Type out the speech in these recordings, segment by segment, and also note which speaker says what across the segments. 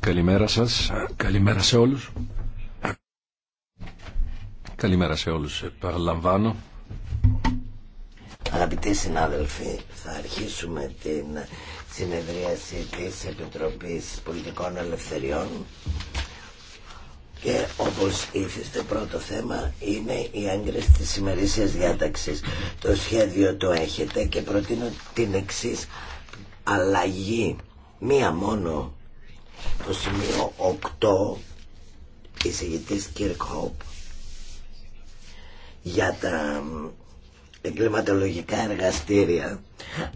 Speaker 1: Καλημέρα σας. Καλημέρα σε όλους. Καλημέρα
Speaker 2: σε όλους. Παραλαμβάνω. Αγαπητοί συνάδελφοι, θα αρχίσουμε την συνεδρίαση της Επιτροπής Πολιτικών Ελευθεριών και όπως ήθιστε πρώτο θέμα είναι η έγκριση της ημερήσιας διάταξης. Το σχέδιο το έχετε και προτείνω την εξής αλλαγή μία μόνο το σημείο 8 εισηγητής Χόπ για τα εγκληματολογικά εργαστήρια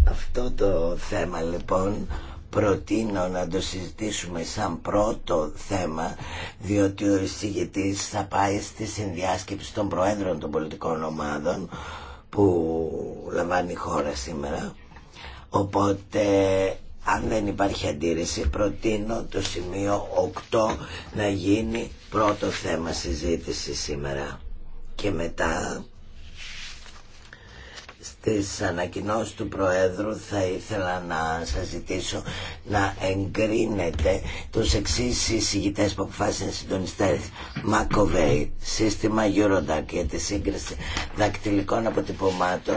Speaker 2: αυτό το θέμα λοιπόν προτείνω να το συζητήσουμε σαν πρώτο θέμα διότι ο εισηγητής θα πάει στη συνδιάσκεψη των προέδρων των πολιτικών ομάδων που λαμβάνει η χώρα σήμερα οπότε αν δεν υπάρχει αντίρρηση προτείνω το σημείο 8 να γίνει πρώτο θέμα συζήτηση σήμερα και μετά στις ανακοινώσεις του Προέδρου θα ήθελα να σας ζητήσω να εγκρίνετε τους εξής εισηγητές που αποφάσισαν συντονιστές Μακοβέι, σύστημα Eurodac για τη σύγκριση δακτυλικών αποτυπωμάτων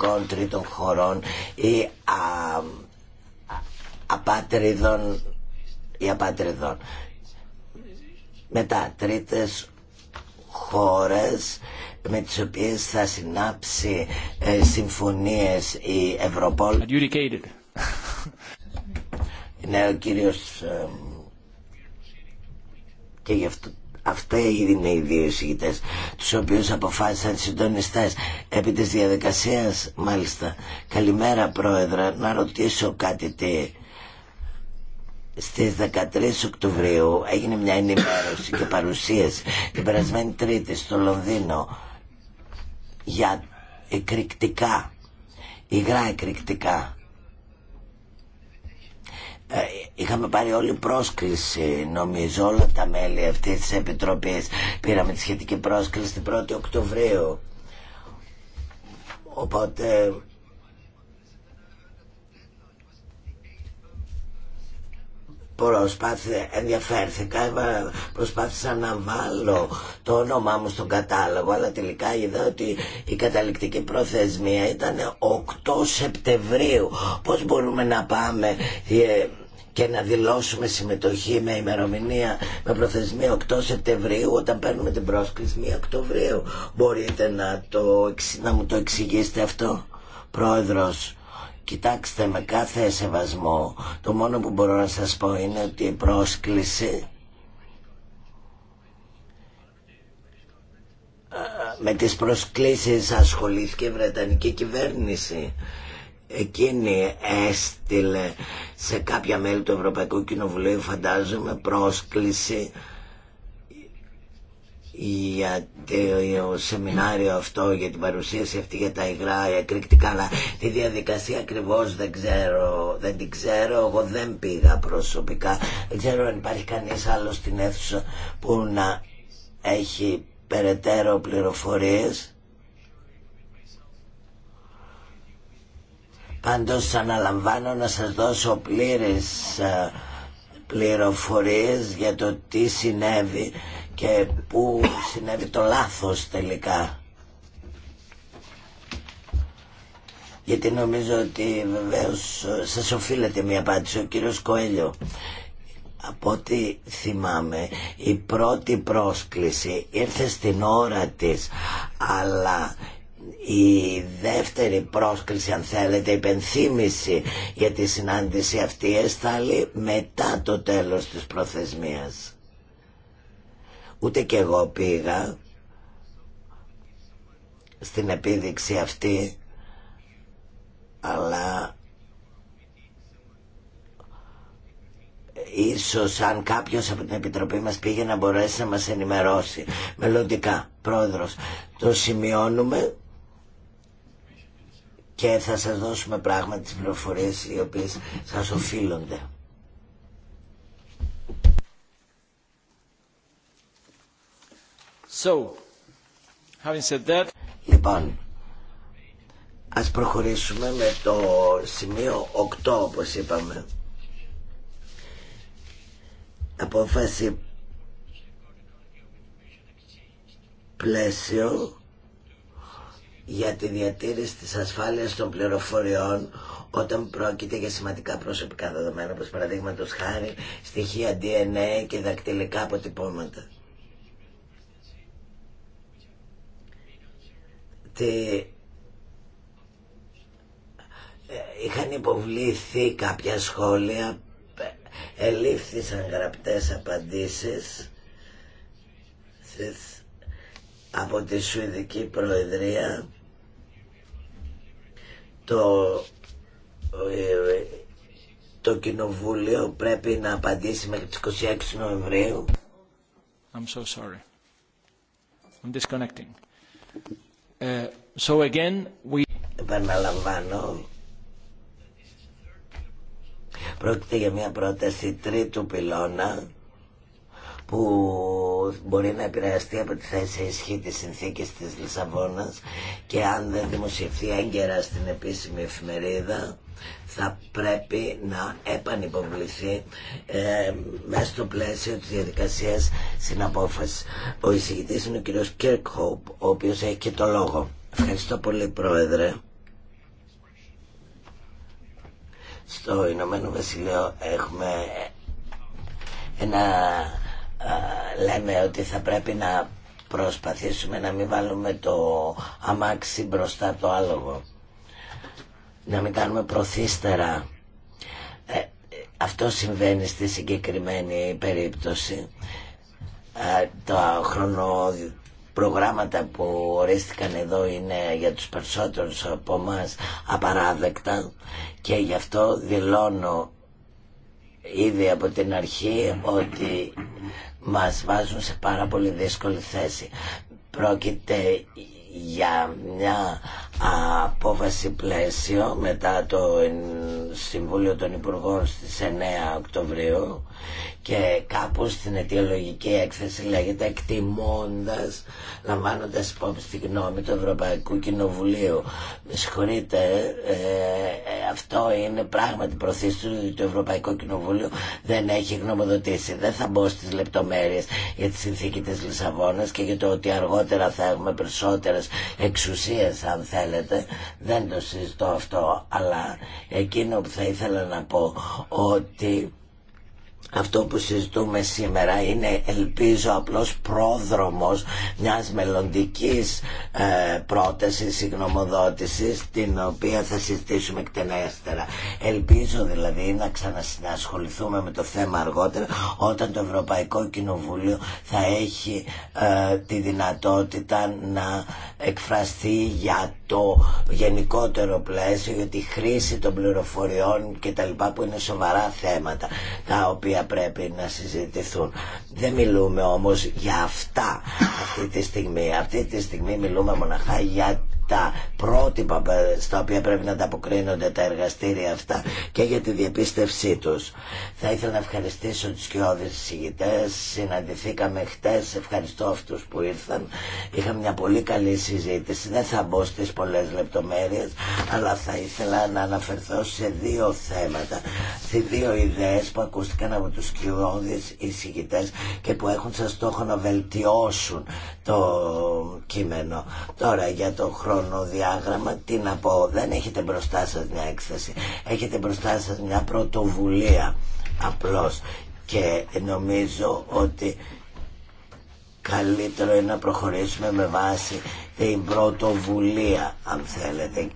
Speaker 2: των τρίτων χωρών ή α, απάτριδων ή απάτριδων. Μετά τρίτες χώρες με τις οποίες θα συνάψει ε, συμφωνίες η Ευρωπόλ. Ναι, ο κύριος... και γι' αυτό αυτά είναι οι δύο εισηγητέ, του οποίου αποφάσισαν συντονιστέ επί τη διαδικασία. Μάλιστα, καλημέρα πρόεδρε, να ρωτήσω κάτι τι στις 13 Οκτωβρίου έγινε μια ενημέρωση και παρουσίαση την περασμένη Τρίτη στο Λονδίνο για εκρηκτικά, υγρά εκρηκτικά. Ε, είχαμε πάρει όλη πρόσκληση νομίζω όλα τα μέλη αυτής της Επιτροπής πήραμε τη σχετική πρόσκληση την 1η Οκτωβρίου οπότε προσπάθησα, ενδιαφέρθηκα, ε, προσπάθησα να βάλω το όνομά μου στον κατάλογο, αλλά τελικά είδα ότι η καταληκτική προθεσμία ήταν 8 Σεπτεμβρίου. Πώς μπορούμε να πάμε ε, και να δηλώσουμε συμμετοχή με ημερομηνία με προθεσμία 8 Σεπτεμβρίου όταν παίρνουμε την πρόσκληση 1 Οκτωβρίου. Μπορείτε να, το, να μου το εξηγήσετε αυτό, Πρόεδρος. Κοιτάξτε με κάθε σεβασμό, το μόνο που μπορώ να σας πω είναι ότι η πρόσκληση με τις προσκλήσεις ασχολήθηκε η Βρετανική κυβέρνηση. Εκείνη έστειλε σε κάποια μέλη του Ευρωπαϊκού Κοινοβουλίου φαντάζομαι πρόσκληση για το ε, σεμινάριο αυτό, για την παρουσίαση αυτή για τα υγρά, για εκρηκτικά, αλλά τη διαδικασία ακριβώ δεν ξέρω, δεν την ξέρω, εγώ δεν πήγα προσωπικά, δεν ξέρω αν υπάρχει κανείς άλλο στην αίθουσα που να έχει περαιτέρω πληροφορίες. Πάντως αναλαμβάνω να σας δώσω πλήρες ε, πληροφορίες για το τι συνέβη και πού συνέβη το λάθος τελικά. Γιατί νομίζω ότι βεβαίω σας οφείλεται μια απάντηση ο κύριος Κοέλιο. Από ό,τι θυμάμαι η πρώτη πρόσκληση ήρθε στην ώρα της αλλά η δεύτερη πρόσκληση αν θέλετε υπενθύμηση για τη συνάντηση αυτή έσταλει μετά το τέλος της προθεσμίας. Ούτε και εγώ πήγα στην επίδειξη αυτή αλλά ίσως αν κάποιος από την Επιτροπή μας πήγε να μπορέσει να μας ενημερώσει μελλοντικά πρόεδρος το σημειώνουμε και θα σας δώσουμε πράγματι τις πληροφορίες οι οποίες σας οφείλονται Λοιπόν, ας προχωρήσουμε με το σημείο 8 όπως είπαμε. Απόφαση πλαίσιο για τη διατήρηση της ασφάλειας των πληροφοριών όταν πρόκειται για σημαντικά προσωπικά δεδομένα όπως παραδείγματος χάρη στοιχεία DNA και δακτυλικά αποτυπώματα. ότι ε, είχαν υποβληθεί κάποια σχόλια, ε, ελήφθησαν γραπτές απαντήσεις από τη Σουηδική Προεδρία το, ε, το Κοινοβούλιο πρέπει να απαντήσει μέχρι τις 26 Νοεμβρίου I'm so sorry. I'm Uh, Επαναλαμβάνω. Πρόκειται για μια πρόταση τρίτου πυλώνα που μπορεί να επηρεαστεί από τη θέση ισχύ τη συνθήκη της Λισαβόνα και αν δεν δημοσιευθεί έγκαιρα στην επίσημη εφημερίδα θα πρέπει να επανυποβληθεί ε, μέσα στο πλαίσιο της διαδικασίας συναπόφασης. Ο εισηγητής είναι ο κ. Κέρκχοπ, ο οποίος έχει και το λόγο. Ευχαριστώ πολύ Πρόεδρε. Στο Ηνωμένο Βασιλείο έχουμε ένα... λέμε ότι θα πρέπει να προσπαθήσουμε να μην βάλουμε το αμάξι μπροστά το άλογο να μην κάνουμε προθύστερα. Ε, αυτό συμβαίνει στη συγκεκριμένη περίπτωση. Ε, τα χρονοπρογράμματα που ορίστηκαν εδώ είναι για τους περισσότερους από εμά απαράδεκτα και γι' αυτό δηλώνω ήδη από την αρχή ότι μας βάζουν σε πάρα πολύ δύσκολη θέση. Πρόκειται για μια απόφαση πλαίσιο μετά το Συμβούλιο των Υπουργών στις 9 Οκτωβρίου και κάπου στην αιτιολογική έκθεση λέγεται εκτιμώντας, λαμβάνοντας υπόψη τη γνώμη του Ευρωπαϊκού Κοινοβουλίου. Με συγχωρείτε, ε, ε, αυτό είναι πράγματι προθήσεις του, το Ευρωπαϊκό Κοινοβούλιο δεν έχει γνωμοδοτήσει. Δεν θα μπω στις λεπτομέρειες για τη συνθήκη της Λισαβόνας και για το ότι αργότερα θα έχουμε περισσότερες εξουσίες αν θέλετε. Δεν το συζητώ αυτό, αλλά εκείνο που θα ήθελα να πω ότι αυτό που συζητούμε σήμερα είναι ελπίζω απλώς πρόδρομος μιας μελλοντικής ε, πρότασης την οποία θα συζητήσουμε εκτενέστερα. Ελπίζω δηλαδή να ξανασυνασχοληθούμε με το θέμα αργότερα όταν το Ευρωπαϊκό Κοινοβούλιο θα έχει ε, τη δυνατότητα να εκφραστεί για το γενικότερο πλαίσιο για τη χρήση των πληροφοριών και τα λοιπά που είναι σοβαρά θέματα τα οποία πρέπει να συζητηθούν. Δεν μιλούμε όμως για αυτά αυτή τη στιγμή. Αυτή τη στιγμή μιλούμε μοναχά για τα πρότυπα στα οποία πρέπει να ανταποκρίνονται τα εργαστήρια αυτά και για τη διαπίστευσή τους. Θα ήθελα να ευχαριστήσω τους κοιόδης συγητές, συναντηθήκαμε χτες, ευχαριστώ αυτούς που ήρθαν. Είχαμε μια πολύ καλή συζήτηση, δεν θα μπω στις πολλές λεπτομέρειες, αλλά θα ήθελα να αναφερθώ σε δύο θέματα, σε δύο ιδέες που ακούστηκαν από τους κοιόδης εισηγητές και που έχουν σαν στόχο να βελτιώσουν το κείμενο. Τώρα για το χρόνο χρονοδιάγραμμα, τι να πω, δεν έχετε μπροστά σας μια έκθεση, έχετε μπροστά σας μια πρωτοβουλία απλώς και νομίζω ότι καλύτερο είναι να προχωρήσουμε με βάση την πρωτοβουλία αν θέλετε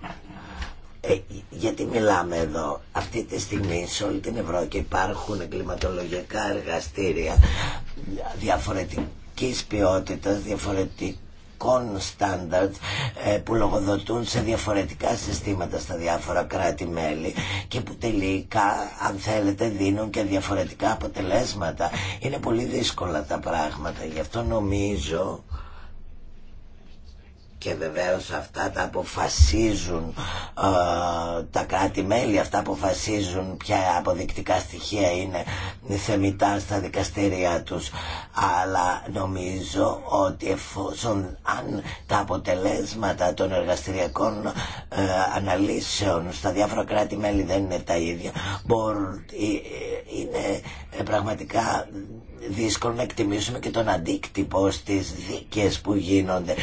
Speaker 2: ε, γιατί μιλάμε εδώ αυτή τη στιγμή σε όλη την Ευρώπη υπάρχουν εγκληματολογικά εργαστήρια διαφορετικής ποιότητας διαφορετικής διαφορετικών ε, που λογοδοτούν σε διαφορετικά συστήματα στα διάφορα κράτη-μέλη και που τελικά αν θέλετε δίνουν και διαφορετικά αποτελέσματα. Είναι πολύ δύσκολα τα πράγματα. Γι' αυτό νομίζω και βεβαίως αυτά τα αποφασίζουν ε, τα κράτη-μέλη, αυτά αποφασίζουν ποια αποδεικτικά στοιχεία είναι θεμητά στα δικαστήρια τους. Αλλά νομίζω ότι εφόσον αν τα αποτελέσματα των εργαστηριακών ε, αναλύσεων στα διάφορα κράτη-μέλη δεν είναι τα ίδια, μπορεί είναι ε, πραγματικά δύσκολο να εκτιμήσουμε και τον αντίκτυπο στις δίκες που γίνονται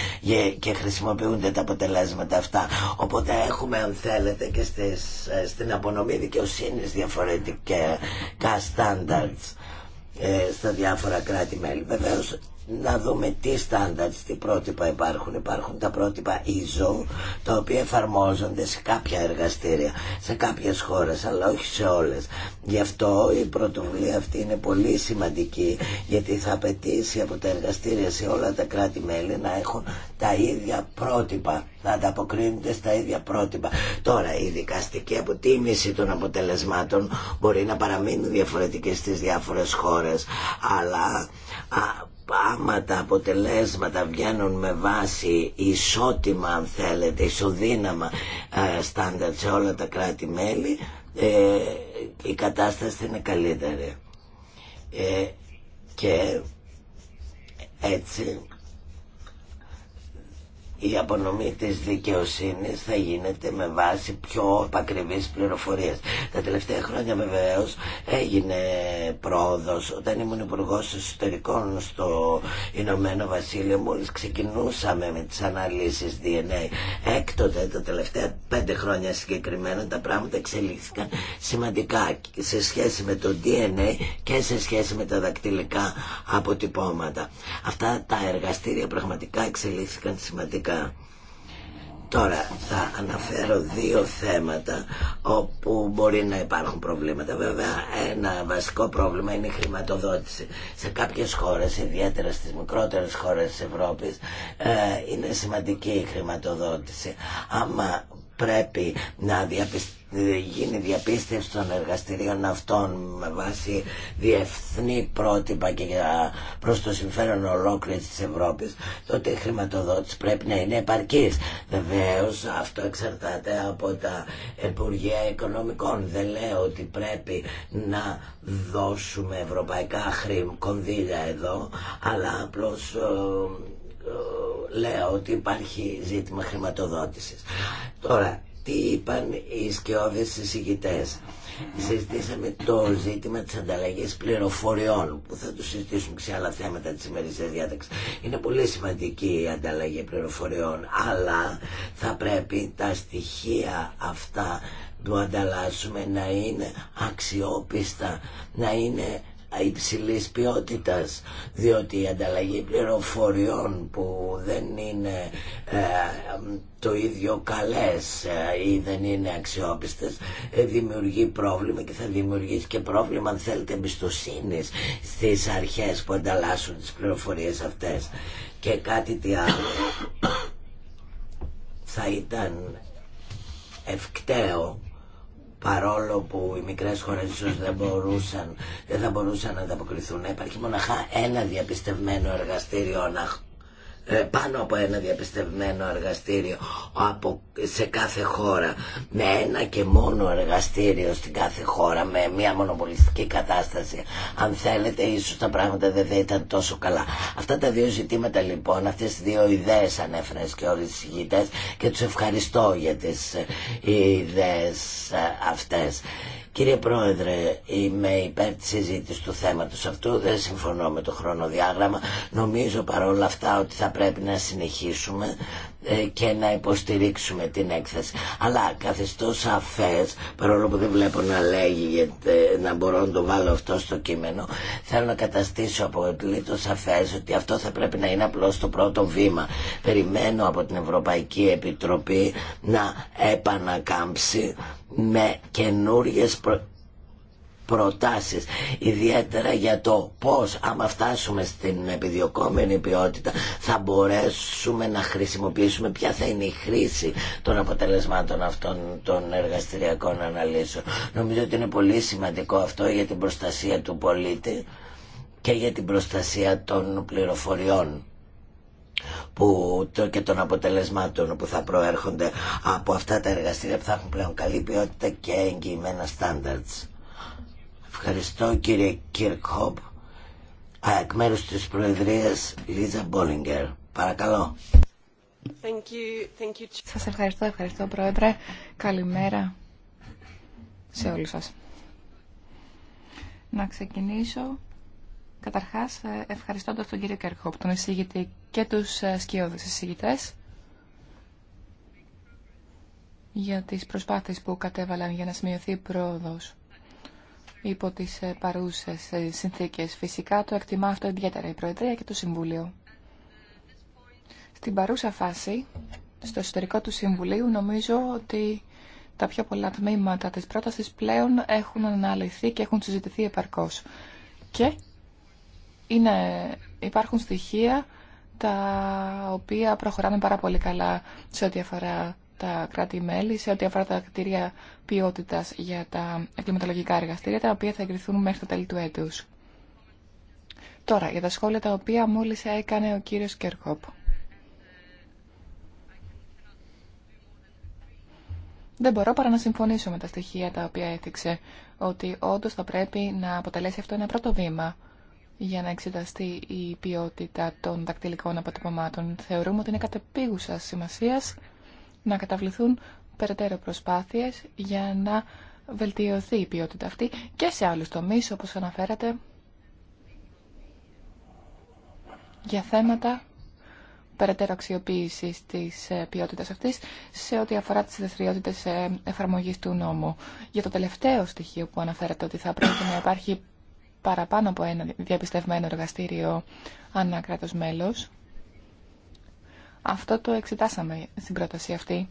Speaker 2: και χρησιμοποιούνται τα αποτελέσματα αυτά. Οπότε έχουμε αν θέλετε και στις, ε, στην απονομή δικαιοσύνη διαφορετικά standards ε, στα διάφορα κράτη-μέλη. βεβαίω να δούμε τι στάνταρτς, τι πρότυπα υπάρχουν. Υπάρχουν τα πρότυπα ISO, τα οποία εφαρμόζονται σε κάποια εργαστήρια, σε κάποιες χώρες, αλλά όχι σε όλες. Γι' αυτό η πρωτοβουλία αυτή είναι πολύ σημαντική, γιατί θα απαιτήσει από τα εργαστήρια σε όλα τα κράτη-μέλη να έχουν τα ίδια πρότυπα, να ανταποκρίνονται στα ίδια πρότυπα. Τώρα, η δικαστική αποτίμηση των αποτελεσμάτων μπορεί να παραμείνει διαφορετική στις διάφορες χώρες, αλλά τα αποτελέσματα βγαίνουν με βάση ισότιμα αν θέλετε, ισοδύναμα ε, στάνταρτ σε όλα τα κράτη-μέλη ε, η κατάσταση είναι καλύτερη. Ε, και έτσι η απονομή της δικαιοσύνης θα γίνεται με βάση πιο επακριβείς πληροφορίες. Τα τελευταία χρόνια βεβαίως έγινε πρόοδος. Όταν ήμουν υπουργό εσωτερικών στο Ηνωμένο Βασίλειο μόλις ξεκινούσαμε με τις αναλύσεις DNA. Έκτοτε τα τελευταία πέντε χρόνια συγκεκριμένα τα πράγματα εξελίχθηκαν σημαντικά σε σχέση με το DNA και σε σχέση με τα δακτυλικά αποτυπώματα. Αυτά τα εργαστήρια πραγματικά εξελίχθηκαν σημαντικά Τώρα θα αναφέρω δύο θέματα όπου μπορεί να υπάρχουν προβλήματα βέβαια. Ένα βασικό πρόβλημα είναι η χρηματοδότηση. Σε κάποιες χώρες, ιδιαίτερα στις μικρότερες χώρες της Ευρώπης, ε, είναι σημαντική η χρηματοδότηση. Άμα πρέπει να γίνει διαπίστευση των εργαστηρίων αυτών με βάση διεθνή πρότυπα και προς το συμφέρον ολόκληρης της Ευρώπης τότε η χρηματοδότηση πρέπει να είναι επαρκής Βεβαίω αυτό εξαρτάται από τα Υπουργεία Οικονομικών δεν λέω ότι πρέπει να δώσουμε ευρωπαϊκά χρήμα κονδύλια εδώ αλλά απλώς ε, λέω ότι υπάρχει ζήτημα χρηματοδότησης. Τώρα, τι είπαν οι σκιώδες συζητητές. Συζητήσαμε το ζήτημα της ανταλλαγής πληροφοριών που θα το συζητήσουμε σε άλλα θέματα της ημερησίας διάταξης. Είναι πολύ σημαντική η ανταλλαγή πληροφοριών, αλλά θα πρέπει τα στοιχεία αυτά που ανταλλάσσουμε να είναι αξιόπιστα, να είναι υψηλής ποιότητας διότι η ανταλλαγή πληροφοριών που δεν είναι ε, το ίδιο καλές ε, ή δεν είναι αξιόπιστες ε, δημιουργεί πρόβλημα και θα δημιουργήσει και πρόβλημα αν θέλετε εμπιστοσύνη στις αρχές που ανταλλάσσουν τις πληροφορίες αυτές και κάτι τι άλλο θα ήταν ευκταίο παρόλο που οι μικρές χώρες ίσως δεν, μπορούσαν, δεν θα μπορούσαν να ανταποκριθούν. Υπάρχει μοναχά ένα διαπιστευμένο εργαστήριο ε, πάνω από ένα διαπιστευμένο εργαστήριο από, σε κάθε χώρα με ένα και μόνο εργαστήριο στην κάθε χώρα με μια μονοπολιστική κατάσταση αν θέλετε ίσως τα πράγματα δεν θα ήταν τόσο καλά αυτά τα δύο ζητήματα λοιπόν αυτές τις δύο ιδέες ανέφερες και όλοι τις και τους ευχαριστώ για τις ε, ιδέες ε, αυτές Κύριε Πρόεδρε, είμαι υπέρ τη συζήτηση του θέματος αυτού. Δεν συμφωνώ με το χρονοδιάγραμμα. Νομίζω παρόλα αυτά ότι θα πρέπει να συνεχίσουμε ε, και να υποστηρίξουμε την έκθεση. Αλλά καθιστώ σαφέ, παρόλο που δεν βλέπω να λέγει ε, να μπορώ να το βάλω αυτό στο κείμενο, θέλω να καταστήσω απολύτω σαφέ ότι αυτό θα πρέπει να είναι απλώ το πρώτο βήμα. Περιμένω από την Ευρωπαϊκή Επιτροπή να επανακάμψει με καινούριε προ... προτάσεις ιδιαίτερα για το πώς άμα φτάσουμε στην επιδιωκόμενη ποιότητα θα μπορέσουμε να χρησιμοποιήσουμε ποια θα είναι η χρήση των αποτελεσμάτων αυτών των εργαστηριακών αναλύσεων νομίζω ότι είναι πολύ σημαντικό αυτό για την προστασία του πολίτη και για την προστασία των πληροφοριών που, το, και των αποτελεσμάτων που θα προέρχονται από αυτά τα εργαστήρια που θα έχουν πλέον καλή ποιότητα και εγγυημένα standards. Ευχαριστώ κύριε Χομπ. Εκ μέρους της Προεδρίας Λίζα Μπόλιγκερ. Παρακαλώ.
Speaker 3: Thank you. Thank you. Σας ευχαριστώ, ευχαριστώ Πρόεδρε. Καλημέρα σε όλους σας. Να ξεκινήσω Καταρχάς, ε, ευχαριστώ τον κύριο Κέρκοπ, τον εισηγητή και τους ε, σκιώδες εισηγητές για τις προσπάθειες που κατέβαλαν για να σημειωθεί πρόοδος υπό τις ε, παρούσες συνθήκες. Φυσικά το εκτιμά αυτό ιδιαίτερα η Προεδρία και το Συμβούλιο. Στην παρούσα φάση, στο εσωτερικό του Συμβουλίου, νομίζω ότι τα πιο πολλά τμήματα της πρότασης πλέον έχουν αναλυθεί και έχουν συζητηθεί επαρκώς. Και είναι, υπάρχουν στοιχεία τα οποία προχωράμε πάρα πολύ καλά σε ό,τι αφορά τα κράτη-μέλη, σε ό,τι αφορά τα κτίρια ποιότητα για τα εγκληματολογικά εργαστήρια, τα οποία θα εγκριθούν μέχρι το τέλη του έτου. Τώρα, για τα σχόλια τα οποία μόλις έκανε ο κύριος Κέρκοπ. Δεν μπορώ παρά να συμφωνήσω με τα στοιχεία τα οποία έθιξε, ότι όντως θα πρέπει να αποτελέσει αυτό ένα πρώτο βήμα για να εξεταστεί η ποιότητα των δακτυλικών αποτυπωμάτων. Θεωρούμε ότι είναι κατεπίγουσα σημασία να καταβληθούν περαιτέρω προσπάθειες για να βελτιωθεί η ποιότητα αυτή και σε άλλους τομείς, όπως αναφέρατε, για θέματα περαιτέρω αξιοποίηση τη ε, ποιότητα αυτή σε ό,τι αφορά τι δραστηριότητε ε, εφαρμογή του νόμου. Για το τελευταίο στοιχείο που αναφέρατε, ότι θα πρέπει να υπάρχει παραπάνω από ένα διαπιστευμένο εργαστήριο ανά κράτος μέλος. Αυτό το εξετάσαμε στην πρόταση αυτή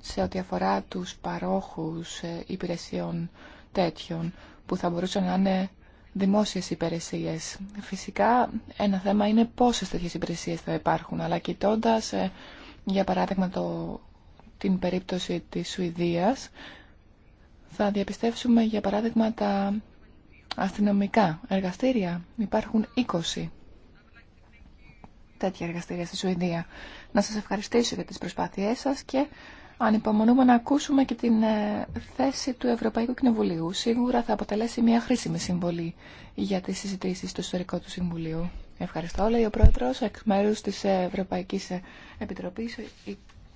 Speaker 3: σε ό,τι αφορά τους παρόχους ε, υπηρεσιών τέτοιων που θα μπορούσαν να είναι δημόσιες υπηρεσίες. Φυσικά ένα θέμα είναι πόσες τέτοιες υπηρεσίες θα υπάρχουν, αλλά κοιτώντα, ε, για παράδειγμα το, την περίπτωση της Σουηδίας, θα διαπιστεύσουμε για παράδειγμα τα αστυνομικά εργαστήρια. Υπάρχουν 20 τέτοια εργαστήρια στη Σουηδία. Να σας ευχαριστήσω για τις προσπάθειές σας και ανυπομονούμε να ακούσουμε και την ε, θέση του Ευρωπαϊκού Κοινοβουλίου. Σίγουρα θα αποτελέσει μια χρήσιμη συμβολή για τις συζητήσεις του ιστορικού του Συμβουλίου. Ευχαριστώ, λέει ο Πρόεδρος, εκ μέρους της Ευρωπαϊκής Επιτροπής,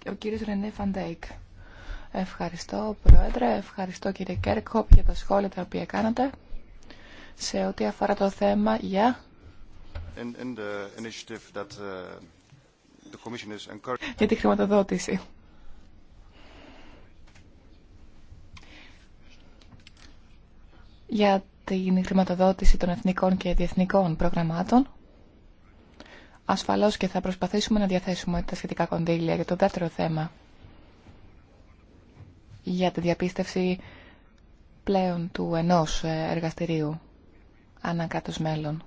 Speaker 3: ο κύριος Ρενέ Φαντέικ. Ευχαριστώ, Πρόεδρε, ευχαριστώ κύριε Κέρκοπ για τα σχόλια τα οποία κάνατε σε ό,τι αφορά το θέμα για...
Speaker 4: Uh,
Speaker 3: για τη χρηματοδότηση. Για την χρηματοδότηση των εθνικών και διεθνικών προγραμμάτων. Ασφαλώς και θα προσπαθήσουμε να διαθέσουμε τα σχετικά κονδύλια για το δεύτερο θέμα. Για τη διαπίστευση πλέον του ενός ε, εργαστηρίου ανακάτως μέλλον.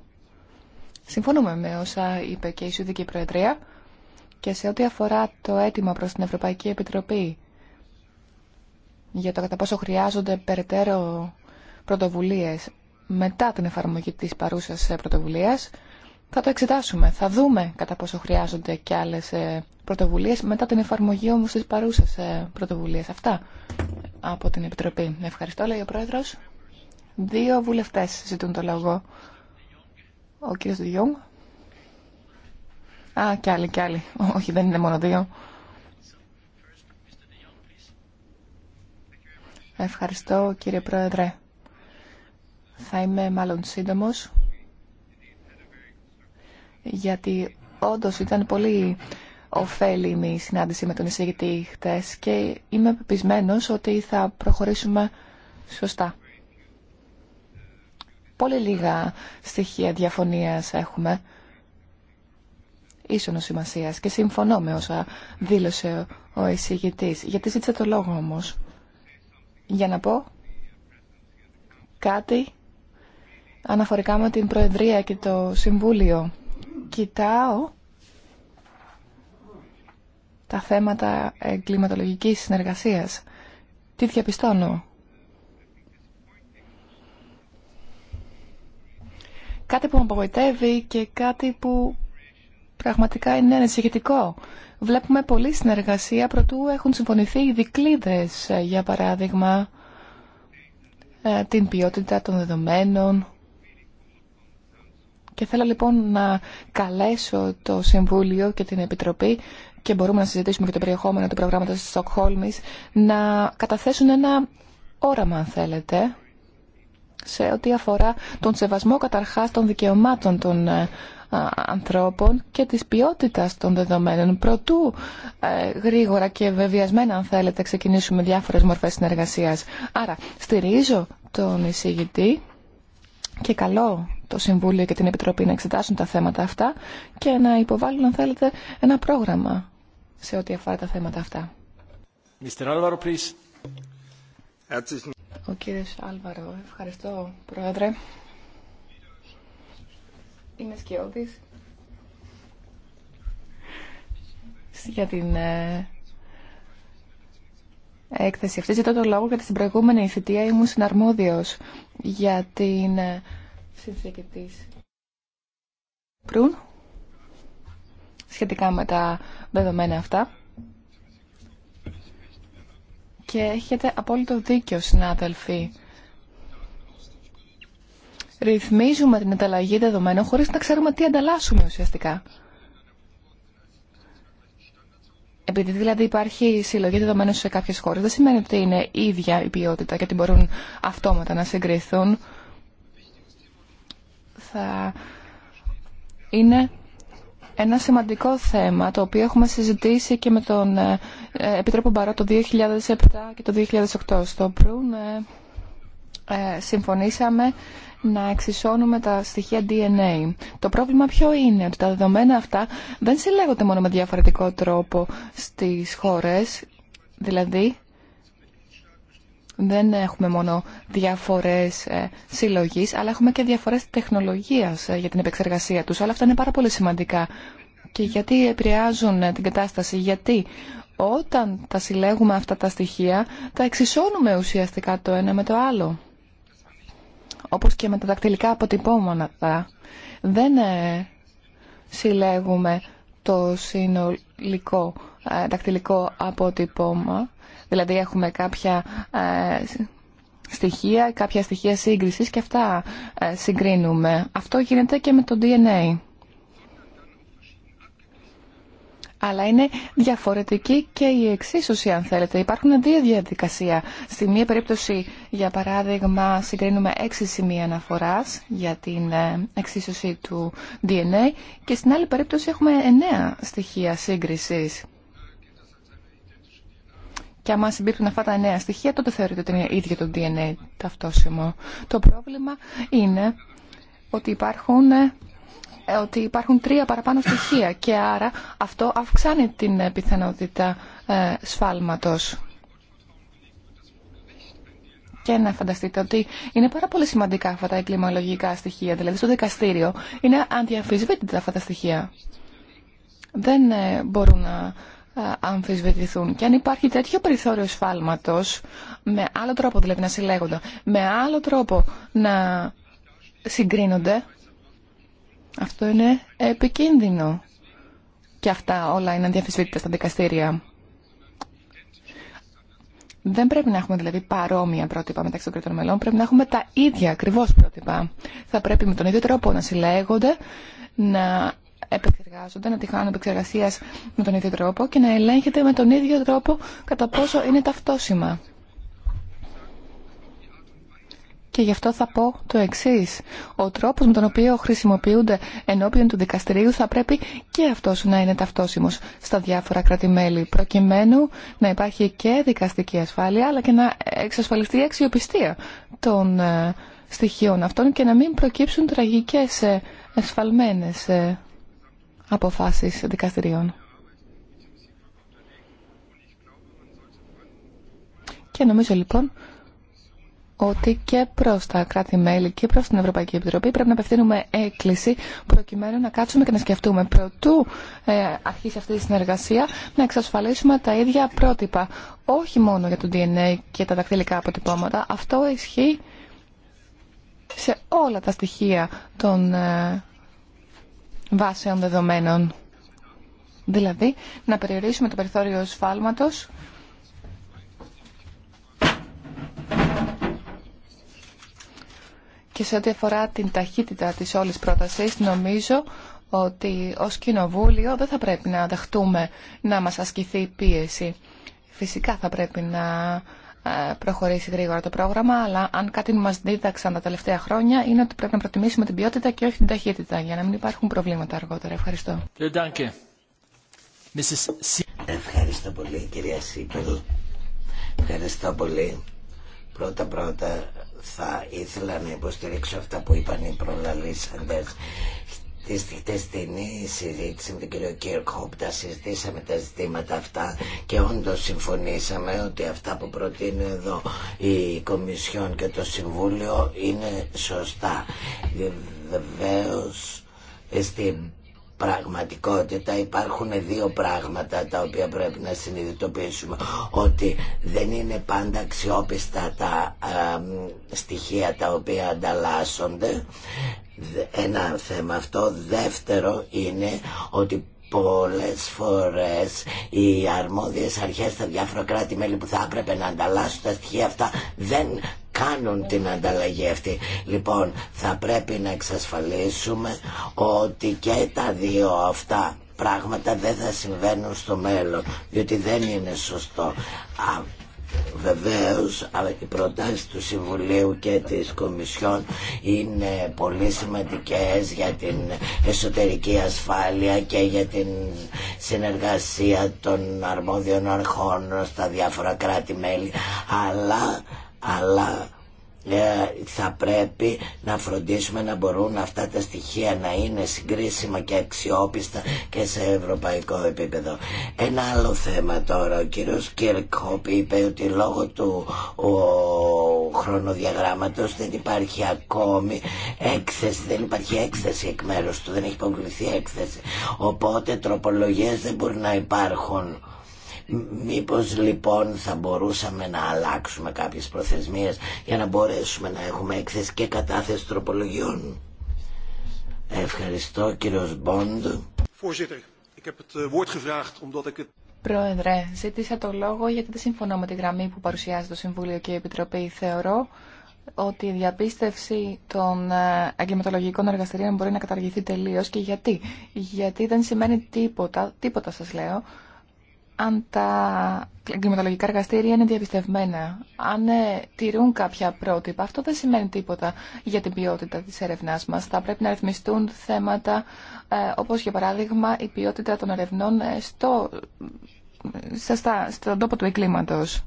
Speaker 3: Συμφωνούμε με όσα είπε και η Σουδική Προεδρία και σε ό,τι αφορά το αίτημα προς την Ευρωπαϊκή Επιτροπή για το κατά πόσο χρειάζονται περαιτέρω πρωτοβουλίες μετά την εφαρμογή της παρούσας πρωτοβουλίας, θα το εξετάσουμε. Θα δούμε κατά πόσο χρειάζονται και άλλες ε, πρωτοβουλίες μετά την εφαρμογή όμως της παρούσας ε, πρωτοβουλίας. Αυτά από την Επιτροπή. Ευχαριστώ, λέει ο Πρόεδρος. Δύο βουλευτές ζητούν το λόγο. Ο κύριος Διόγκ. Α, κι άλλοι, κι άλλοι. Όχι, δεν είναι μόνο δύο. Ευχαριστώ, κύριε Πρόεδρε. Θα είμαι μάλλον σύντομος, γιατί όντω ήταν πολύ ωφέλιμη η συνάντηση με τον εισηγητή χτες και είμαι πεπισμένος ότι θα προχωρήσουμε σωστά. Πολύ λίγα στοιχεία διαφωνίας έχουμε ίσονο σημασία και συμφωνώ με όσα δήλωσε ο εισηγητή. Γιατί ζήτησε το λόγο όμω. Για να πω κάτι αναφορικά με την Προεδρία και το Συμβούλιο. Κοιτάω τα θέματα εγκληματολογικής συνεργασίας. Τι διαπιστώνω. Κάτι που με απογοητεύει και κάτι που πραγματικά είναι ανησυχητικό. Βλέπουμε πολλή συνεργασία προτού έχουν συμφωνηθεί οι δικλείδες, ε, για παράδειγμα, ε, την ποιότητα των δεδομένων. Και θέλω λοιπόν να καλέσω το Συμβούλιο και την Επιτροπή και μπορούμε να συζητήσουμε και το περιεχόμενο του προγράμματος της Στοκχόλμης να καταθέσουν ένα όραμα, αν θέλετε, σε ό,τι αφορά τον σεβασμό καταρχάς των δικαιωμάτων των ε, ανθρώπων και της ποιότητας των δεδομένων. Προτού ε, γρήγορα και βεβαιασμένα, αν θέλετε, ξεκινήσουμε διάφορες μορφές συνεργασίας. Άρα, στηρίζω τον εισηγητή και καλό το Συμβούλιο και την Επιτροπή να εξετάσουν τα θέματα αυτά και να υποβάλουν, αν θέλετε, ένα πρόγραμμα σε ό,τι αφορά τα θέματα αυτά. Ο κύριος Άλβαρο, ευχαριστώ πρόεδρε. Είμαι σκιώδης για την ε, έκθεση αυτή. Ζητώ τον λόγο γιατί στην προηγούμενη θητεία ήμουν συναρμόδιος για την ε, συνθήκη της Προύν σχετικά με τα δεδομένα αυτά. Και έχετε απόλυτο δίκιο, συνάδελφοι. Ρυθμίζουμε την ανταλλαγή δεδομένων χωρίς να ξέρουμε τι ανταλλάσσουμε ουσιαστικά. Επειδή δηλαδή υπάρχει συλλογή δεδομένων σε κάποιες χώρες, δεν σημαίνει ότι είναι ίδια η ποιότητα και ότι μπορούν αυτόματα να συγκριθούν. Θα είναι ένα σημαντικό θέμα το οποίο έχουμε συζητήσει και με τον ε, ε, Επιτρόπο Μπαρό το 2007 και το 2008 στο Προύν ε, συμφωνήσαμε να εξισώνουμε τα στοιχεία DNA. Το πρόβλημα ποιο είναι, ότι τα δεδομένα αυτά δεν συλλέγονται μόνο με διαφορετικό τρόπο στις χώρες, δηλαδή δεν έχουμε μόνο διαφορές ε, συλλογής, αλλά έχουμε και διαφορές τεχνολογίας ε, για την επεξεργασία τους. Όλα αυτά είναι πάρα πολύ σημαντικά. Και γιατί επηρεάζουν ε, την κατάσταση, γιατί όταν τα συλλέγουμε αυτά τα στοιχεία, τα εξισώνουμε ουσιαστικά το ένα με το άλλο. Όπως και με τα δακτυλικά αποτυπώματα. Δεν συλλέγουμε το συνολικό δακτυλικό αποτυπώμα, Δηλαδή έχουμε κάποια ε, στοιχεία, κάποια στοιχεία σύγκρισης και αυτά ε, συγκρίνουμε. Αυτό γίνεται και με το DNA. αλλά είναι διαφορετική και η εξίσωση αν θέλετε. Υπάρχουν δύο διαδικασία. Στη μία περίπτωση, για παράδειγμα, συγκρίνουμε έξι σημεία αναφοράς για την ε, εξίσωση του DNA και στην άλλη περίπτωση έχουμε εννέα στοιχεία σύγκρισης και άμα συμπίπτουν αυτά τα νέα στοιχεία, τότε θεωρείται ότι είναι ίδιο το DNA ταυτόσιμο. Το πρόβλημα είναι ότι υπάρχουν ε, ότι υπάρχουν τρία παραπάνω στοιχεία και άρα αυτό αυξάνει την πιθανότητα ε, σφάλματος. Και να φανταστείτε ότι είναι πάρα πολύ σημαντικά αυτά τα εγκληματολογικά στοιχεία. Δηλαδή στο δικαστήριο είναι αντιαφισβήτητα αυτά τα στοιχεία. Δεν ε, μπορούν να αμφισβητηθούν. Και αν υπάρχει τέτοιο περιθώριο σφάλματος, με άλλο τρόπο δηλαδή να συλλέγονται, με άλλο τρόπο να συγκρίνονται, αυτό είναι επικίνδυνο. Και αυτά όλα είναι αντιαμφισβήτητα στα δικαστήρια. Δεν πρέπει να έχουμε δηλαδή παρόμοια πρότυπα μεταξύ των κρατών μελών, πρέπει να έχουμε τα ίδια ακριβώ πρότυπα. Θα πρέπει με τον ίδιο τρόπο να συλλέγονται, να επεξεργάζονται, να τη χάνουν επεξεργασία με τον ίδιο τρόπο και να ελέγχεται με τον ίδιο τρόπο κατά πόσο είναι ταυτόσιμα. Και γι' αυτό θα πω το εξή. Ο τρόπο με τον οποίο χρησιμοποιούνται ενώπιον του δικαστηρίου θα πρέπει και αυτό να είναι ταυτόσιμο στα διάφορα προκειμένου να υπάρχει και δικαστική ασφάλεια, αλλά και να εξασφαλιστεί η αξιοπιστία των ε, στοιχείων αυτών και να μην προκύψουν τραγικές ε, εσφαλμένες ε, αποφάσεις δικαστηρίων. Και νομίζω λοιπόν ότι και προς τα κράτη-μέλη και προς την Ευρωπαϊκή Επιτροπή πρέπει να απευθύνουμε έκκληση προκειμένου να κάτσουμε και να σκεφτούμε πρωτού ε, αρχίσει αυτή η συνεργασία να εξασφαλίσουμε τα ίδια πρότυπα. Όχι μόνο για το DNA και τα δακτυλικά αποτυπώματα. Αυτό ισχύει σε όλα τα στοιχεία των ε, βάσεων δεδομένων. Δηλαδή, να περιορίσουμε το περιθώριο σφάλματος και σε ό,τι αφορά την ταχύτητα της όλης πρότασης, νομίζω ότι ως Κοινοβούλιο δεν θα πρέπει να δεχτούμε να μας ασκηθεί πίεση. Φυσικά θα πρέπει να ε, προχωρήσει γρήγορα το πρόγραμμα, αλλά αν κάτι μα δίδαξαν τα τελευταία χρόνια είναι ότι πρέπει να προτιμήσουμε την ποιότητα και όχι την ταχύτητα, για να μην υπάρχουν προβλήματα αργότερα. Ευχαριστώ.
Speaker 2: Ε, Ευχαριστώ πολύ κυρία Σίπελ. Ευχαριστώ πολύ. Πρώτα πρώτα θα ήθελα να υποστηρίξω αυτά που είπαν οι προλαλήσαντες Τη χτεσινή συζήτηση με τον κύριο Κίρκοπ τα συζητήσαμε τα ζητήματα αυτά και όντως συμφωνήσαμε ότι αυτά που προτείνει εδώ η Κομισιόν και το Συμβούλιο είναι σωστά. Βεβαίω στην πραγματικότητα υπάρχουν δύο πράγματα τα οποία πρέπει να συνειδητοποιήσουμε ότι δεν είναι πάντα αξιόπιστα τα στοιχεία τα οποία ανταλλάσσονται ένα θέμα αυτό δεύτερο είναι ότι Πολλέ φορές οι αρμόδιες αρχέ στα διάφορα κράτη-μέλη που θα έπρεπε να ανταλλάσσουν τα στοιχεία αυτά δεν κάνουν την ανταλλαγή αυτή. Λοιπόν, θα πρέπει να εξασφαλίσουμε ότι και τα δύο αυτά πράγματα δεν θα συμβαίνουν στο μέλλον, διότι δεν είναι σωστό. Βεβαίως, αλλά οι προτάσεις του Συμβουλίου και της Κομισιόν είναι πολύ σημαντικές για την εσωτερική ασφάλεια και για την συνεργασία των αρμόδιων αρχών στα διάφορα κράτη-μέλη, αλλά, αλλά ε, θα πρέπει να φροντίσουμε να μπορούν αυτά τα στοιχεία να είναι συγκρίσιμα και αξιόπιστα και σε ευρωπαϊκό επίπεδο. Ένα άλλο θέμα τώρα. Ο κύριος Κίρκοπ είπε ότι λόγω του ο, χρονοδιαγράμματος δεν υπάρχει ακόμη έκθεση, δεν υπάρχει έκθεση εκ μέρους του, δεν έχει υποβληθεί έκθεση. Οπότε τροπολογίες δεν μπορούν να υπάρχουν. Μήπως λοιπόν θα μπορούσαμε να αλλάξουμε κάποιες προθεσμίες για να μπορέσουμε να έχουμε έκθεση και κατάθεση τροπολογιών. Ευχαριστώ κύριος Μπόντ. Eh,
Speaker 3: Πρόεδρε, ζήτησα το λόγο γιατί δεν συμφωνώ με τη γραμμή που παρουσιάζει το Συμβούλιο και η Επιτροπή. Θεωρώ ότι η διαπίστευση των εγκληματολογικών εργαστηρίων μπορεί να καταργηθεί τελείω. Και γιατί. Γιατί δεν σημαίνει τίποτα, τίποτα σας λέω, αν τα εγκληματολογικά εργαστήρια είναι διαπιστευμένα, αν ε, τηρούν κάποια πρότυπα. Αυτό δεν σημαίνει τίποτα για την ποιότητα της έρευνάς μας. Θα πρέπει να ρυθμιστούν θέματα ε, όπως για παράδειγμα η ποιότητα των ερευνών ε, στο, στα, στον τόπο του εγκλήματος.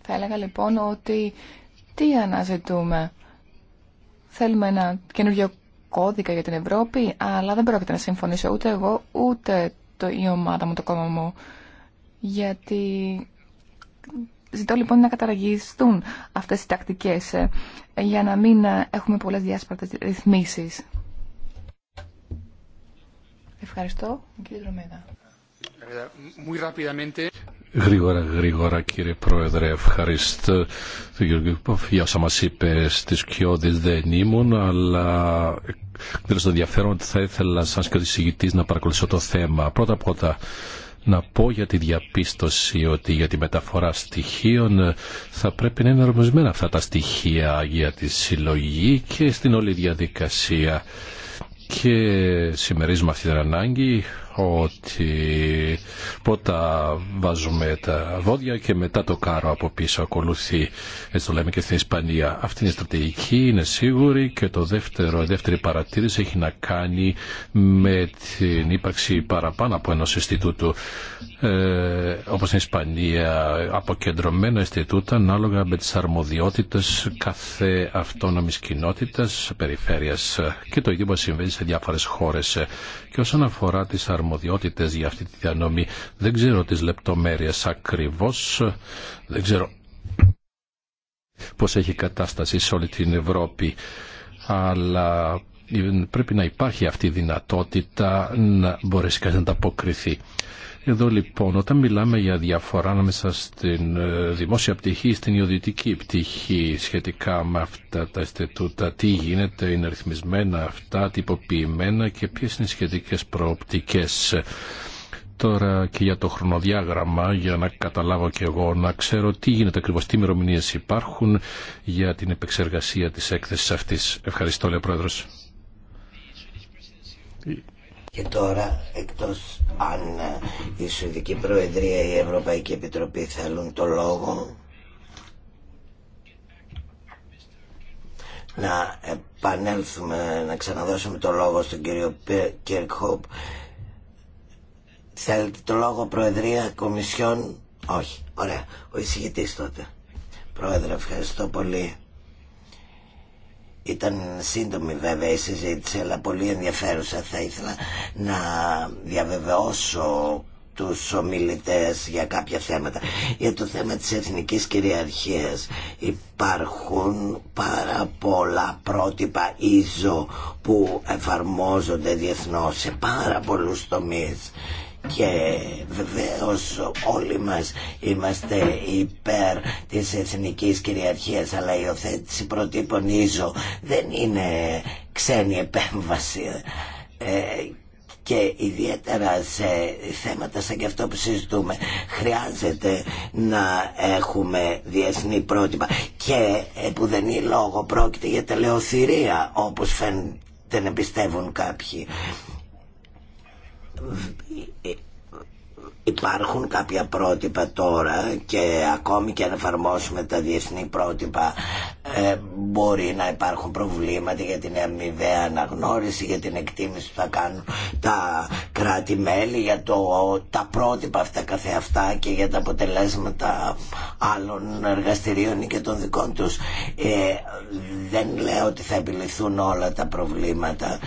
Speaker 3: Θα έλεγα λοιπόν ότι τι αναζητούμε. Θέλουμε ένα καινούργιο κώδικα για την Ευρώπη, αλλά δεν πρόκειται να συμφωνήσω ούτε εγώ ούτε το, η ομάδα μου, το κόμμα μου. Γιατί ζητώ λοιπόν να καταργηθούν αυτές οι τακτικές ε, για να μην ε, έχουμε πολλές διάσπαρτες ρυθμίσεις. Ευχαριστώ. Κύριε Δρομέδα.
Speaker 1: Γρήγορα, γρήγορα κύριε Πρόεδρε, ευχαριστώ τον κύριο Κύποφ όσα μας είπε στις δεν ήμουν, αλλά δεν στο ενδιαφέρον ότι θα ήθελα σαν και ο να παρακολουθήσω το θέμα. Πρώτα απ' όλα να πω για τη διαπίστωση ότι για τη μεταφορά στοιχείων ε, θα πρέπει να είναι ορμοσμένα αυτά τα στοιχεία για τη συλλογή και στην όλη διαδικασία. Και συμμερίζουμε αυτή την ανάγκη ότι πρώτα βάζουμε τα βόδια και μετά το κάρο από πίσω ακολουθεί. Έτσι το λέμε και στην Ισπανία. Αυτή είναι η στρατηγική, είναι σίγουρη και το δεύτερο, η δεύτερη παρατήρηση έχει να κάνει με την ύπαρξη παραπάνω από ενός Ινστιτούτου. Ε, όπως στην Ισπανία, αποκεντρωμένο Ινστιτούτα ανάλογα με τις αρμοδιότητες κάθε αυτόνομης κοινότητας, περιφέρειας και το ίδιο συμβαίνει σε διάφορες χώρες. Και όσον αφορά τις αρμοδιότητες για αυτή τη διανομή. Δεν ξέρω τις λεπτομέρειες ακριβώς, δεν ξέρω πώς έχει κατάσταση σε όλη την Ευρώπη, αλλά πρέπει να υπάρχει αυτή η δυνατότητα να μπορέσει κανείς να ανταποκριθεί. Εδώ λοιπόν όταν μιλάμε για διαφορά ανάμεσα στην ε, δημόσια πτυχή ή στην ιδιωτική πτυχή σχετικά με αυτά τα αισθητούτα, τι γίνεται, είναι ρυθμισμένα αυτά, τυποποιημένα και ποιε είναι οι σχετικέ προοπτικές τώρα και για το χρονοδιάγραμμα για να καταλάβω και εγώ να ξέρω τι γίνεται ακριβώ, τι ημερομηνίε υπάρχουν για την επεξεργασία τη έκθεση αυτή. Ευχαριστώ, λέει πρόεδρο.
Speaker 2: Και τώρα, εκτός αν ε, η Σουηδική Προεδρία ή η Ευρωπαϊκή Επιτροπή θέλουν το λόγο, να επανέλθουμε, να ξαναδώσουμε το λόγο στον κύριο Κίρκχοπ. Θέλετε το λόγο Προεδρία, Κομισιόν, όχι. Ωραία. Ο εισηγητής τότε. Πρόεδρε, ευχαριστώ πολύ. Ήταν σύντομη βέβαια η συζήτηση αλλά πολύ ενδιαφέρουσα θα ήθελα να διαβεβαιώσω τους ομιλητές για κάποια θέματα. Για το θέμα της εθνικής κυριαρχίας υπάρχουν πάρα πολλά πρότυπα ίζο που εφαρμόζονται διεθνώς σε πάρα πολλούς τομείς και βεβαίως όλοι μας είμαστε υπέρ της εθνικής κυριαρχίας αλλά η οθέτηση προτύπων ίζω δεν είναι ξένη επέμβαση ε, και ιδιαίτερα σε θέματα σαν και αυτό που συζητούμε χρειάζεται να έχουμε διεθνή πρότυπα και ε, που δεν είναι λόγο πρόκειται για τελεοθυρία όπως φαίνεται να πιστεύουν κάποιοι Υπάρχουν κάποια πρότυπα τώρα και ακόμη και αν εφαρμόσουμε τα διεθνή πρότυπα ε, μπορεί να υπάρχουν προβλήματα για την αμοιβαία αναγνώριση, για την εκτίμηση που θα κάνουν τα κράτη-μέλη, για το, τα πρότυπα αυτά καθεαυτά και για τα αποτελέσματα άλλων εργαστηρίων και των δικών τους. Ε, δεν λέω ότι θα επιληθούν όλα τα προβλήματα.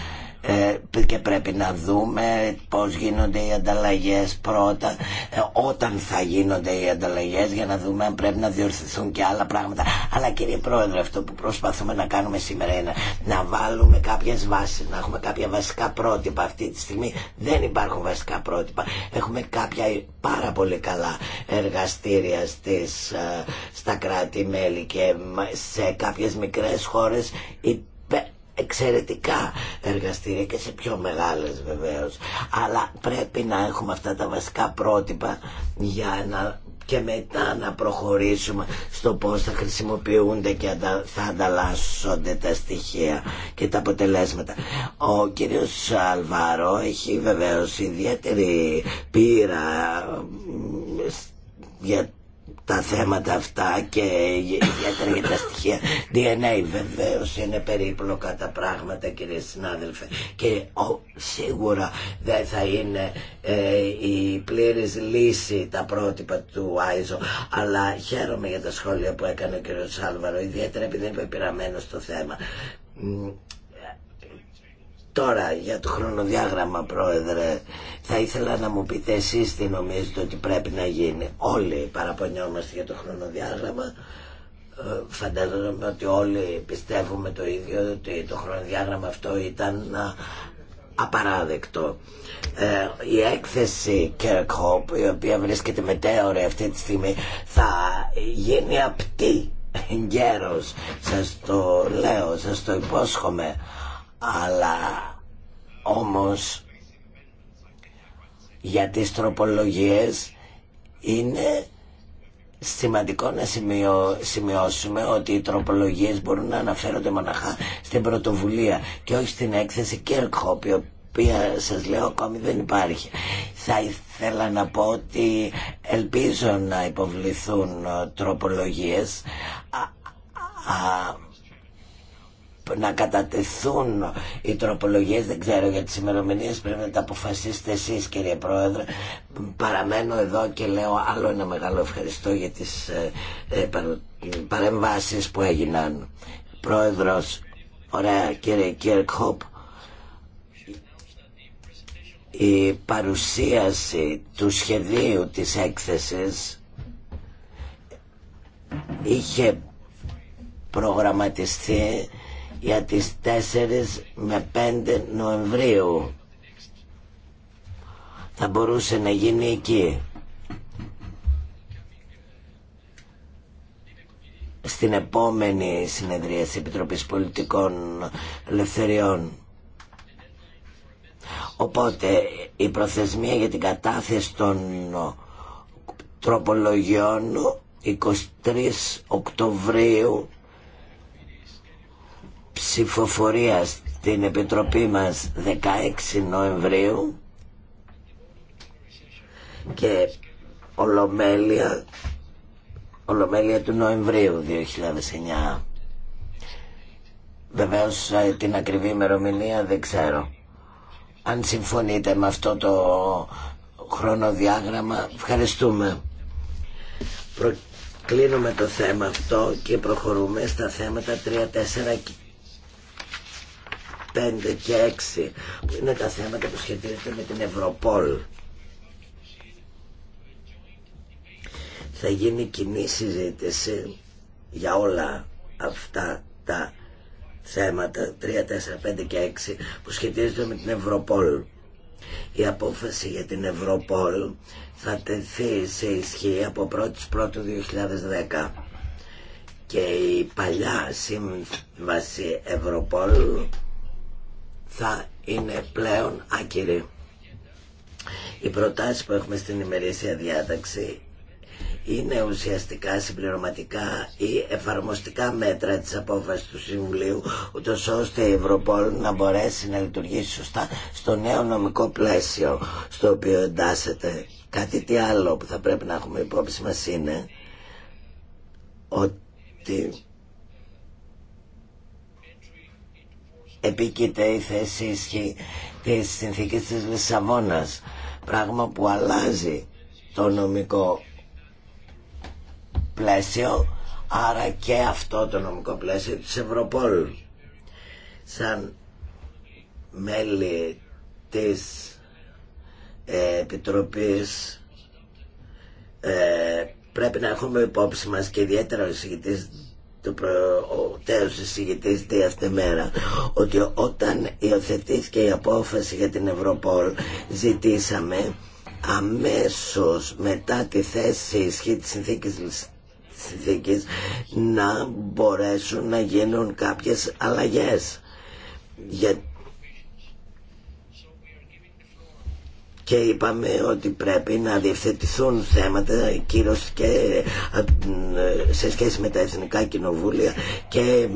Speaker 2: Ε, και πρέπει να δούμε πώς γίνονται οι ανταλλαγές πρώτα ε, όταν θα γίνονται οι ανταλλαγές για να δούμε αν πρέπει να διορθωθούν και άλλα πράγματα αλλά κύριε Πρόεδρε αυτό που προσπαθούμε να κάνουμε σήμερα είναι να βάλουμε κάποιες βάσεις να έχουμε κάποια βασικά πρότυπα αυτή τη στιγμή δεν υπάρχουν βασικά πρότυπα έχουμε κάποια πάρα πολύ καλά εργαστήρια στις, ε, στα κράτη-μέλη και σε κάποιες μικρές χώρες εξαιρετικά εργαστήρια και σε πιο μεγάλες βεβαίως αλλά πρέπει να έχουμε αυτά τα βασικά πρότυπα για να και μετά να προχωρήσουμε στο πώς θα χρησιμοποιούνται και θα ανταλλάσσονται τα στοιχεία και τα αποτελέσματα. Ο κύριος Αλβάρο έχει βεβαίως ιδιαίτερη πείρα για τα θέματα αυτά και ιδιαίτερα για τα στοιχεία DNA βεβαίω είναι περίπλοκα τα πράγματα κύριε συνάδελφε και ο, σίγουρα δεν θα είναι ε, η πλήρης λύση τα πρότυπα του Άιζο αλλά χαίρομαι για τα σχόλια που έκανε ο κύριος Σάλβαρο ιδιαίτερα επειδή είναι πεπειραμένο στο θέμα Τώρα για το χρονοδιάγραμμα πρόεδρε θα ήθελα να μου πείτε εσείς τι νομίζετε ότι πρέπει να γίνει. Όλοι παραπονιόμαστε για το χρονοδιάγραμμα. Ε, φαντάζομαι ότι όλοι πιστεύουμε το ίδιο ότι το χρονοδιάγραμμα αυτό ήταν ε, απαράδεκτο. Ε, η έκθεση Kirkhope η οποία βρίσκεται μετέωρη αυτή τη στιγμή θα γίνει απτή γέρος σας το λέω, σας το υπόσχομαι αλλά όμως για τις τροπολογίες είναι σημαντικό να σημειώσουμε ότι οι τροπολογίες μπορούν να αναφέρονται μοναχά στην πρωτοβουλία και όχι στην έκθεση Κέρκχοπ, η οποία σας λέω ακόμη δεν υπάρχει θα ήθελα να πω ότι ελπίζω να υποβληθούν τροπολογίες να κατατεθούν οι τροπολογίε δεν ξέρω για τι ημερομηνίε πρέπει να τα αποφασίσετε εσεί κύριε Πρόεδρε παραμένω εδώ και λέω άλλο ένα μεγάλο ευχαριστώ για τι ε, ε παρεμβάσεις που έγιναν πρόεδρο. ωραία κύριε Κίρκχοπ η παρουσίαση του σχεδίου της έκθεσης είχε προγραμματιστεί για τις 4 με 5 Νοεμβρίου. Θα μπορούσε να γίνει εκεί. Στην επόμενη συνεδρία της Επιτροπής Πολιτικών Ελευθεριών. Οπότε η προθεσμία για την κατάθεση των τροπολογιών 23 Οκτωβρίου ψηφοφορία στην Επιτροπή μας 16 Νοεμβρίου και Ολομέλεια, Ολομέλεια του Νοεμβρίου 2009. Βεβαίως ε, την ακριβή ημερομηνία δεν ξέρω. Αν συμφωνείτε με αυτό το χρονοδιάγραμμα, ευχαριστούμε. Κλείνουμε το θέμα αυτό και προχωρούμε στα θέματα 3, 4 και 5 και 6 που είναι τα θέματα που σχετίζονται με την Ευρωπόλ. Θα γίνει κοινή συζήτηση για όλα αυτά τα θέματα 3, 4, 5 και 6 που σχετίζονται με την Ευρωπόλ. Η απόφαση για την Ευρωπόλ θα τεθεί σε ισχύ από 1η Πρώτου 2010 και η παλιά σύμβαση Ευρωπόλ θα είναι πλέον άκυρη. Οι προτάσεις που έχουμε στην ημερήσια διάταξη είναι ουσιαστικά συμπληρωματικά ή εφαρμοστικά μέτρα της απόφασης του Συμβουλίου ούτως ώστε η Ευρωπόλ να μπορέσει να λειτουργήσει σωστά στο νέο νομικό πλαίσιο στο οποίο εντάσσεται. Κάτι τι άλλο που θα πρέπει να έχουμε υπόψη μας είναι ότι επίκειται η θέση ισχύ της συνθήκης της Λισαβόνας πράγμα που αλλάζει το νομικό πλαίσιο άρα και αυτό το νομικό πλαίσιο της Ευρωπόλου. σαν μέλη της ε, Επιτροπής ε, πρέπει να έχουμε υπόψη μας και ιδιαίτερα ο το τέος της τη αυτή μέρα ότι όταν υιοθετήθηκε η απόφαση για την Ευρωπόλ ζητήσαμε αμέσως μετά τη θέση ισχύ της συνθήκης να μπορέσουν να γίνουν κάποιες αλλαγές και είπαμε ότι πρέπει να διευθετηθούν θέματα κυρίως και σε σχέση με τα εθνικά κοινοβούλια και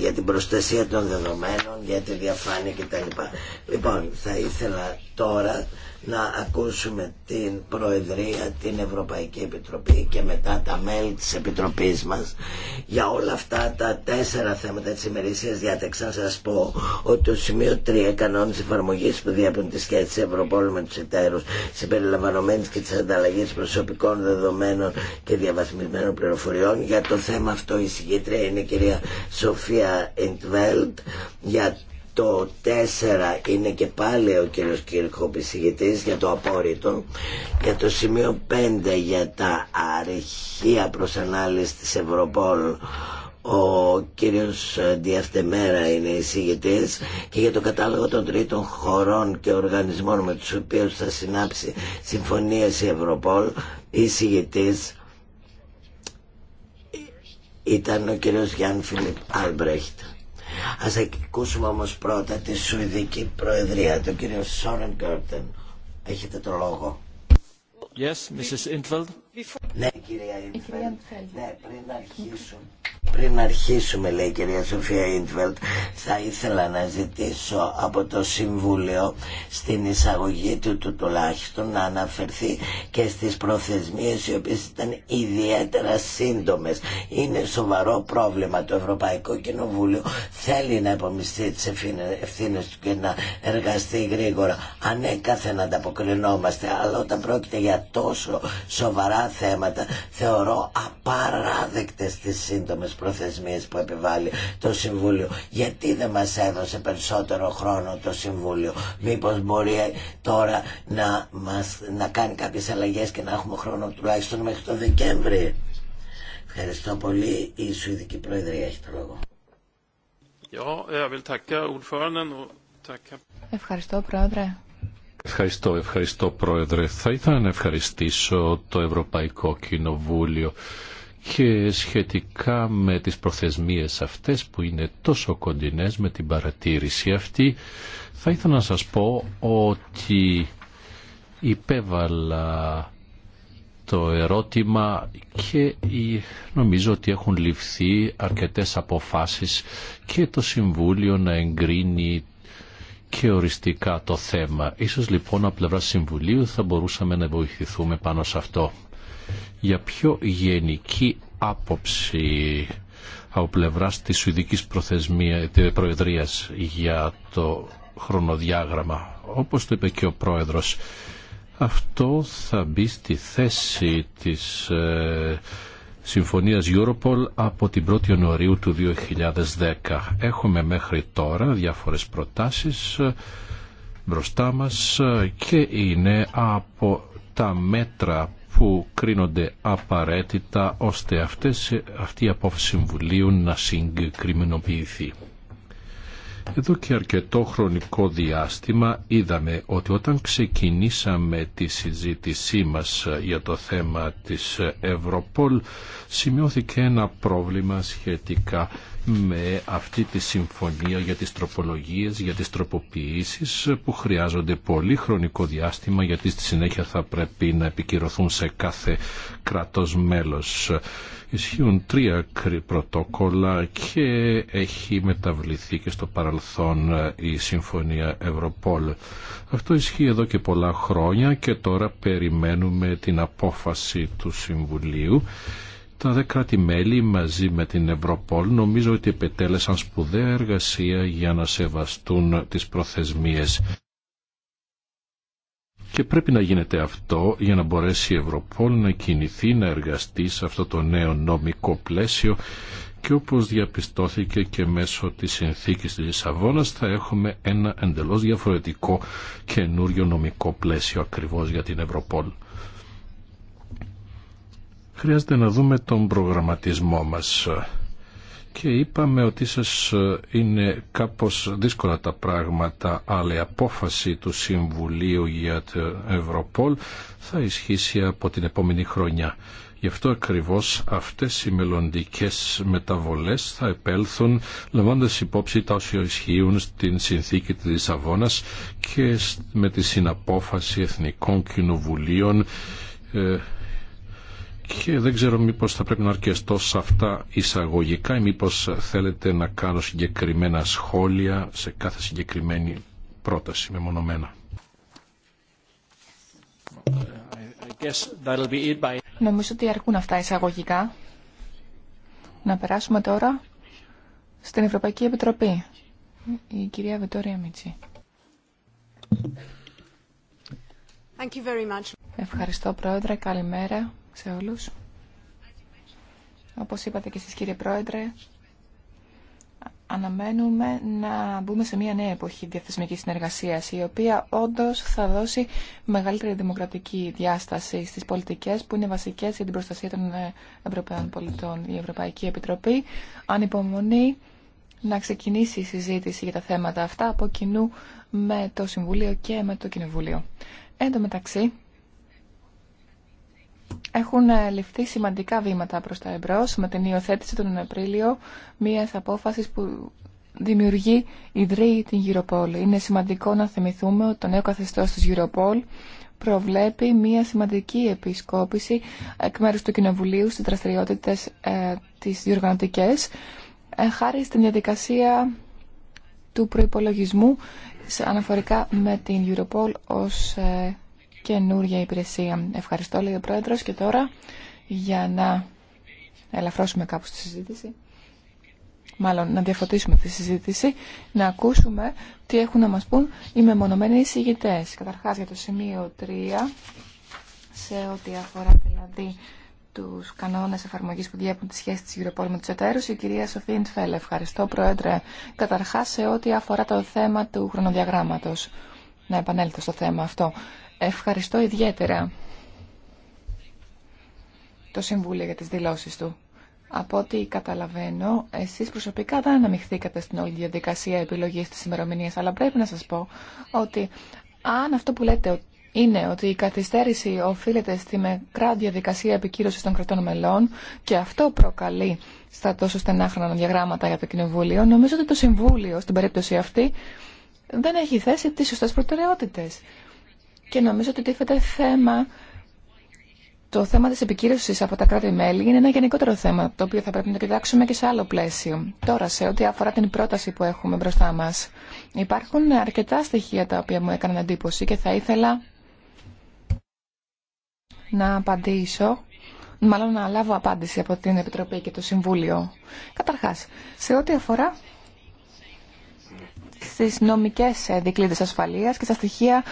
Speaker 2: για την προστασία των δεδομένων, για τη διαφάνεια κτλ. Λοιπόν, θα ήθελα τώρα να ακούσουμε την Προεδρία, την Ευρωπαϊκή Επιτροπή και μετά τα μέλη της Επιτροπής μας για όλα αυτά τα τέσσερα θέματα της ημερήσιας διάταξης. Να σας πω ότι το σημείο 3 κανόνες εφαρμογής που διέπουν τη σχέση της Ευρωπόλου με τους εταίρους συμπεριλαμβανομένης και της ανταλλαγής προσωπικών δεδομένων και διαβαθμισμένων πληροφοριών για το θέμα αυτό η συγκήτρια είναι η κυρία Σοφία Ιντβέλτ για το 4 είναι και πάλι ο κύριος Κύρκοπης ηγητής για το απόρριτο για το σημείο 5 για τα αρχεία προς ανάλυση της Ευρωπόλ ο κύριος Διαυτεμέρα είναι εισηγητής και για το κατάλογο των τρίτων χωρών και οργανισμών με τους οποίους θα συνάψει συμφωνίες η Ευρωπόλ εισηγητής ήταν ο κύριος Γιάνν Φιλιπ Αλμπρέχτ α ακούσουμε όμω πρώτα τη Σουηδική Προεδρία, τον κύριο Σόρεν Κέρτεν. Έχετε το λόγο. Yes, Mrs. Ναι, κυρία Ιντφέλτ. Ναι, πριν αρχίσουμε. λέει η κυρία Σοφία Ιντβελτ, θα ήθελα να ζητήσω από το Συμβούλιο στην εισαγωγή του, του τουλάχιστον να αναφερθεί και στις προθεσμίες οι οποίες ήταν ιδιαίτερα σύντομες. Είναι σοβαρό πρόβλημα το Ευρωπαϊκό Κοινοβούλιο. Θέλει να υπομειστεί τις ευθύνε του και να εργαστεί γρήγορα. Ανέκαθεν ναι, ανταποκρινόμαστε, αλλά όταν πρόκειται για τόσο σοβαρά θέματα θεωρώ απαράδεκτες τις σύντομες προθεσμίες που επιβάλλει το Συμβούλιο. Γιατί δεν μας έδωσε περισσότερο χρόνο το Συμβούλιο. Μήπως μπορεί τώρα να, μας, να κάνει κάποιες αλλαγές και να έχουμε χρόνο τουλάχιστον μέχρι το Δεκέμβρη. Ευχαριστώ πολύ. Η Σουηδική Προεδρία έχει το λόγο. Ευχαριστώ, Πρόεδρε.
Speaker 1: Ευχαριστώ, ευχαριστώ Πρόεδρε. Θα ήθελα να ευχαριστήσω το Ευρωπαϊκό Κοινοβούλιο και σχετικά με τις προθεσμίες αυτές που είναι τόσο κοντινές με την παρατήρηση αυτή θα ήθελα να σας πω ότι υπέβαλα το ερώτημα και νομίζω ότι έχουν ληφθεί αρκετές αποφάσεις και το Συμβούλιο να εγκρίνει και οριστικά το θέμα. Ίσως λοιπόν από πλευρά Συμβουλίου θα μπορούσαμε να βοηθηθούμε πάνω σε αυτό. Για πιο γενική άποψη από πλευρά της Σουηδικής προθεσμία, για το χρονοδιάγραμμα. Όπως το είπε και ο Πρόεδρος, αυτό θα μπει στη θέση της ε, Συμφωνίας Europol από την 1η Ιανουαρίου του 2010. Έχουμε μέχρι τώρα διάφορες προτάσεις ε, μπροστά μας ε, και είναι από τα μέτρα που κρίνονται απαραίτητα ώστε αυτές, ε, αυτή η απόφαση Συμβουλίου να συγκεκριμενοποιηθεί. Εδώ και αρκετό χρονικό διάστημα είδαμε ότι όταν ξεκινήσαμε τη συζήτησή μας ε, για το θέμα της ε, Ευρωπόλ σημειώθηκε ένα πρόβλημα σχετικά με αυτή τη συμφωνία για τις τροπολογίες, για τις τροποποιήσεις ε, που χρειάζονται πολύ χρονικό διάστημα γιατί στη συνέχεια θα πρέπει να επικυρωθούν σε κάθε κράτος μέλος. Ισχύουν τρία πρωτόκολλα και έχει μεταβληθεί και στο παρελθόν ε, η Συμφωνία Ευρωπόλ. Αυτό ισχύει εδώ και πολλά χρόνια και τώρα περιμένουμε την απόφαση του Συμβουλίου τα δε μελη μαζί με την Ευρωπόλ νομίζω ότι επετέλεσαν σπουδαία εργασία για να σεβαστούν τις προθεσμίες. Και πρέπει να γίνεται αυτό για να μπορέσει η Ευρωπόλ να κινηθεί, να εργαστεί σε αυτό το νέο νομικό πλαίσιο και όπως διαπιστώθηκε και μέσω της συνθήκης της Λισαβόνας θα έχουμε ένα εντελώς διαφορετικό καινούριο νομικό πλαίσιο ακριβώς για την Ευρωπόλ. Χρειάζεται να δούμε τον προγραμματισμό μας και είπαμε ότι σας ε, είναι κάπως δύσκολα τα πράγματα αλλά η απόφαση του Συμβουλίου για το Ευρωπόλ θα ισχύσει από την επόμενη χρονιά. Γι' αυτό ακριβώς αυτές οι μελλοντικέ μεταβολές θα επέλθουν λαμβάνοντας υπόψη τα όσοι ισχύουν στην συνθήκη της Λισαβόνα και με τη συναπόφαση εθνικών κοινοβουλίων ε, και δεν ξέρω μήπως θα πρέπει να αρκεστώ σε αυτά εισαγωγικά ή μήπως θέλετε να κάνω συγκεκριμένα σχόλια σε κάθε συγκεκριμένη πρόταση μεμονωμένα.
Speaker 3: Νομίζω ότι αρκούν αυτά εισαγωγικά. Να περάσουμε τώρα στην Ευρωπαϊκή Επιτροπή. Η κυρία Βιτόρια τωρα στην ευρωπαικη επιτροπη η κυρια βετορια μιτσι Ευχαριστώ Πρόεδρε, καλημέρα σε όλους. Όπως είπατε και εσείς κύριε Πρόεδρε, αναμένουμε να μπούμε σε μια νέα εποχή διαθεσμικής συνεργασίας, η οποία όντως θα δώσει μεγαλύτερη δημοκρατική διάσταση στις πολιτικές που είναι βασικές για την προστασία των ε, Ευρωπαίων πολιτών. Η Ευρωπαϊκή Επιτροπή ανυπομονεί να ξεκινήσει η συζήτηση για τα θέματα αυτά από κοινού με το Συμβούλιο και με το Κοινοβούλιο. Εν τω μεταξύ, έχουν ε, ληφθεί σημαντικά βήματα προς τα εμπρός με την υιοθέτηση τον Απρίλιο μια απόφασης που δημιουργεί, ιδρύει την Europol. Είναι σημαντικό να θυμηθούμε ότι το νέο καθεστώς της Europol προβλέπει μία σημαντική επισκόπηση εκ μέρους του Κοινοβουλίου στις δραστηριότητες ε, τις ε, χάρη στην διαδικασία του προϋπολογισμού αναφορικά με την Europol ως ε, καινούρια υπηρεσία. Ευχαριστώ, λέει ο Πρόεδρο Και τώρα, για να ελαφρώσουμε κάπως τη συζήτηση, μάλλον να διαφωτίσουμε τη συζήτηση, να ακούσουμε τι έχουν να μας πούν οι μεμονωμένοι εισηγητές. Καταρχάς, για το σημείο 3, σε ό,τι αφορά δηλαδή του κανόνε εφαρμογή που διέπουν τη σχέση τη Europol με του εταίρου, η κυρία Σοφία Ιντφέλ. Ευχαριστώ, Πρόεδρε. Καταρχά, σε ό,τι αφορά το θέμα του χρονοδιαγράμματο. Να επανέλθω στο θέμα αυτό. Ευχαριστώ ιδιαίτερα το Συμβούλιο για τις δηλώσεις του. Από ό,τι καταλαβαίνω, εσείς προσωπικά δεν αναμειχθήκατε στην όλη διαδικασία επιλογής της ημερομηνία, αλλά πρέπει να σας πω ότι αν αυτό που λέτε είναι ότι η καθυστέρηση οφείλεται στη μεκρά διαδικασία επικύρωση των κρατών μελών και αυτό προκαλεί στα τόσο στενάχρονα διαγράμματα για το Κοινοβούλιο, νομίζω ότι το Συμβούλιο στην περίπτωση αυτή δεν έχει θέσει τις σωστές προτεραιότητες και νομίζω ότι τίθεται θέμα το θέμα της επικύρωσης από τα κράτη-μέλη είναι ένα γενικότερο θέμα, το οποίο θα πρέπει να το κοιτάξουμε και σε άλλο πλαίσιο. Τώρα, σε ό,τι αφορά την πρόταση που έχουμε μπροστά μας, υπάρχουν αρκετά στοιχεία τα οποία μου έκαναν εντύπωση και θα ήθελα να απαντήσω, μάλλον να λάβω απάντηση από την Επιτροπή και το Συμβούλιο. Καταρχάς, σε ό,τι αφορά στις νομικές δικλείδες ασφαλείας και στα στοιχεία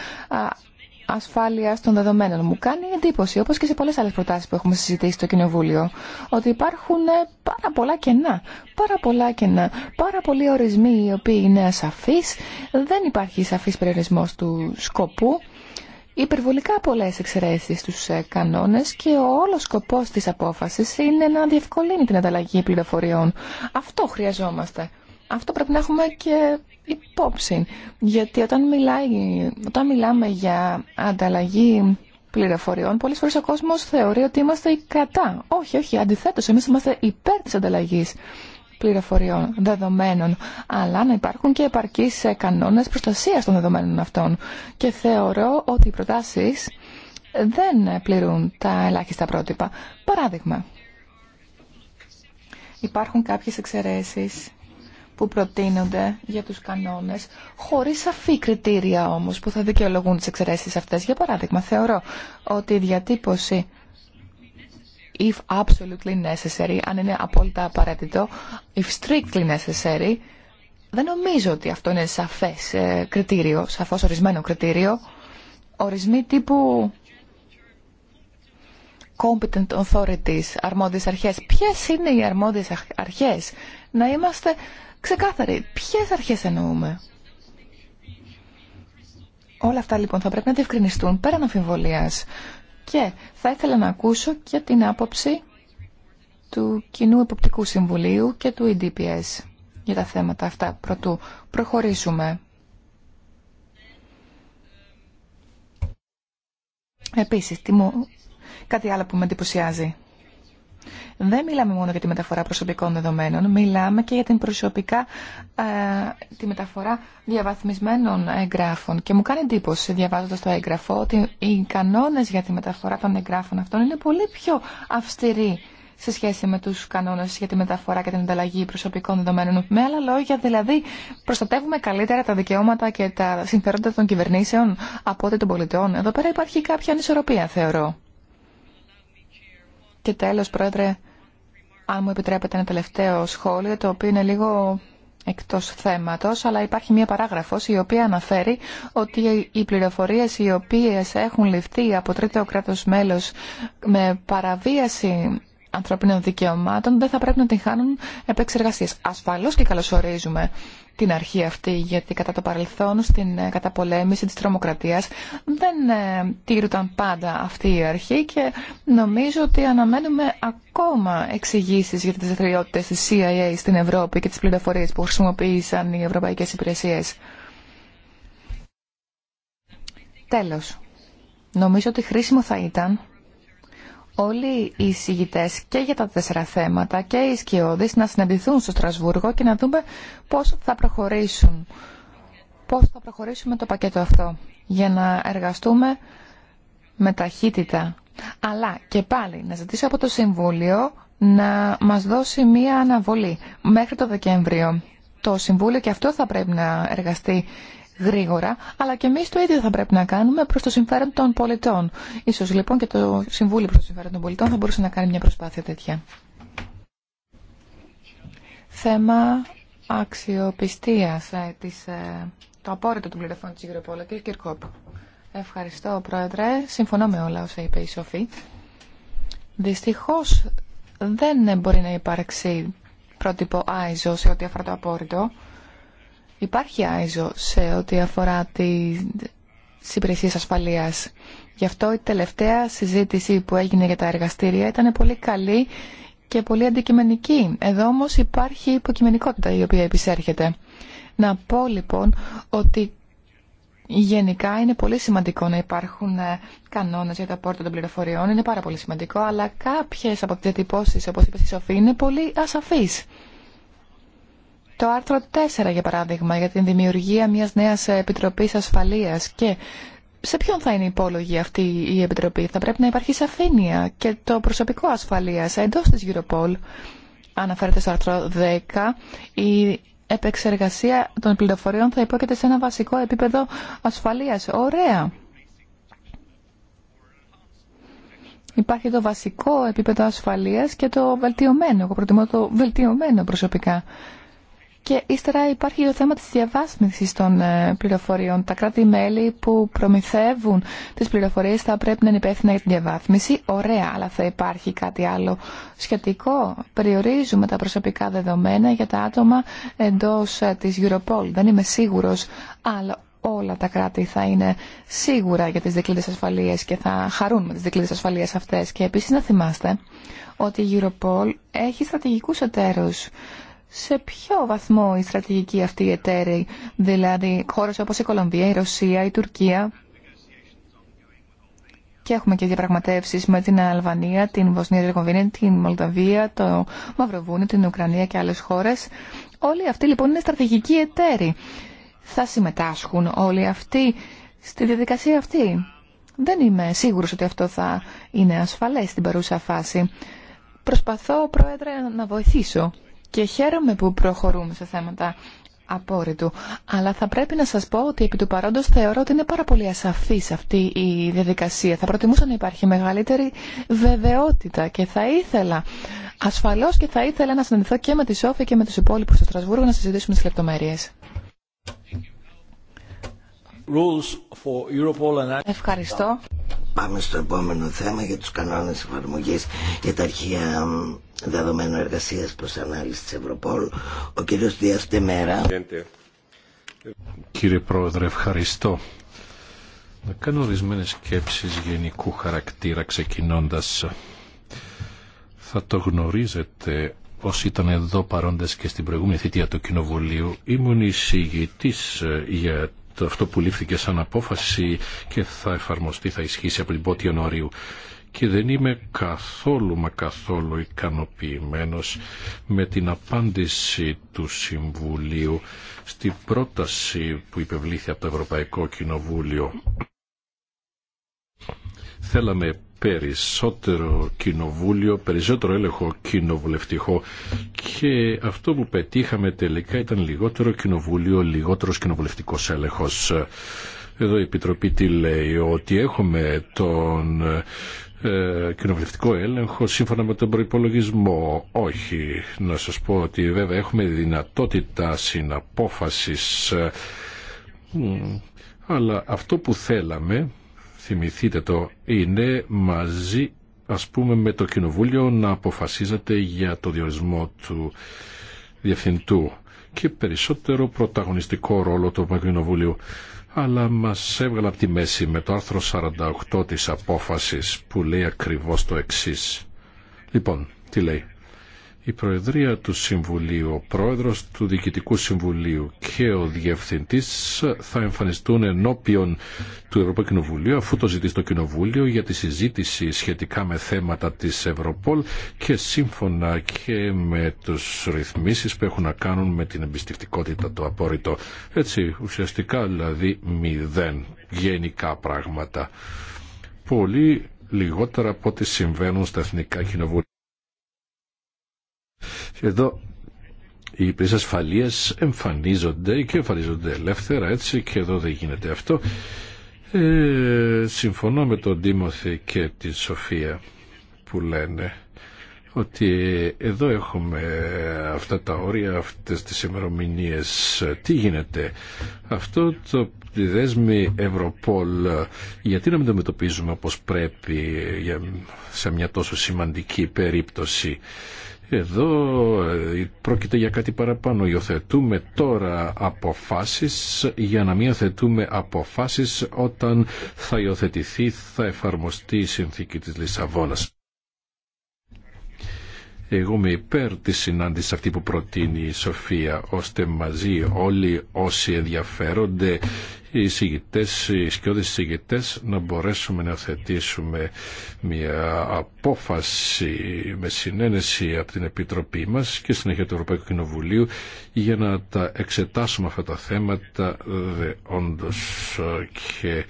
Speaker 3: ασφάλεια των δεδομένων. Μου κάνει εντύπωση, όπω και σε πολλέ άλλε προτάσεις που έχουμε συζητήσει στο Κοινοβούλιο, ότι υπάρχουν ε, πάρα πολλά κενά, πάρα πολλά κενά, πάρα πολλοί ορισμοί οι οποίοι είναι ασαφεί. δεν υπάρχει σαφή περιορισμό του σκοπού, υπερβολικά πολλέ εξαιρέσει στου ε, κανόνε, και ο όλο σκοπό τη απόφαση είναι να διευκολύνει την ανταλλαγή πληροφοριών. Αυτό χρειαζόμαστε. Αυτό πρέπει να έχουμε και υπόψη. Γιατί όταν, μιλάει, όταν μιλάμε για ανταλλαγή πληροφοριών, πολλέ φορέ ο κόσμο θεωρεί ότι είμαστε κατά. Όχι, όχι, αντιθέτω, εμεί είμαστε υπέρ τη ανταλλαγή πληροφοριών, δεδομένων, αλλά να υπάρχουν και επαρκείς ε, κανόνες προστασίας των δεδομένων αυτών. Και θεωρώ ότι οι προτάσει δεν πληρούν τα ελάχιστα πρότυπα. Παράδειγμα, υπάρχουν κάποιες εξαιρέσεις που προτείνονται για τους κανόνες, χωρίς σαφή κριτήρια όμως που θα δικαιολογούν τις εξαιρέσεις αυτές. Για παράδειγμα, θεωρώ ότι η διατύπωση if absolutely necessary, αν είναι απόλυτα απαραίτητο, if strictly necessary, δεν νομίζω ότι αυτό είναι σαφές ε, κριτήριο, σαφώς ορισμένο κριτήριο. Ορισμοί τύπου competent authorities, αρμόδιες αρχές. Ποιες είναι οι αρμόδιες αρχές. Να είμαστε Ξεκάθαρη, ποιε αρχές εννοούμε. Όλα αυτά λοιπόν θα πρέπει να διευκρινιστούν πέραν αμφιβολία Και θα ήθελα να ακούσω και την άποψη του Κοινού Εποπτικού Συμβουλίου και του EDPS για τα θέματα αυτά. Πρωτού προχωρήσουμε. Επίσης, τι μου... κάτι άλλο που με εντυπωσιάζει δεν μιλάμε μόνο για τη μεταφορά προσωπικών δεδομένων, μιλάμε και για την προσωπικά ε, τη μεταφορά διαβαθμισμένων εγγράφων. Και μου κάνει εντύπωση διαβάζοντα το έγγραφο ότι οι κανόνε για τη μεταφορά των εγγράφων αυτών είναι πολύ πιο αυστηροί σε σχέση με τους κανόνες για τη μεταφορά και την ανταλλαγή προσωπικών δεδομένων. Με άλλα λόγια, δηλαδή, προστατεύουμε καλύτερα τα δικαιώματα και τα συμφέροντα των κυβερνήσεων από ό,τι των πολιτών. Εδώ πέρα υπάρχει κάποια ανισορροπία, θεωρώ. Και τέλος, Πρόεδρε, αν μου επιτρέπετε ένα τελευταίο σχόλιο, το οποίο είναι λίγο εκτός θέματος, αλλά υπάρχει μία παράγραφος η οποία αναφέρει ότι οι πληροφορίες οι οποίες έχουν ληφθεί από τρίτο κράτος μέλος με παραβίαση ανθρωπίνων δικαιωμάτων δεν θα πρέπει να την χάνουν επεξεργασίες. Ασφαλώς και καλωσορίζουμε την αρχή αυτή, γιατί κατά το παρελθόν στην ε, καταπολέμηση της τρομοκρατίας δεν ε, τήρουταν πάντα αυτή η αρχή και νομίζω ότι αναμένουμε ακόμα εξηγήσει για τις δραστηριότητες της CIA στην Ευρώπη και τις πληροφορίες που χρησιμοποίησαν οι ευρωπαϊκές υπηρεσίες. Τέλος, νομίζω ότι χρήσιμο θα ήταν όλοι οι συγητές και για τα τέσσερα θέματα και οι σκιώδει να συναντηθούν στο Στρασβούργο και να δούμε πώς θα προχωρήσουν. Πώς θα προχωρήσουμε το πακέτο αυτό για να εργαστούμε με ταχύτητα. Αλλά και πάλι να ζητήσω από το Συμβούλιο να μας δώσει μία αναβολή μέχρι το Δεκέμβριο. Το Συμβούλιο και αυτό θα πρέπει να εργαστεί γρήγορα, αλλά και εμεί το ίδιο θα πρέπει να κάνουμε προ το συμφέρον των πολιτών. σω λοιπόν και το Συμβούλιο προ το συμφέρον των πολιτών θα μπορούσε να κάνει μια προσπάθεια τέτοια. Θέμα αξιοπιστία ε, ε, το απόρριτο του πληροφόρου τη Γκρεπόλα, κύριε Κυρκόπ. Ευχαριστώ, Πρόεδρε. Συμφωνώ με όλα όσα είπε η Σοφή. Δυστυχώ δεν μπορεί να υπάρξει πρότυπο ISO σε ό,τι αφορά το απόρριτο. Υπάρχει άιζο σε ό,τι αφορά τις υπηρεσίες ασφαλείας. Γι' αυτό η τελευταία συζήτηση που έγινε για τα εργαστήρια ήταν πολύ καλή και πολύ αντικειμενική. Εδώ όμως υπάρχει υποκειμενικότητα η οποία επισέρχεται. Να πω λοιπόν ότι γενικά είναι πολύ σημαντικό να υπάρχουν ε, κανόνες για τα πόρτα των πληροφοριών, είναι πάρα πολύ σημαντικό, αλλά κάποιες από τις διατυπώσεις, όπως είπε η Σοφή, είναι πολύ ασαφείς. Το άρθρο 4, για παράδειγμα, για την δημιουργία μιας νέας επιτροπής ασφαλείας και σε ποιον θα είναι υπόλογη αυτή η επιτροπή. Θα πρέπει να υπάρχει σαφήνεια και το προσωπικό ασφαλείας εντός της Europol. Αναφέρεται στο άρθρο 10, η επεξεργασία των πληροφοριών θα υπόκειται σε ένα βασικό επίπεδο ασφαλείας. Ωραία. Υπάρχει το βασικό επίπεδο ασφαλείας και το βελτιωμένο. Εγώ προτιμώ το βελτιωμένο προσωπικά. Και ύστερα υπάρχει το θέμα της διαβάσμησης των ε, πληροφοριών. Τα κράτη-μέλη που προμηθεύουν τις πληροφορίες θα πρέπει να είναι υπεύθυνα για τη διαβάθμιση. Ωραία, αλλά θα υπάρχει κάτι άλλο σχετικό. Περιορίζουμε τα προσωπικά δεδομένα για τα άτομα εντός ε, της Europol. Δεν είμαι σίγουρος, αλλά όλα τα κράτη θα είναι σίγουρα για τις δικλείδες ασφαλείας και θα χαρούν με τις δικλείδες ασφαλείας αυτές. Και επίσης να θυμάστε ότι η Europol έχει στρατηγικούς εταίρους σε ποιο βαθμό η στρατηγική αυτή η εταίρη, δηλαδή χώρες όπως η Κολομβία, η Ρωσία, η Τουρκία και έχουμε και διαπραγματεύσεις με την Αλβανία, την Βοσνία, την την Μολδαβία, το Μαυροβούνιο, την Ουκρανία και άλλες χώρες. Όλοι αυτοί λοιπόν είναι στρατηγικοί εταίροι. Θα συμμετάσχουν όλοι αυτοί στη διαδικασία αυτή. Δεν είμαι σίγουρος ότι αυτό θα είναι ασφαλές στην παρούσα φάση. Προσπαθώ, Πρόεδρε, να βοηθήσω και χαίρομαι που προχωρούμε σε θέματα απόρριτου. Αλλά θα πρέπει να σας πω ότι επί του παρόντος θεωρώ ότι είναι πάρα πολύ ασαφής αυτή η διαδικασία. Θα προτιμούσα να υπάρχει μεγαλύτερη βεβαιότητα και θα ήθελα, ασφαλώς και θα ήθελα να συναντηθώ και με τη Σόφη και με τους υπόλοιπους στο Στρασβούργο να συζητήσουμε τις λεπτομέρειες.
Speaker 1: Ευχαριστώ.
Speaker 2: Πάμε στο επόμενο θέμα για τους κανόνες εφαρμογής για τα αρχεία δεδομένου εργασία προ ανάλυση τη Ευρωπόλ, ο κύριο Δία Τεμέρα.
Speaker 1: Κύριε Πρόεδρε, ευχαριστώ. Να κάνω ορισμένε σκέψει γενικού χαρακτήρα ξεκινώντα, Θα το γνωρίζετε όσοι ήταν εδώ παρόντε και στην προηγούμενη θητεία του Κοινοβουλίου. Ήμουν εισηγητή ε, για το αυτό που λήφθηκε σαν απόφαση και θα εφαρμοστεί, θα ισχύσει από την 1η Ιανουαρίου και δεν είμαι καθόλου μα καθόλου ικανοποιημένος με την απάντηση του Συμβουλίου στην πρόταση που υπευλήθη από το Ευρωπαϊκό Κοινοβούλιο. Θέλαμε περισσότερο κοινοβούλιο, περισσότερο έλεγχο κοινοβουλευτικό και αυτό που πετύχαμε τελικά ήταν λιγότερο κοινοβούλιο, λιγότερος κοινοβουλευτικός έλεγχος. Εδώ η Επιτροπή τι λέει, ότι έχουμε τον ε, κοινοβουλευτικό έλεγχο σύμφωνα με τον προϋπολογισμό. Όχι, να σας πω ότι βέβαια έχουμε δυνατότητα συναπόφασης ε, αλλά αυτό που θέλαμε, θυμηθείτε το, είναι μαζί ας πούμε με το Κοινοβούλιο να αποφασίζεται για το διορισμό του Διευθυντού και περισσότερο πρωταγωνιστικό ρόλο του Κοινοβουλίου αλλά μας έβγαλε από τη μέση με το άρθρο 48 της απόφασης που λέει ακριβώς το εξής. Λοιπόν, τι λέει η Προεδρία του Συμβουλίου, ο Πρόεδρος του Διοικητικού Συμβουλίου και ο Διευθυντής θα εμφανιστούν ενώπιον του Ευρωπαϊκού Κοινοβουλίου αφού το ζητήσει το Κοινοβούλιο για τη συζήτηση σχετικά με θέματα της Ευρωπόλ και σύμφωνα και με τους ρυθμίσεις που έχουν να κάνουν με την εμπιστευτικότητα το απόρριτο. Έτσι, ουσιαστικά δηλαδή μηδέν γενικά πράγματα. Πολύ λιγότερα από ό,τι συμβαίνουν στα εθνικά κοινοβούλια. Εδώ οι υπηρεσίε ασφαλεία εμφανίζονται και εμφανίζονται ελεύθερα έτσι και εδώ δεν γίνεται αυτό. Ε, συμφωνώ με τον Τίμωθη και τη Σοφία που λένε ότι εδώ έχουμε αυτά τα όρια, αυτές τις ημερομηνίε. Τι γίνεται. Αυτό το τη δέσμη Ευρωπόλ, γιατί να μην το όπως πρέπει σε μια τόσο σημαντική περίπτωση. Εδώ ε, πρόκειται για κάτι παραπάνω. Υιοθετούμε τώρα αποφάσεις για να μην υιοθετούμε αποφάσεις όταν θα υιοθετηθεί, θα εφαρμοστεί η συνθήκη της Λισαβόνας. Εγώ είμαι υπέρ της συνάντησης αυτή που προτείνει η Σοφία, ώστε μαζί όλοι όσοι ενδιαφέρονται οι συγητές, οι να μπορέσουμε να θετήσουμε μια απόφαση με συνένεση από την Επιτροπή μας και συνέχεια του Ευρωπαϊκού Κοινοβουλίου για να τα εξετάσουμε αυτά τα θέματα δε όντως και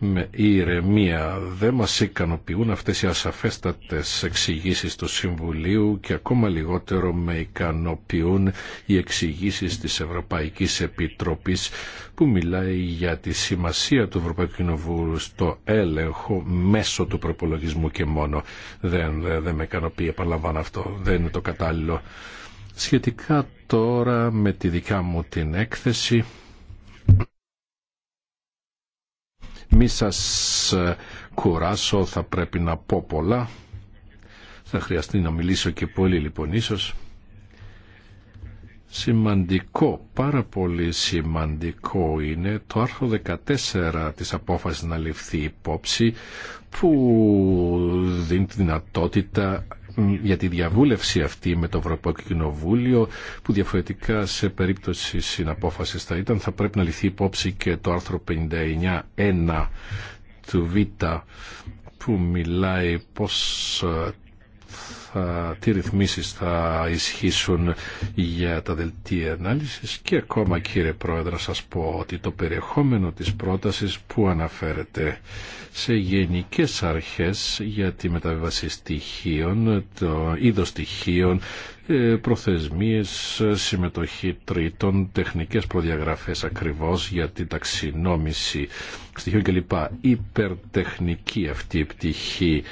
Speaker 1: με ηρεμία. Δεν μας ικανοποιούν αυτές οι ασαφέστατες εξηγήσεις του Συμβουλίου και ακόμα λιγότερο με ικανοποιούν οι εξηγήσεις της Ευρωπαϊκής Επιτροπής που μιλάει για τη σημασία του Ευρωπαϊκού Κοινοβούλου στο έλεγχο μέσω του προπολογισμού και μόνο. Δεν, δεν με ικανοποιεί, επαναλαμβάνω αυτό, δεν είναι το κατάλληλο. Σχετικά τώρα με τη δικιά μου την έκθεση, Μη σας ε, κουράσω, θα πρέπει να πω πολλά. Θα χρειαστεί να μιλήσω και πολύ λοιπόν ίσως. Σημαντικό, πάρα πολύ σημαντικό είναι το άρθρο 14 της απόφασης να ληφθεί υπόψη που δίνει τη δυνατότητα για τη διαβούλευση αυτή με το Ευρωπαϊκό Κοινοβούλιο που διαφορετικά σε περίπτωση συναπόφασης θα ήταν θα πρέπει να λυθεί υπόψη και το άρθρο 59.1 του Β που μιλάει πως ε, θα, τι ρυθμίσεις θα ισχύσουν για τα δελτία ανάλυσης και ακόμα κύριε Πρόεδρα σας πω ότι το περιεχόμενο της πρότασης που αναφέρεται σε γενικές αρχές για τη μεταβίβαση στοιχείων, το είδος στοιχείων, ε, προθεσμίες, συμμετοχή τρίτων, τεχνικές προδιαγραφές ακριβώς για την ταξινόμηση στοιχείων κλπ. Υπερτεχνική αυτή η πτυχή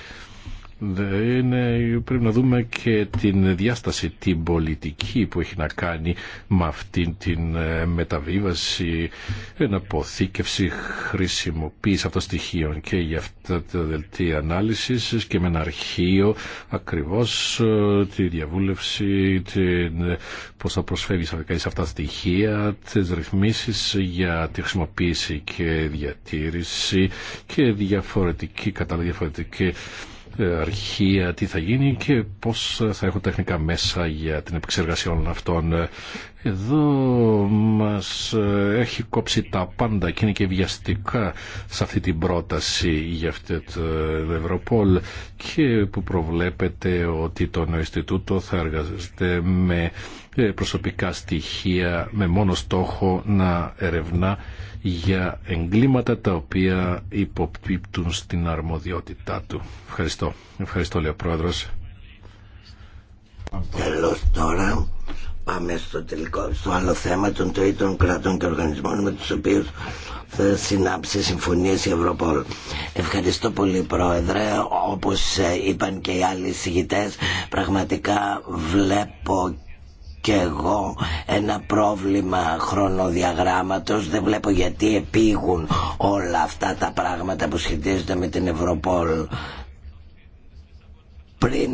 Speaker 1: είναι, πρέπει να δούμε και την διάσταση, την πολιτική που έχει να κάνει με αυτήν την ε, μεταβίβαση, αποθήκευση χρησιμοποίηση αυτών των στοιχείων και για αυτά τα δελτία ανάλυσης και με ένα αρχείο ακριβώς ε, τη διαβούλευση, την, ε, πώς θα προσφέρει σε αυτά τα στοιχεία, τις ρυθμίσεις για τη χρησιμοποίηση και διατήρηση και διαφορετική, κατά διαφορετική αρχεία τι θα γίνει και πώς θα έχω τεχνικά μέσα για την επεξεργασία όλων αυτών. Εδώ μας έχει κόψει τα πάντα και είναι και βιαστικά σε αυτή την πρόταση για αυτή το Ευρωπόλ και που προβλέπεται ότι το Ινστιτούτο θα εργαζεται με προσωπικά στοιχεία με μόνο στόχο να ερευνά για εγκλήματα τα οποία υποπίπτουν στην αρμοδιότητά του. Ευχαριστώ. Ευχαριστώ, λέει ο Πρόεδρος.
Speaker 2: Τέλος τώρα πάμε στο τελικό, στο άλλο θέμα των τρίτων κρατών και οργανισμών με τους οποίους θα συνάψει συμφωνίες η Ευρωπόλ. Ευχαριστώ πολύ Πρόεδρε, όπως είπαν και οι άλλοι συγητές, πραγματικά βλέπω και εγώ ένα πρόβλημα χρονοδιαγράμματος δεν βλέπω γιατί επήγουν όλα αυτά τα πράγματα που σχετίζονται με την Ευρωπόλ πριν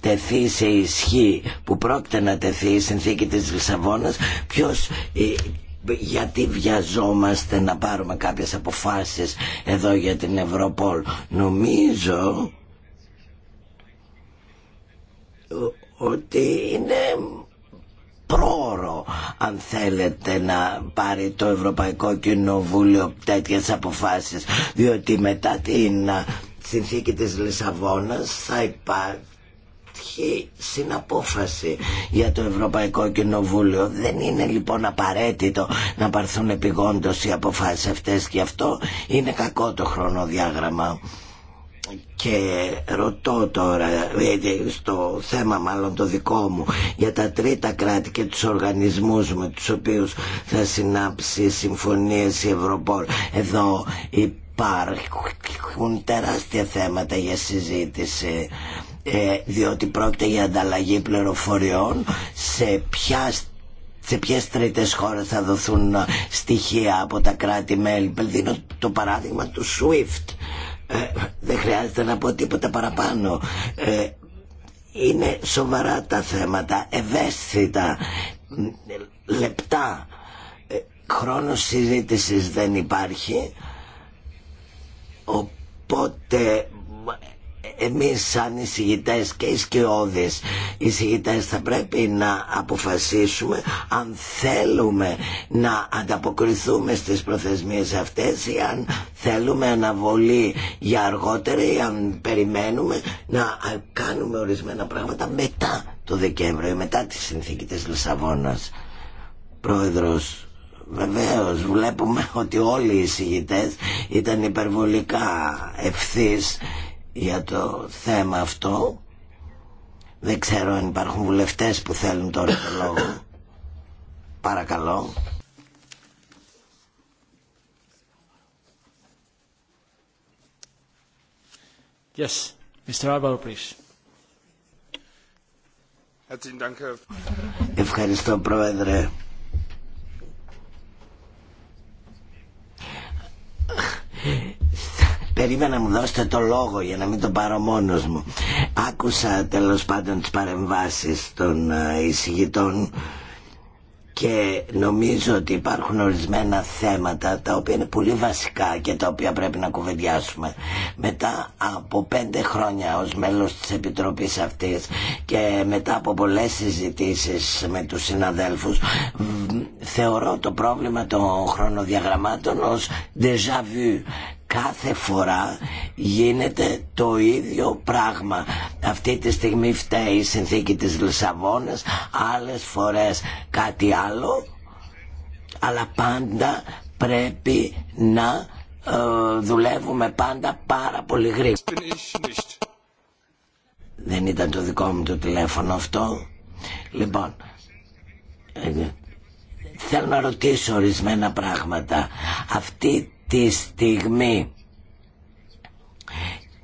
Speaker 2: τεθεί σε ισχύ που πρόκειται να τεθεί η συνθήκη της Λισαβόνας ποιος ε, γιατί βιαζόμαστε να πάρουμε κάποιες αποφάσεις εδώ για την Ευρωπόλ νομίζω ότι είναι πρόωρο αν θέλετε να πάρει το Ευρωπαϊκό Κοινοβούλιο τέτοιες αποφάσεις διότι μετά την συνθήκη της Λισαβόνας θα υπάρχει συναπόφαση για το Ευρωπαϊκό Κοινοβούλιο. Δεν είναι λοιπόν απαραίτητο να πάρθουν επιγόντως οι αποφάσεις αυτές και αυτό είναι κακό το χρονοδιάγραμμα και ρωτώ τώρα στο θέμα μάλλον το δικό μου για τα τρίτα κράτη και τους οργανισμούς με τους οποίους θα συνάψει συμφωνίες η Ευρωπόλ εδώ υπάρχουν τεράστια θέματα για συζήτηση ε, διότι πρόκειται για ανταλλαγή πληροφοριών σε ποια σε ποιε τρίτε χώρε θα δοθούν στοιχεία από τα κράτη-μέλη. Δίνω το παράδειγμα του SWIFT δεν χρειάζεται να πω τίποτα παραπάνω. Ε, είναι σοβαρά τα θέματα, ευαίσθητα, λεπτά. Ε, χρόνος συζήτησης δεν υπάρχει, οπότε εμείς σαν εισηγητές και οι εισηγητές θα πρέπει να αποφασίσουμε αν θέλουμε να ανταποκριθούμε στις προθεσμίες αυτές ή αν θέλουμε αναβολή για αργότερα ή αν περιμένουμε να κάνουμε ορισμένα πράγματα μετά το Δεκέμβριο ή μετά τη συνθήκη της Λισαβόνας. Πρόεδρος Βεβαίως βλέπουμε ότι όλοι οι συγητές ήταν υπερβολικά ευθύς για το θέμα αυτό. Δεν ξέρω αν υπάρχουν βουλευτές που θέλουν τώρα το λόγο. Παρακαλώ. Yes, Mr. Arbaro, please. Ευχαριστώ, Πρόεδρε. περίμενα να μου δώσετε το λόγο για να μην το πάρω μόνος μου. Άκουσα τέλος πάντων τις παρεμβάσεις των ε, εισηγητών και νομίζω ότι υπάρχουν ορισμένα θέματα τα οποία είναι πολύ βασικά και τα οποία πρέπει να κουβεντιάσουμε. Μετά από πέντε χρόνια ως μέλος της Επιτροπής αυτής και μετά από πολλές συζητήσεις με τους συναδέλφους θεωρώ το πρόβλημα των χρονοδιαγραμμάτων ως déjà vu κάθε φορά γίνεται το ίδιο πράγμα. Αυτή τη στιγμή φταίει η συνθήκη της Λισαβόνας, άλλες φορές κάτι άλλο, αλλά πάντα πρέπει να ε, δουλεύουμε πάντα πάρα πολύ γρήγορα. Δεν ήταν το δικό μου το τηλέφωνο αυτό. Λοιπόν, ε, θέλω να ρωτήσω ορισμένα πράγματα. Αυτή τη στιγμή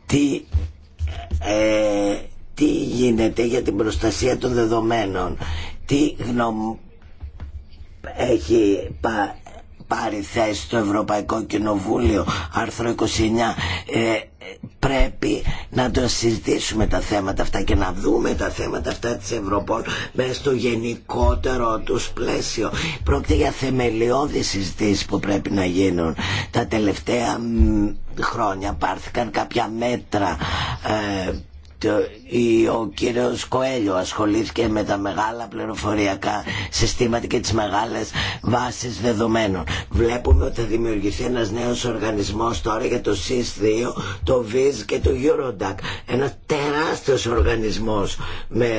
Speaker 2: τι, ε, τι γίνεται για την προστασία των δεδομένων τι γνώμη έχει πα, πάρει θέση στο Ευρωπαϊκό Κοινοβούλιο άρθρο 29 ε, πρέπει να το συζητήσουμε τα θέματα αυτά και να δούμε τα θέματα αυτά της Ευρωπόλ μέσα στο γενικότερο τους πλαίσιο. Πρόκειται για θεμελιώδη συζητήσεις που πρέπει να γίνουν. Τα τελευταία χρόνια πάρθηκαν κάποια μέτρα ε, ο κύριος Κοέλιο ασχολήθηκε με τα μεγάλα πληροφοριακά συστήματα και τις μεγάλες βάσεις δεδομένων. Βλέπουμε ότι θα δημιουργηθεί ένας νέος οργανισμός τώρα για το SIS2, το VIS και το Eurodac. Ένα τεράστιος οργανισμός με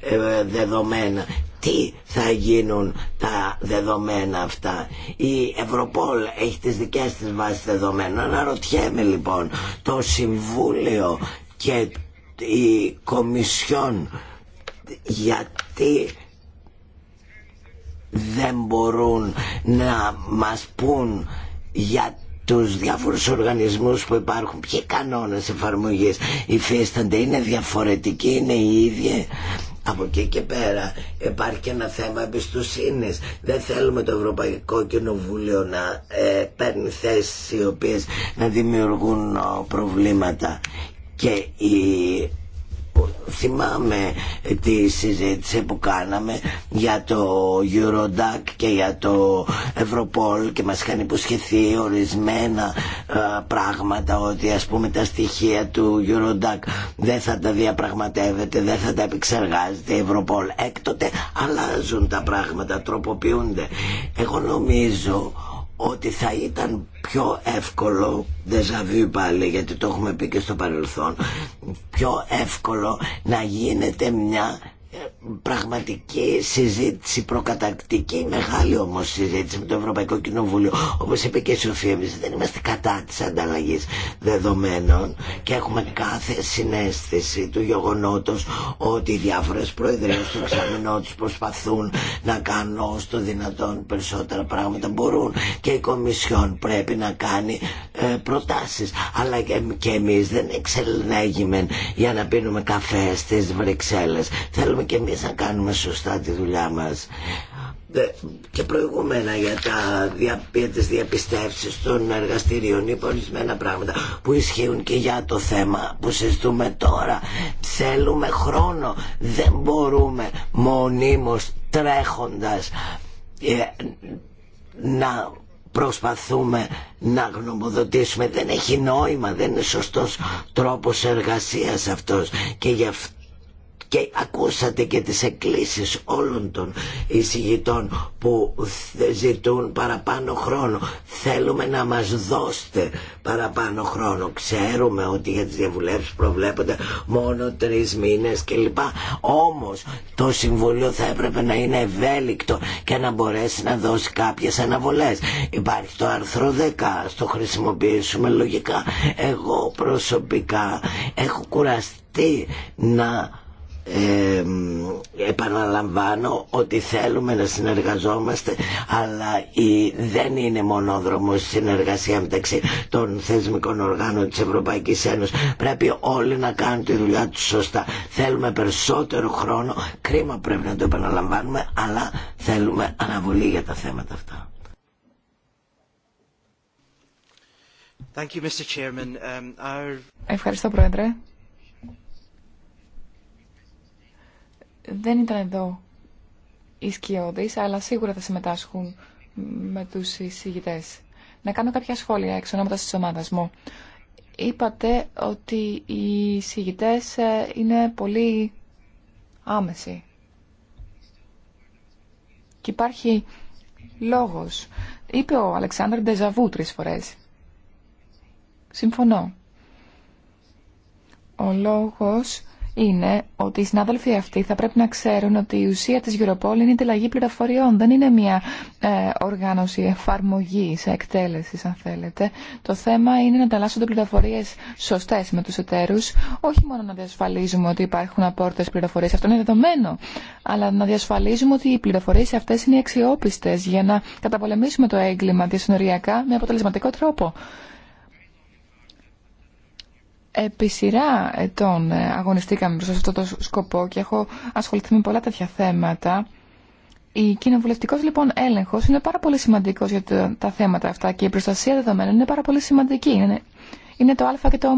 Speaker 2: ε, δεδομένα. Τι θα γίνουν τα δεδομένα αυτά. Η Ευρωπόλ έχει τις δικές της βάσεις δεδομένων. Αναρωτιέμαι λοιπόν το Συμβούλιο και η Κομισιόν γιατί δεν μπορούν να μας πούν για τους διάφορους οργανισμούς που υπάρχουν ποιοι κανόνες εφαρμογής υφίστανται είναι διαφορετικοί είναι οι ίδιοι από εκεί και πέρα υπάρχει ένα θέμα εμπιστοσύνη. Δεν θέλουμε το Ευρωπαϊκό Κοινοβούλιο να ε, παίρνει θέσει οι οποίε να δημιουργούν προβλήματα και θυμάμαι τη συζήτηση που κάναμε για το Eurodac και για το Ευρωπολ και μας είχαν υποσχεθεί ορισμένα ε, πράγματα ότι ας πούμε τα στοιχεία του Eurodac δεν θα τα διαπραγματεύεται, δεν θα τα επεξεργάζεται η Europol. Έκτοτε αλλάζουν τα πράγματα, τροποποιούνται. Εγώ νομίζω ότι θα ήταν πιο εύκολο δεζαβίου πάλι γιατί το έχουμε πει και στο παρελθόν πιο εύκολο να γίνεται μια πραγματική συζήτηση προκατακτική, μεγάλη όμως συζήτηση με το Ευρωπαϊκό Κοινοβούλιο. Όπως είπε και η Σοφία, εμείς δεν είμαστε κατά της ανταλλαγής δεδομένων και έχουμε κάθε συνέστηση του γεγονότος ότι οι διάφορες προεδρίες του εξαμεινό προσπαθούν να κάνουν όσο το δυνατόν περισσότερα πράγματα μπορούν και η Κομισιόν πρέπει να κάνει ε, προτάσεις. Αλλά και, και εμείς δεν εξελέγημεν για να πίνουμε καφέ στι Βρυξέλλες και εμείς θα κάνουμε σωστά τη δουλειά μας ε, και προηγούμενα για, τα, για τις διαπιστεύσεις των εργαστηρίων ή ορισμένα πράγματα που ισχύουν και για το θέμα που συζητούμε τώρα θέλουμε χρόνο δεν μπορούμε μονίμως τρέχοντας ε, να προσπαθούμε να γνωμοδοτήσουμε δεν έχει νόημα δεν είναι σωστός τρόπος εργασίας αυτός και γι' αυτό και ακούσατε και τις εκκλήσεις όλων των εισηγητών που ζητούν παραπάνω χρόνο. Θέλουμε να μας δώσετε παραπάνω χρόνο. Ξέρουμε ότι για τις διαβουλεύσεις προβλέπονται μόνο τρεις μήνες κλπ. Όμως το Συμβουλίο θα έπρεπε να είναι ευέλικτο και να μπορέσει να δώσει κάποιες αναβολές. Υπάρχει το άρθρο 10, στο χρησιμοποιήσουμε λογικά. Εγώ προσωπικά έχω κουραστεί να ε, επαναλαμβάνω ότι θέλουμε να συνεργαζόμαστε αλλά η, δεν είναι μονόδρομος η συνεργασία μεταξύ των θεσμικών οργάνων της Ευρωπαϊκής Ένωσης πρέπει όλοι να κάνουν τη δουλειά τους σωστά θέλουμε περισσότερο χρόνο κρίμα πρέπει να το επαναλαμβάνουμε αλλά θέλουμε αναβολή για τα θέματα αυτά Thank you, Mr. Um,
Speaker 3: Ευχαριστώ Πρόεδρε δεν ήταν εδώ οι σκιώδεις, αλλά σίγουρα θα συμμετάσχουν με τους εισηγητές. Να κάνω κάποια σχόλια εξ ονόματος της ομάδας μου. Είπατε ότι οι εισηγητές ε, είναι πολύ άμεση. Και υπάρχει λόγος. Είπε ο Αλεξάνδρ Ντεζαβού τρεις φορές. Συμφωνώ. Ο λόγος είναι ότι οι συνάδελφοι αυτοί θα πρέπει να ξέρουν ότι η ουσία της Europol είναι η τελαγή πληροφοριών. Δεν είναι μια ε, οργάνωση εφαρμογής, εκτέλεσης αν θέλετε. Το θέμα είναι να ανταλλάσσονται πληροφορίες σωστές με τους εταίρους. Όχι μόνο να διασφαλίζουμε ότι υπάρχουν απόρτες πληροφορίες, αυτό είναι δεδομένο. Αλλά να διασφαλίζουμε ότι οι πληροφορίες αυτές είναι αξιόπιστες για να καταπολεμήσουμε το έγκλημα διασυνοριακά με αποτελεσματικό τρόπο επί σειρά ετών ε, αγωνιστήκαμε προς αυτό το σκοπό και έχω ασχοληθεί με πολλά τέτοια θέματα. Η κοινοβουλευτικός λοιπόν έλεγχος είναι πάρα πολύ σημαντικός για τα θέματα αυτά και η προστασία δεδομένων είναι πάρα πολύ σημαντική. Είναι, είναι το α και το ω.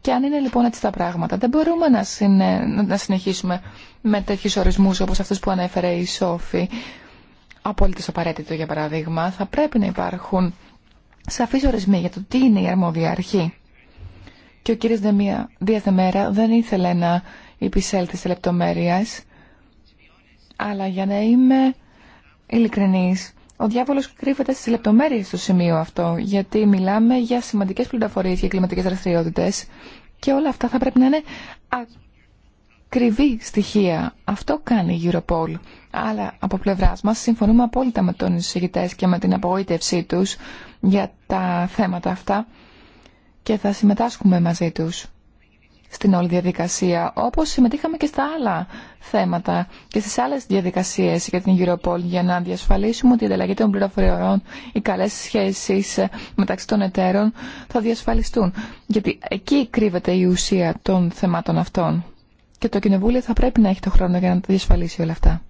Speaker 3: Και αν είναι λοιπόν έτσι τα πράγματα, δεν μπορούμε να, συνε... να συνεχίσουμε με τέτοιους ορισμούς όπως αυτούς που ανέφερε η Σόφη. Απόλυτος απαραίτητο για παράδειγμα, θα πρέπει να υπάρχουν σαφείς ορισμοί για το τι είναι η αρμόδια αρχή και ο κύριος Διαθεμέρα δεν ήθελε να υπησέλθει σε λεπτομέρειες, αλλά για να είμαι ειλικρινής, ο διάβολος κρύβεται στις λεπτομέρειες στο σημείο αυτό, γιατί μιλάμε για σημαντικές πληροφορίες για κλιματικές δραστηριότητες και όλα αυτά θα πρέπει να είναι ακριβή στοιχεία. Αυτό κάνει η Europol. Αλλά από πλευρά μα συμφωνούμε απόλυτα με τον εισηγητέ και με την απογοήτευσή του για τα θέματα αυτά και θα συμμετάσχουμε μαζί τους στην όλη διαδικασία, όπως συμμετείχαμε και στα άλλα θέματα και στις άλλες διαδικασίες για την Europol για να διασφαλίσουμε ότι η ανταλλαγή των πληροφοριών, οι καλές σχέσεις μεταξύ των εταίρων θα διασφαλιστούν. Γιατί εκεί κρύβεται η ουσία των θεμάτων αυτών. Και το Κοινοβούλιο θα πρέπει να έχει το χρόνο για να τα διασφαλίσει όλα αυτά.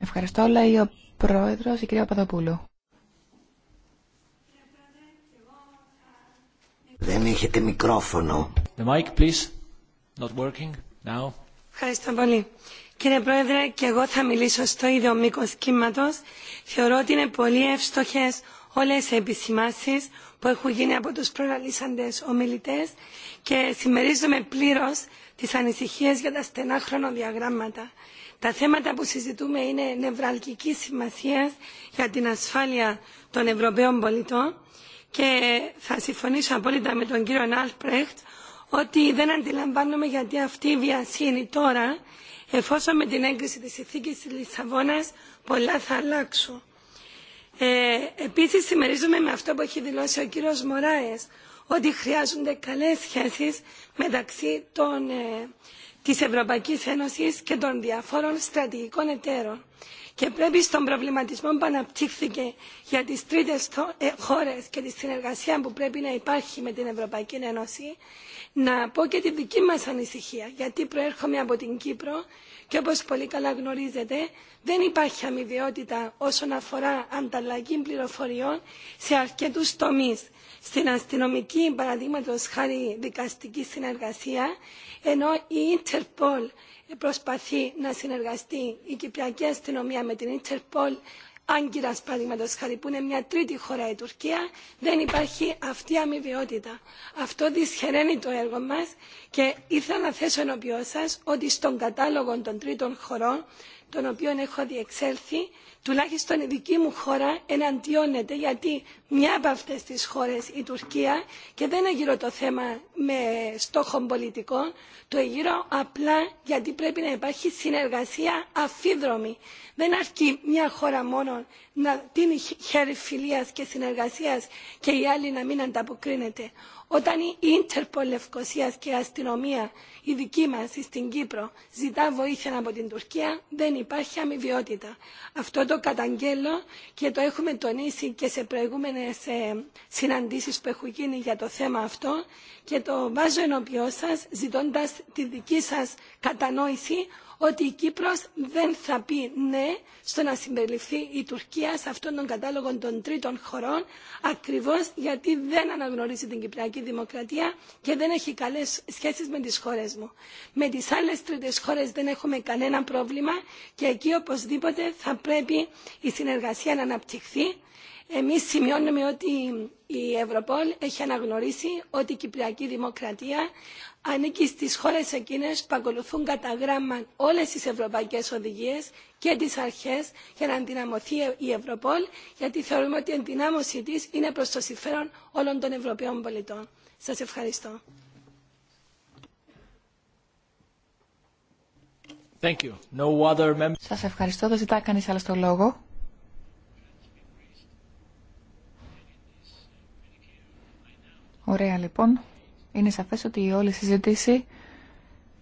Speaker 3: Ευχαριστώ, λέει ο Πρόεδρος, η κυρία Παδοπούλου.
Speaker 2: Δεν έχετε μικρόφωνο. The mic, please. Not working
Speaker 1: now.
Speaker 4: Ευχαριστώ πολύ. Κύριε Πρόεδρε, και εγώ θα μιλήσω στο ίδιο μήκο κύματο. Θεωρώ ότι είναι πολύ εύστοχε όλε οι επισημάσει που έχουν γίνει από του προλαλήσαντε ομιλητέ και συμμερίζομαι πλήρω τι ανησυχίε για τα στενά χρονοδιαγράμματα. Τα θέματα που συζητούμε είναι νευραλγική σημασία για την ασφάλεια των Ευρωπαίων πολιτών και θα συμφωνήσω απόλυτα με τον κύριο Άλπρεχτ ότι δεν αντιλαμβάνομαι γιατί αυτή η βιασύνη τώρα εφόσον με την έγκριση της ηθίκης της Λισαβόνας πολλά θα αλλάξουν. Ε, επίσης συμμερίζομαι με αυτό που έχει δηλώσει ο κύριος Μωράες ότι χρειάζονται καλές σχέσεις μεταξύ των, ε, της Ευρωπαϊκής Ένωσης και των διαφόρων στρατηγικών εταίρων και πρέπει στον προβληματισμό που αναπτύχθηκε για τις τρίτες ε, χώρες και τη συνεργασία που πρέπει να υπάρχει με την Ευρωπαϊκή Ένωση να πω και τη δική μας ανησυχία γιατί προέρχομαι από την Κύπρο και όπως πολύ καλά γνωρίζετε δεν υπάρχει αμοιβαιότητα όσον αφορά ανταλλαγή πληροφοριών σε αρκετούς τομείς στην αστυνομική παραδείγματο χάρη δικαστική συνεργασία ενώ η Interpol προσπαθεί να συνεργαστεί η Κυπριακή Αστυνομία με την Ιντερπολ, Άγκυρα, παραδείγματο χάρη, που είναι μια τρίτη χώρα η Τουρκία, δεν υπάρχει αυτή η αμοιβαιότητα. Αυτό δυσχεραίνει το έργο μα και ήθελα να θέσω ενώπιό σα ότι στον κατάλογο των τρίτων χωρών των οποίων έχω διεξέλθει, τουλάχιστον η δική μου χώρα εναντιώνεται γιατί μια από αυτές τις χώρες, η Τουρκία, και δεν εγείρω το θέμα με στόχων πολιτικών, το εγείρω απλά γιατί πρέπει να υπάρχει συνεργασία αφίδρομη. Δεν αρκεί μια χώρα μόνο να τίνει χέρι φιλίας και συνεργασίας και η άλλη να μην ανταποκρίνεται. Όταν η Ίντερπολ Λευκοσίας και η αστυνομία, η δική μα στην Κύπρο, ζητά βοήθεια από την Τουρκία, δεν υπάρχει αμοιβιότητα. Αυτό το καταγγέλλω και το έχουμε τονίσει και σε προηγούμενε ε, συναντήσεις που έχουν γίνει για το θέμα αυτό και το βάζω ενώπιό σα ζητώντας τη δική σα κατανόηση ότι η Κύπρος δεν θα πει ναι στο να συμπεριληφθεί η Τουρκία σε αυτόν τον κατάλογο των τρίτων χωρών ακριβώς γιατί δεν αναγνωρίζει την Κυπριακή Δημοκρατία και δεν έχει καλές σχέσεις με τις χώρες μου. Με τις άλλες τρίτες χώρες δεν έχουμε κανένα πρόβλημα και εκεί οπωσδήποτε θα πρέπει η συνεργασία να αναπτυχθεί εμείς σημειώνουμε ότι η Ευρωπόλ έχει αναγνωρίσει ότι η Κυπριακή Δημοκρατία ανήκει στις χώρες εκείνες που ακολουθούν κατά γράμμα όλες τις ευρωπαϊκές οδηγίες και τις αρχές για να ενδυναμωθεί η Ευρωπόλ, γιατί θεωρούμε ότι η ενδυνάμωσή της είναι προς το συμφέρον όλων των Ευρωπαίων πολιτών. Σας ευχαριστώ.
Speaker 3: Σας ευχαριστώ. Δεν ζητά κανείς άλλο το λόγο. Ωραία λοιπόν. Είναι σαφές ότι η όλη συζήτηση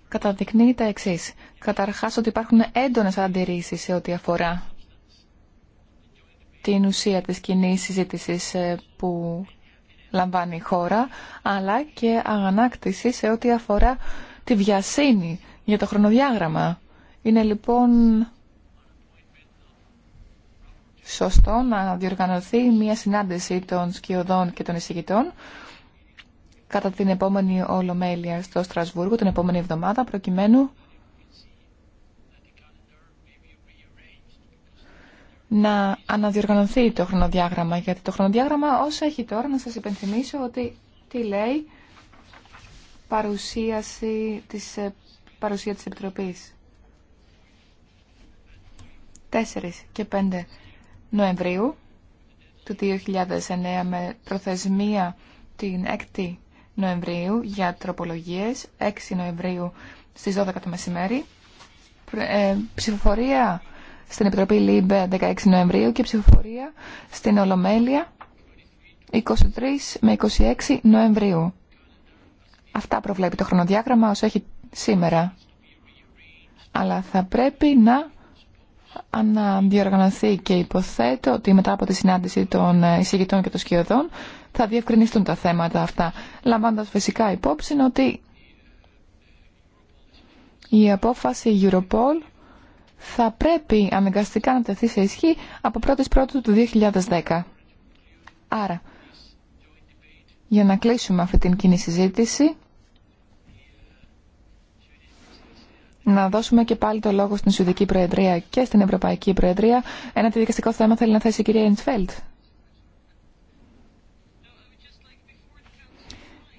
Speaker 3: καταδεικνύει τα εξή. Καταρχάς ότι υπάρχουν έντονες αντιρρήσεις σε ό,τι αφορά την ουσία της κοινή συζήτηση ε, που λαμβάνει η χώρα, αλλά και αγανάκτηση σε ό,τι αφορά τη βιασύνη για το χρονοδιάγραμμα. Είναι λοιπόν σωστό να διοργανωθεί μια συνάντηση των σκιωδών και των εισηγητών, κατά την επόμενη Ολομέλεια στο Στρασβούργο, την επόμενη εβδομάδα, προκειμένου να αναδιοργανωθεί το χρονοδιάγραμμα. Γιατί το χρονοδιάγραμμα όσο έχει τώρα, να σας υπενθυμίσω ότι τι λέει παρουσίαση της, ε, παρουσία της Επιτροπής. 4 και 5 Νοεμβρίου του 2009 με προθεσμία την 6η Νοεμβρίου για τροπολογίες, 6 Νοεμβρίου στις 12 το μεσημέρι, ε, ψηφοφορία στην Επιτροπή ΛΥΜΠΕ 16 Νοεμβρίου και ψηφοφορία στην Ολομέλεια 23 με 26 Νοεμβρίου. Αυτά προβλέπει το χρονοδιάγραμμα όσο έχει σήμερα. Αλλά θα πρέπει να αναδιοργανωθεί και υποθέτω ότι μετά από τη συνάντηση των εισηγητών και των σκιωδών θα διευκρινιστούν τα θέματα αυτά, λαμβάνοντας φυσικά υπόψη ότι η απόφαση Europol θα πρέπει αναγκαστικά να τεθεί σε ισχύ από 1η Πρώτου του 2010. Άρα, για να κλείσουμε αυτή την κοινή συζήτηση, να δώσουμε και πάλι το λόγο στην Σουηδική Προεδρία και στην Ευρωπαϊκή Προεδρία. Ένα αντιδικαστικό θέμα θέλει να θέσει η κυρία Ιντσφέλτ.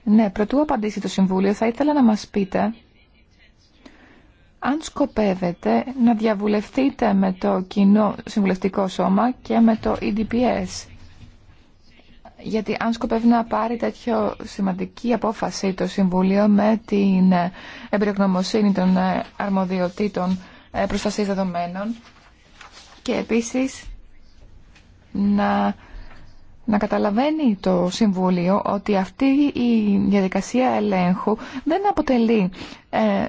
Speaker 3: Ναι, προτού απαντήσει το Συμβούλιο, θα ήθελα να μας πείτε αν σκοπεύετε να διαβουλευτείτε με το κοινό συμβουλευτικό σώμα και με το EDPS. Γιατί αν σκοπεύει να πάρει τέτοιο σημαντική απόφαση το Συμβούλιο με την εμπειρογνωμοσύνη των αρμοδιοτήτων ε, προστασίας δεδομένων και επίσης να να καταλαβαίνει το Συμβούλιο ότι αυτή η διαδικασία ελέγχου δεν αποτελεί ε,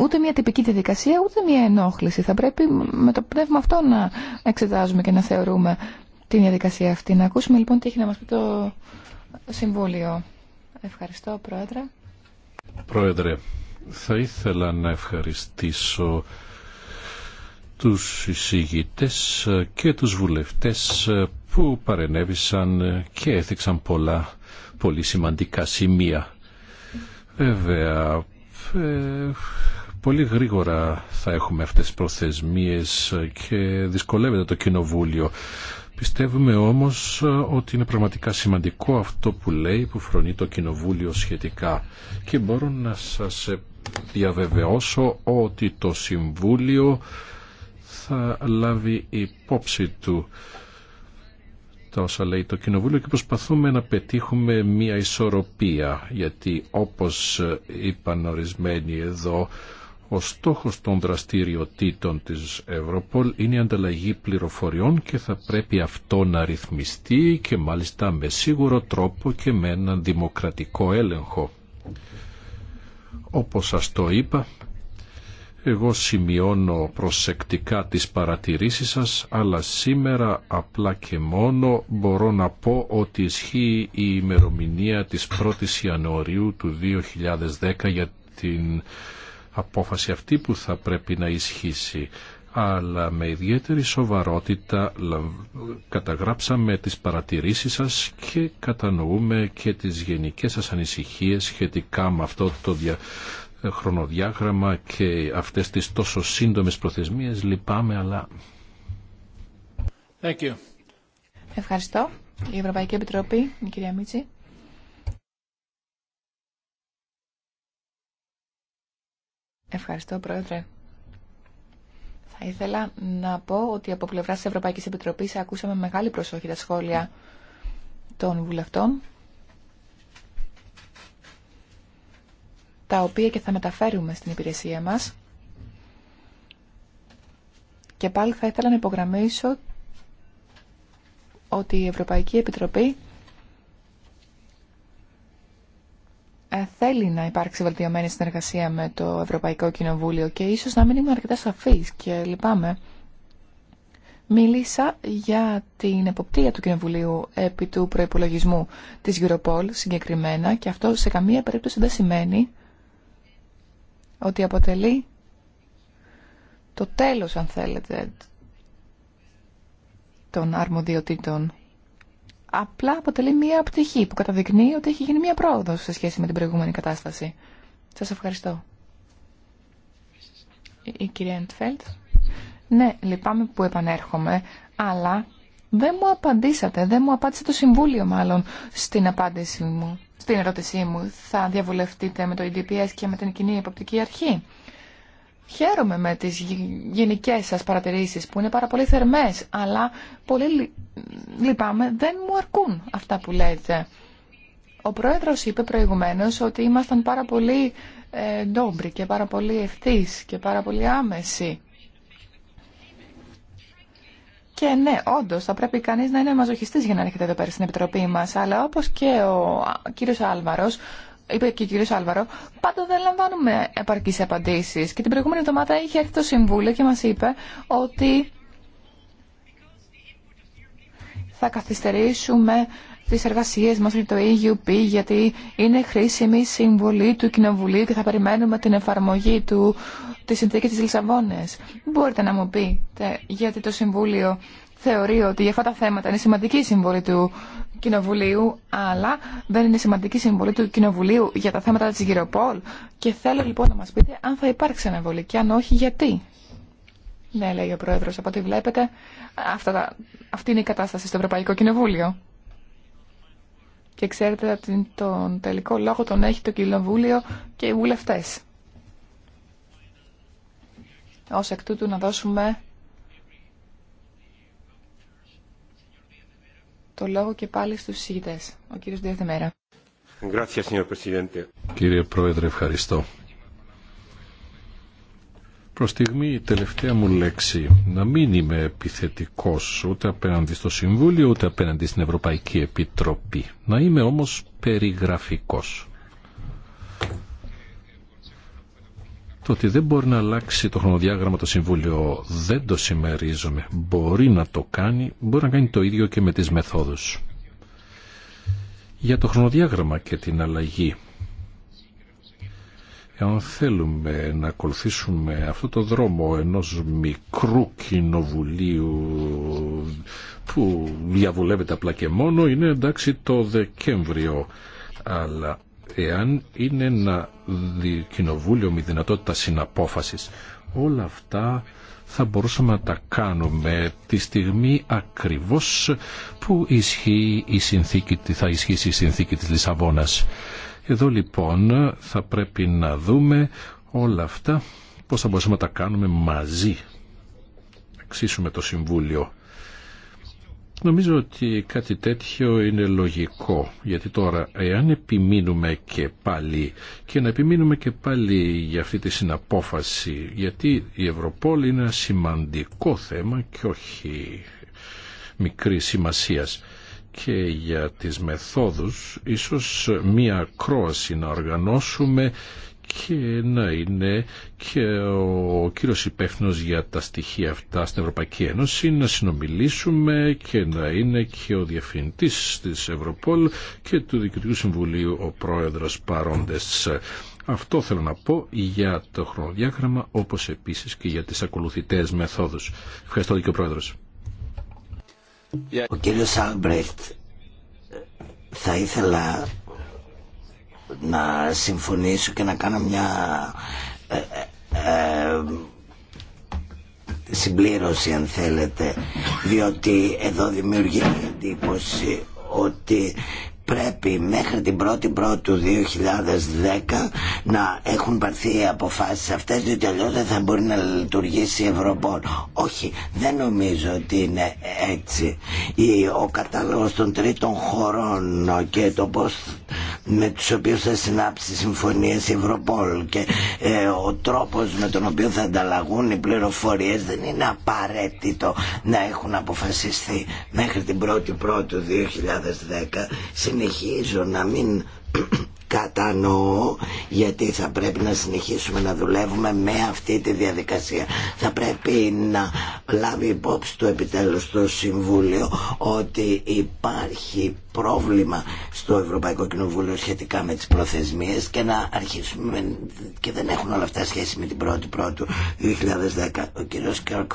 Speaker 3: ούτε μια τυπική διαδικασία ούτε μια ενόχληση. Θα πρέπει με το πνεύμα αυτό να εξετάζουμε και να θεωρούμε την διαδικασία αυτή. Να ακούσουμε λοιπόν τι έχει να μας πει το Συμβούλιο. Ευχαριστώ Πρόεδρε.
Speaker 1: Πρόεδρε, θα ήθελα να ευχαριστήσω τους εισηγητές και τους βουλευτές που παρενέβησαν και έθιξαν πολλά πολύ σημαντικά σημεία. Βέβαια, ε, πολύ γρήγορα θα έχουμε αυτές τις προθεσμίες και δυσκολεύεται το Κοινοβούλιο. Πιστεύουμε όμως ε, ότι είναι πραγματικά σημαντικό αυτό που λέει, που φρονεί το Κοινοβούλιο σχετικά. Και μπορώ να σας ε, διαβεβαιώσω ότι το Συμβούλιο θα λάβει υπόψη του τα όσα λέει το Κοινοβούλιο και προσπαθούμε να πετύχουμε μία ισορροπία γιατί όπως είπαν ορισμένοι εδώ ο στόχος των δραστηριοτήτων της Ευρωπόλ είναι η ανταλλαγή πληροφοριών και θα πρέπει αυτό να ρυθμιστεί και μάλιστα με σίγουρο τρόπο και με έναν δημοκρατικό έλεγχο. Όπως σας το είπα, εγώ σημειώνω προσεκτικά τις παρατηρήσεις σας, αλλά σήμερα απλά και μόνο μπορώ να πω ότι ισχύει η ημερομηνία της 1ης Ιανουαρίου του 2010 για την απόφαση αυτή που θα πρέπει να ισχύσει αλλά με ιδιαίτερη σοβαρότητα καταγράψαμε τις παρατηρήσεις σας και κατανοούμε και τις γενικές σας ανησυχίες σχετικά με αυτό το διαδίκτυο χρονοδιάγραμμα και αυτές τις τόσο σύντομες προθεσμίες. Λυπάμαι, αλλά... Thank you.
Speaker 3: Ευχαριστώ. Η Ευρωπαϊκή Επιτροπή, η κυρία Μίτση. Ευχαριστώ, Πρόεδρε. Θα ήθελα να πω ότι από πλευρά της Ευρωπαϊκής Επιτροπής ακούσαμε μεγάλη προσοχή τα σχόλια των βουλευτών τα οποία και θα μεταφέρουμε στην υπηρεσία μας. Και πάλι θα ήθελα να υπογραμμίσω ότι η Ευρωπαϊκή Επιτροπή ε, θέλει να υπάρξει βελτιωμένη συνεργασία με το Ευρωπαϊκό Κοινοβούλιο και ίσως να μην είμαι αρκετά σαφής και λυπάμαι. Μίλησα για την εποπτεία του Κοινοβουλίου επί του προϋπολογισμού της Europol συγκεκριμένα και αυτό σε καμία περίπτωση δεν σημαίνει ότι αποτελεί το τέλος, αν θέλετε, των αρμοδιοτήτων. Απλά αποτελεί μία πτυχή που καταδεικνύει ότι έχει γίνει μία πρόοδος σε σχέση με την προηγούμενη κατάσταση. Σας ευχαριστώ. Η κυρία Εντφέλτ. Ναι, λυπάμαι που επανέρχομαι, αλλά δεν μου απαντήσατε, δεν μου απάντησε το Συμβούλιο μάλλον στην απάντηση μου, στην ερώτησή μου. Θα διαβουλευτείτε με το EDPS και με την Κοινή Εποπτική Αρχή. Χαίρομαι με τις γενικές σας παρατηρήσεις που είναι πάρα πολύ θερμές, αλλά πολύ λυπάμαι, δεν μου αρκούν αυτά που λέτε. Ο πρόεδρος είπε προηγουμένως ότι ήμασταν πάρα πολύ ε, ντόμπροι και πάρα πολύ ευθύς και πάρα πολύ άμεση. Και ναι, όντω, θα πρέπει κανεί να είναι μαζοχιστή για να έρχεται εδώ πέρα στην επιτροπή μα. Αλλά όπω και ο κύριο Άλβαρο, είπε και ο κύριο Άλβαρο, πάντα δεν λαμβάνουμε επαρκεί απαντήσει. Και την προηγούμενη εβδομάδα είχε έρθει το Συμβούλιο και μα είπε ότι θα καθυστερήσουμε τις εργασίες μας για το EUP γιατί είναι χρήσιμη συμβολή του Κοινοβουλίου και θα περιμένουμε την εφαρμογή του, της συνθήκης της Λισαβόνες. Μπορείτε να μου πείτε γιατί το Συμβούλιο θεωρεί ότι για αυτά τα θέματα είναι σημαντική η συμβολή του Κοινοβουλίου, αλλά δεν είναι σημαντική η συμβολή του Κοινοβουλίου για τα θέματα της Γυροπόλ. Και θέλω λοιπόν να μας πείτε αν θα υπάρξει αναβολή και αν όχι γιατί. Ναι, λέει ο Πρόεδρος, από ό,τι βλέπετε, αυτά, αυτή είναι η κατάσταση στο Ευρωπαϊκό Κοινοβούλιο. Και ξέρετε ότι τον τελικό λόγο τον έχει το Κοινοβούλιο και οι βουλευτές. Ως εκ τούτου να δώσουμε το λόγο και πάλι στους συζητητές. Ο κύριος Διαδημέρα.
Speaker 1: Κύριε Πρόεδρε, ευχαριστώ. Προ στιγμή η τελευταία μου λέξη να μην είμαι επιθετικός ούτε απέναντι στο Συμβούλιο ούτε απέναντι στην Ευρωπαϊκή Επιτροπή. Να είμαι όμως περιγραφικός. Το ότι δεν μπορεί να αλλάξει το χρονοδιάγραμμα το Συμβούλιο δεν το συμμερίζομαι. Μπορεί να το κάνει, μπορεί να κάνει το ίδιο και με τις μεθόδους. Για το χρονοδιάγραμμα και την αλλαγή Εάν θέλουμε να ακολουθήσουμε αυτό το δρόμο ενός μικρού κοινοβουλίου που διαβουλεύεται απλά και μόνο είναι εντάξει το Δεκέμβριο αλλά εάν είναι ένα κοινοβούλιο με δυνατότητα συναπόφασης όλα αυτά θα μπορούσαμε να τα κάνουμε τη στιγμή ακριβώς που ισχύει η συνθήκη, θα ισχύσει η συνθήκη της Λισαβόνας. Εδώ λοιπόν θα πρέπει να δούμε όλα αυτά πώς θα μπορούσαμε να τα κάνουμε μαζί. Εξίσουμε το Συμβούλιο. Νομίζω ότι κάτι τέτοιο είναι λογικό, γιατί τώρα εάν επιμείνουμε και πάλι και να επιμείνουμε και πάλι για αυτή τη συναπόφαση, γιατί η Ευρωπόλη είναι ένα σημαντικό θέμα και όχι μικρή σημασίας και για τις μεθόδους ίσως μία κρόαση να οργανώσουμε και να είναι και ο κύριος υπεύθυνο για τα στοιχεία αυτά στην Ευρωπαϊκή Ένωση να συνομιλήσουμε και να είναι και ο διευθυντής της Ευρωπόλ και του Διοικητικού Συμβουλίου ο πρόεδρος παρόντες. Αυτό θέλω να πω για το χρονοδιάγραμμα όπως επίσης και για τις ακολουθητές μεθόδους. Ευχαριστώ και ο πρόεδρος.
Speaker 2: Ο κύριος Άλμπρεχτ θα ήθελα να συμφωνήσω και να κάνω μια ε, ε, ε συμπλήρωση αν θέλετε διότι εδώ δημιουργεί εντύπωση ότι πρέπει μέχρι την 1η Πρώτη του 2010 να έχουν πάρθει οι αποφάσεις αυτές διότι αλλιώς δεν θα μπορεί να λειτουργήσει η Ευρωπόλ. Όχι, δεν νομίζω ότι είναι έτσι. Ο κατάλογος των τρίτων χωρών και το πώς με τους οποίους θα συνάψει συμφωνίες η Ευρωπόλ και ε, ο τρόπος με τον οποίο θα ανταλλαγούν οι πληροφορίες δεν είναι απαραίτητο να έχουν αποφασιστεί μέχρι την 1η Πρώτη του 2010 συνεχίζω να μην κατανοώ γιατί θα πρέπει να συνεχίσουμε να δουλεύουμε με αυτή τη διαδικασία. Θα πρέπει να λάβει υπόψη το επιτέλους το Συμβούλιο ότι υπάρχει πρόβλημα στο Ευρωπαϊκό Κοινοβούλιο σχετικά με τις προθεσμίες και να αρχίσουμε και δεν έχουν όλα αυτά σχέση με την 1η Πρώτου 2010. Ο κύριος Κέρκ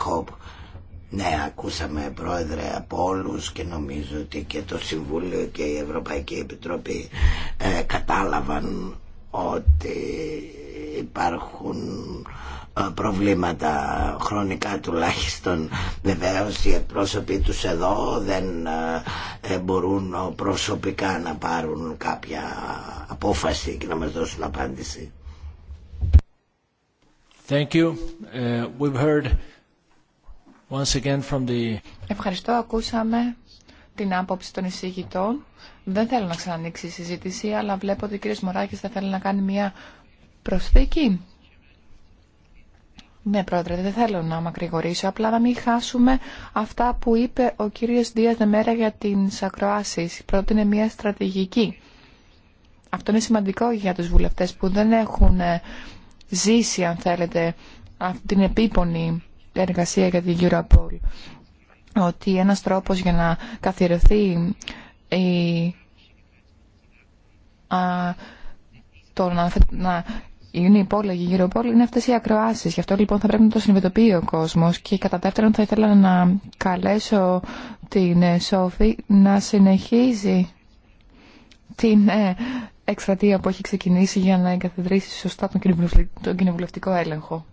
Speaker 2: ναι, ακούσαμε πρόεδρε από όλους και νομίζω ότι και το Συμβούλιο και η Ευρωπαϊκή Επιτροπή ε, κατάλαβαν ότι υπάρχουν ε, προβλήματα χρονικά τουλάχιστον βεβαίως οι εκπρόσωποι τους εδώ δεν ε, μπορούν προσωπικά να πάρουν κάποια απόφαση και να μας δώσουν απάντηση
Speaker 1: Thank you.
Speaker 3: Ευχαριστώ. Ακούσαμε την άποψη των εισηγητών. Δεν θέλω να ξανανοίξει η συζήτηση, αλλά βλέπω ότι ο κ. Μωράκης θα θέλει να κάνει μια προσθήκη. Ναι, πρόεδρε, δεν θέλω να μακρηγορήσω, απλά να μην χάσουμε αυτά που είπε ο κύριος Δίας Δεμέρα για την Σακροάση. Πρότεινε μια στρατηγική. Αυτό είναι σημαντικό για τους βουλευτές που δεν έχουν ε, ζήσει, αν θέλετε, αυτή την επίπονη εργασία για την Europol ότι ένας τρόπος για να καθιερωθεί η, α, το να, να είναι υπόλογη γύρω από είναι αυτές οι ακροάσεις. Γι' αυτό λοιπόν θα πρέπει να το συνειδητοποιεί ο κόσμος. Και κατά δεύτερον θα ήθελα να καλέσω την ε, Σόφη να συνεχίζει την ε, εκστρατεία που έχει ξεκινήσει για να εγκαθιδρύσει σωστά τον κοινοβουλευτικό έλεγχο.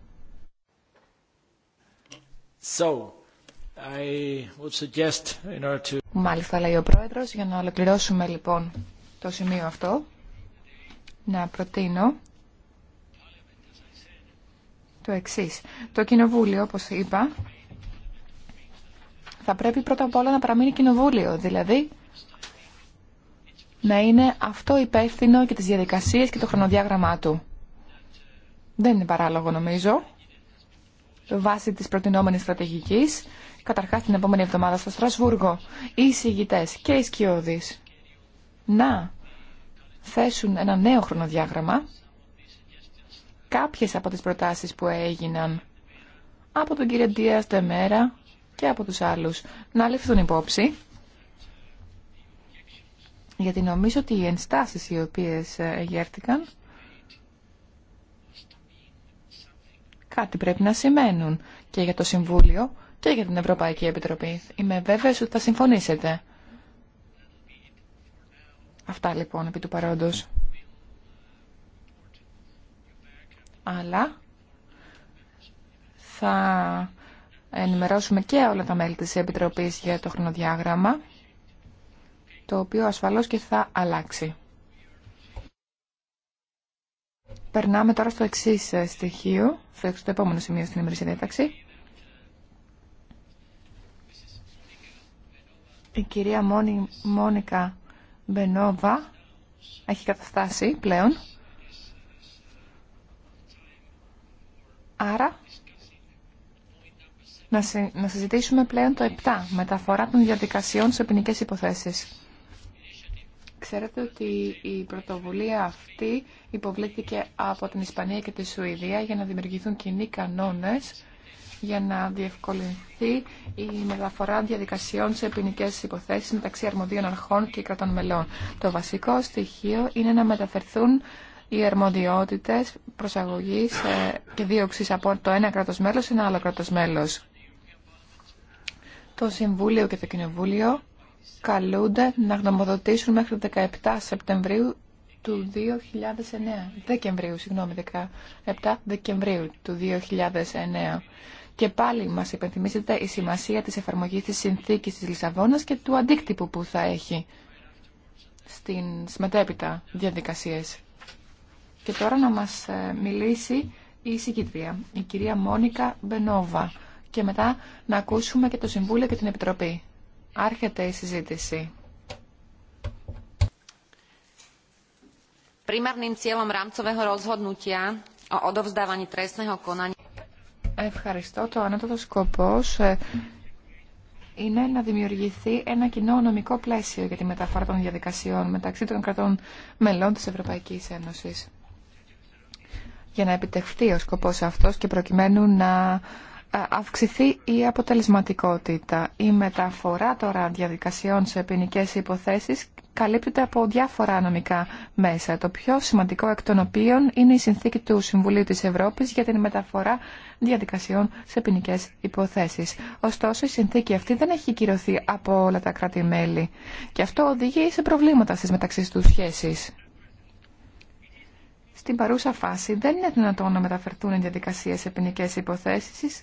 Speaker 3: Μάλιστα, λέει ο πρόεδρο για να ολοκληρώσουμε λοιπόν το σημείο αυτό, να προτείνω το εξή. Το Κοινοβούλιο, όπω είπα, θα πρέπει πρώτα απ' όλα να παραμείνει Κοινοβούλιο, δηλαδή να είναι αυτό υπεύθυνο και τις διαδικασίες και το χρονοδιάγραμμά του. Δεν είναι παράλογο νομίζω βάσει της προτινόμενης στρατηγικής, καταρχάς την επόμενη εβδομάδα στο Στρασβούργο, οι και οι να θέσουν ένα νέο χρονοδιάγραμμα, κάποιες από τις προτάσεις που έγιναν από τον κύριο Ντίας και από τους άλλους να ληφθούν υπόψη, γιατί νομίζω ότι οι ενστάσεις οι οποίες ε, γέρθηκαν κάτι πρέπει να σημαίνουν και για το Συμβούλιο και για την Ευρωπαϊκή Επιτροπή. Είμαι βέβαιος ότι θα συμφωνήσετε. Αυτά λοιπόν επί του παρόντος. Αλλά θα ενημερώσουμε και όλα τα μέλη της Επιτροπής για το χρονοδιάγραμμα, το οποίο ασφαλώς και θα αλλάξει. Περνάμε τώρα στο εξή ε, στοιχείο, στο επόμενο σημείο στην ημερήσια διάταξη. Η κυρία Μόνικα Μπενόβα έχει καταστάσει πλέον. Άρα, να συζητήσουμε πλέον το 7, μεταφορά των διαδικασιών σε ποινικέ υποθέσεις. Ξέρετε ότι η πρωτοβουλία αυτή υποβλήθηκε από την Ισπανία και τη Σουηδία για να δημιουργηθούν κοινοί κανόνες για να διευκολυνθεί η μεταφορά διαδικασιών σε ποινικέ υποθέσεις μεταξύ αρμοδίων αρχών και κρατών μελών. Το βασικό στοιχείο είναι να μεταφερθούν οι αρμοδιότητες προσαγωγής ε, και δίωξης από το ένα κράτος μέλος σε ένα άλλο κράτος μέλος. Το Συμβούλιο και το Κοινοβούλιο καλούνται να γνωμοδοτήσουν μέχρι 17 Σεπτεμβρίου του 2009, Δεκεμβρίου, συγγνώμη, 17 Δεκεμβρίου του 2009. Και πάλι μας υπενθυμίζεται η σημασία της εφαρμογής της συνθήκης της Λισαβόνας και του αντίκτυπου που θα έχει στην μετέπειτα διαδικασίες. Και τώρα να μας ε, μιλήσει η συγκήτρια, η κυρία Μόνικα Μπενόβα. Και μετά να ακούσουμε και το Συμβούλιο και την Επιτροπή. Άρχεται η συζήτηση. Ευχαριστώ. Το ανώτατο σκοπό ε, είναι να δημιουργηθεί ένα κοινό νομικό πλαίσιο για τη μεταφορά των διαδικασιών μεταξύ των κρατών μελών της Ευρωπαϊκής Ένωσης. Για να επιτευχθεί ο σκοπός αυτός και προκειμένου να ε, αυξηθεί η αποτελεσματικότητα. Η μεταφορά τώρα διαδικασιών σε ποινικέ υποθέσεις καλύπτεται από διάφορα νομικά μέσα. Το πιο σημαντικό εκ των οποίων είναι η συνθήκη του Συμβουλίου της Ευρώπης για την μεταφορά διαδικασιών σε ποινικέ υποθέσεις. Ωστόσο, η συνθήκη αυτή δεν έχει κυρωθεί από όλα τα κράτη-μέλη και αυτό οδηγεί σε προβλήματα στις μεταξύ τους σχέσεις στην παρούσα φάση δεν είναι δυνατόν να μεταφερθούν οι διαδικασίες σε ποινικέ υποθέσεις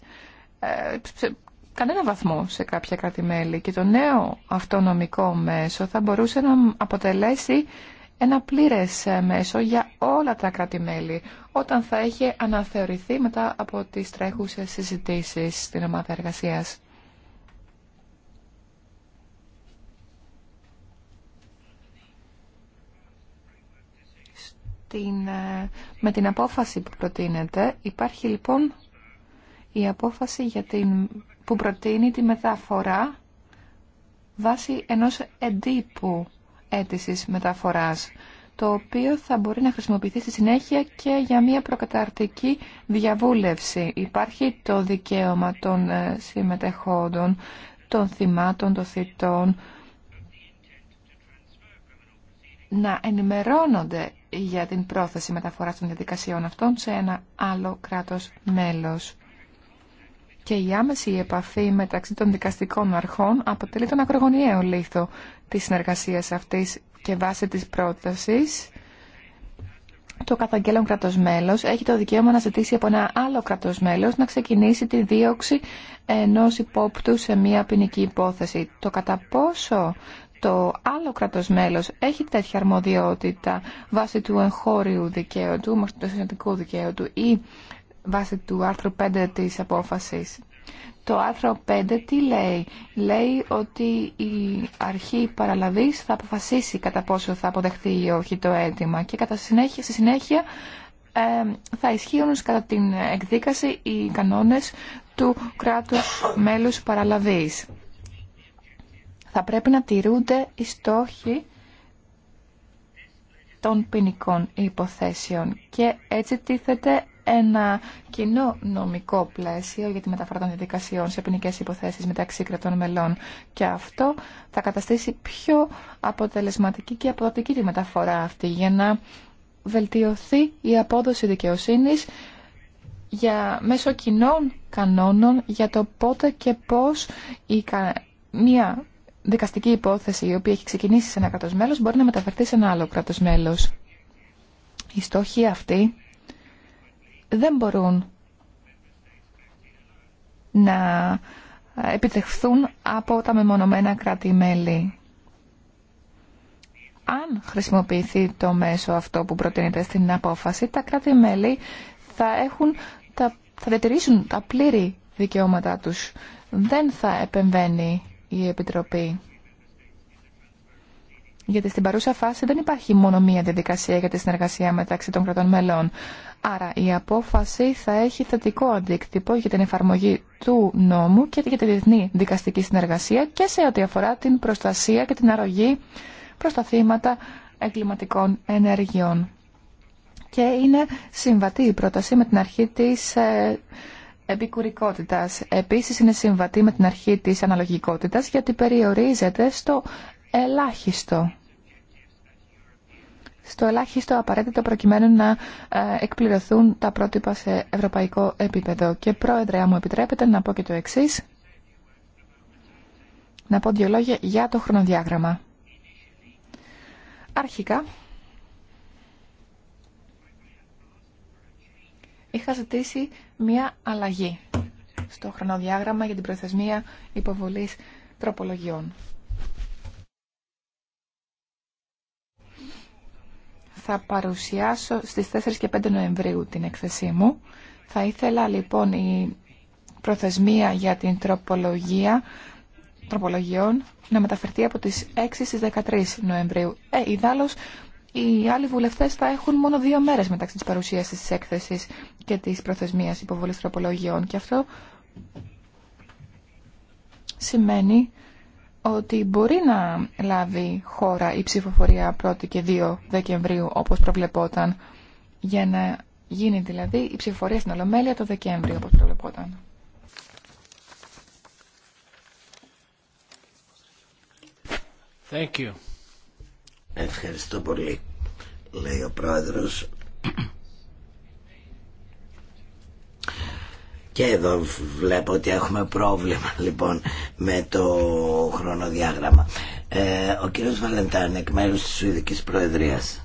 Speaker 3: ε, σε κανένα βαθμό σε καποια κρατημέλη και το νέο νομικό μέσο θα μπορούσε να αποτελέσει ένα πλήρες ε, μέσο για όλα τα κράτη-μέλη όταν θα έχει αναθεωρηθεί μετά από τις τρέχουσες συζητήσεις στην ομάδα εργασίας. την, ε, με την απόφαση που προτείνεται. Υπάρχει λοιπόν η απόφαση για την, που προτείνει τη μεταφορά βάσει ενός εντύπου αίτησης μεταφοράς το οποίο θα μπορεί να χρησιμοποιηθεί στη συνέχεια και για μια προκαταρτική διαβούλευση. Υπάρχει το δικαίωμα των ε, συμμετεχόντων, των θυμάτων, των θητών να ενημερώνονται για την πρόθεση μεταφοράς των διαδικασιών αυτών σε ένα άλλο κράτος μέλος. Και η άμεση επαφή μεταξύ των δικαστικών αρχών αποτελεί τον ακρογωνιαίο λίθο της συνεργασίας αυτής και βάσει της πρότασης το καταγγέλων κράτος μέλος έχει το δικαίωμα να ζητήσει από ένα άλλο κράτος μέλος να ξεκινήσει τη δίωξη ενός υπόπτου σε μια ποινική υπόθεση. Το κατά πόσο το άλλο κράτος μέλος έχει τέτοια αρμοδιότητα βάσει του εγχώριου δικαίου του, όμως του δικαίου του ή βάσει του άρθρου 5 της απόφασης. Το άρθρο 5 τι λέει. Λέει ότι η αρχή παραλαβής θα αποφασίσει κατά πόσο θα αποδεχθεί ή όχι το αίτημα και κατά συνέχεια, στη συνέχεια ε, θα ισχύουν κατά την εκδίκαση οι κανόνες του κράτους μέλους παραλαβής θα πρέπει να τηρούνται οι στόχοι των ποινικών υποθέσεων και έτσι τίθεται ένα κοινό νομικό πλαίσιο για τη μεταφορά των διαδικασιών σε ποινικέ υποθέσεις μεταξύ κρατών μελών και αυτό θα καταστήσει πιο αποτελεσματική και αποδοτική τη μεταφορά αυτή για να βελτιωθεί η απόδοση δικαιοσύνης για, μέσω κοινών κανόνων για το πότε και πώς η, μια δικαστική υπόθεση η οποία έχει ξεκινήσει σε ένα κράτος μέλος μπορεί να μεταφερθεί σε ένα άλλο κράτος μέλος. Οι στόχοι αυτοί δεν μπορούν να επιτευχθούν από τα μεμονωμένα κράτη-μέλη. Αν χρησιμοποιηθεί το μέσο αυτό που προτείνεται στην απόφαση, τα κράτη-μέλη θα, έχουν, θα διατηρήσουν τα πλήρη δικαιώματά τους. Δεν θα επεμβαίνει η Επιτροπή. Γιατί στην παρούσα φάση δεν υπάρχει μόνο μία διαδικασία για τη συνεργασία μεταξύ των κρατών μελών. Άρα η απόφαση θα έχει θετικό αντίκτυπο για την εφαρμογή του νόμου και για τη διεθνή δικαστική συνεργασία και σε ό,τι αφορά την προστασία και την αρρωγή προς τα θύματα εγκληματικών ενέργειών. Και είναι συμβατή η πρόταση με την αρχή της ε, επικουρικότητας επίσης είναι συμβατή με την αρχή της αναλογικότητας γιατί περιορίζεται στο ελάχιστο στο ελάχιστο απαραίτητο προκειμένου να ε, εκπληρωθούν τα πρότυπα σε ευρωπαϊκό επίπεδο. Και πρόεδρε, αν μου επιτρέπετε να πω και το εξή. Να πω δύο λόγια για το χρονοδιάγραμμα. Αρχικά, είχα ζητήσει μια αλλαγή στο χρονοδιάγραμμα για την προθεσμία υποβολής τροπολογιών. Θα παρουσιάσω στις 4 και 5 Νοεμβρίου την εκθεσή μου. Θα ήθελα λοιπόν η προθεσμία για την τροπολογία τροπολογιών να μεταφερθεί από τις 6 στις 13 Νοεμβρίου. Ε, οι άλλοι Βουλευτέ θα έχουν μόνο δύο μέρες μεταξύ τη παρουσίαση τη έκθεση και τη προθεσμία υποβολής τροπολογιών και αυτό σημαίνει ότι μπορεί να λάβει χώρα η ψηφοφορία 1η και 2 Δεκεμβρίου όπως προβλεπόταν για να γίνει δηλαδή η ψηφοφορία στην Ολομέλεια το Δεκέμβριο όπως
Speaker 2: προβλεπόταν. Thank you. Ευχαριστώ πολύ, λέει ο πρόεδρος. Και εδώ βλέπω ότι έχουμε πρόβλημα λοιπόν με το χρονοδιάγραμμα. Ε, ο κύριος Βαλεντάν εκ μέρους της Σουηδικής Προεδρίας.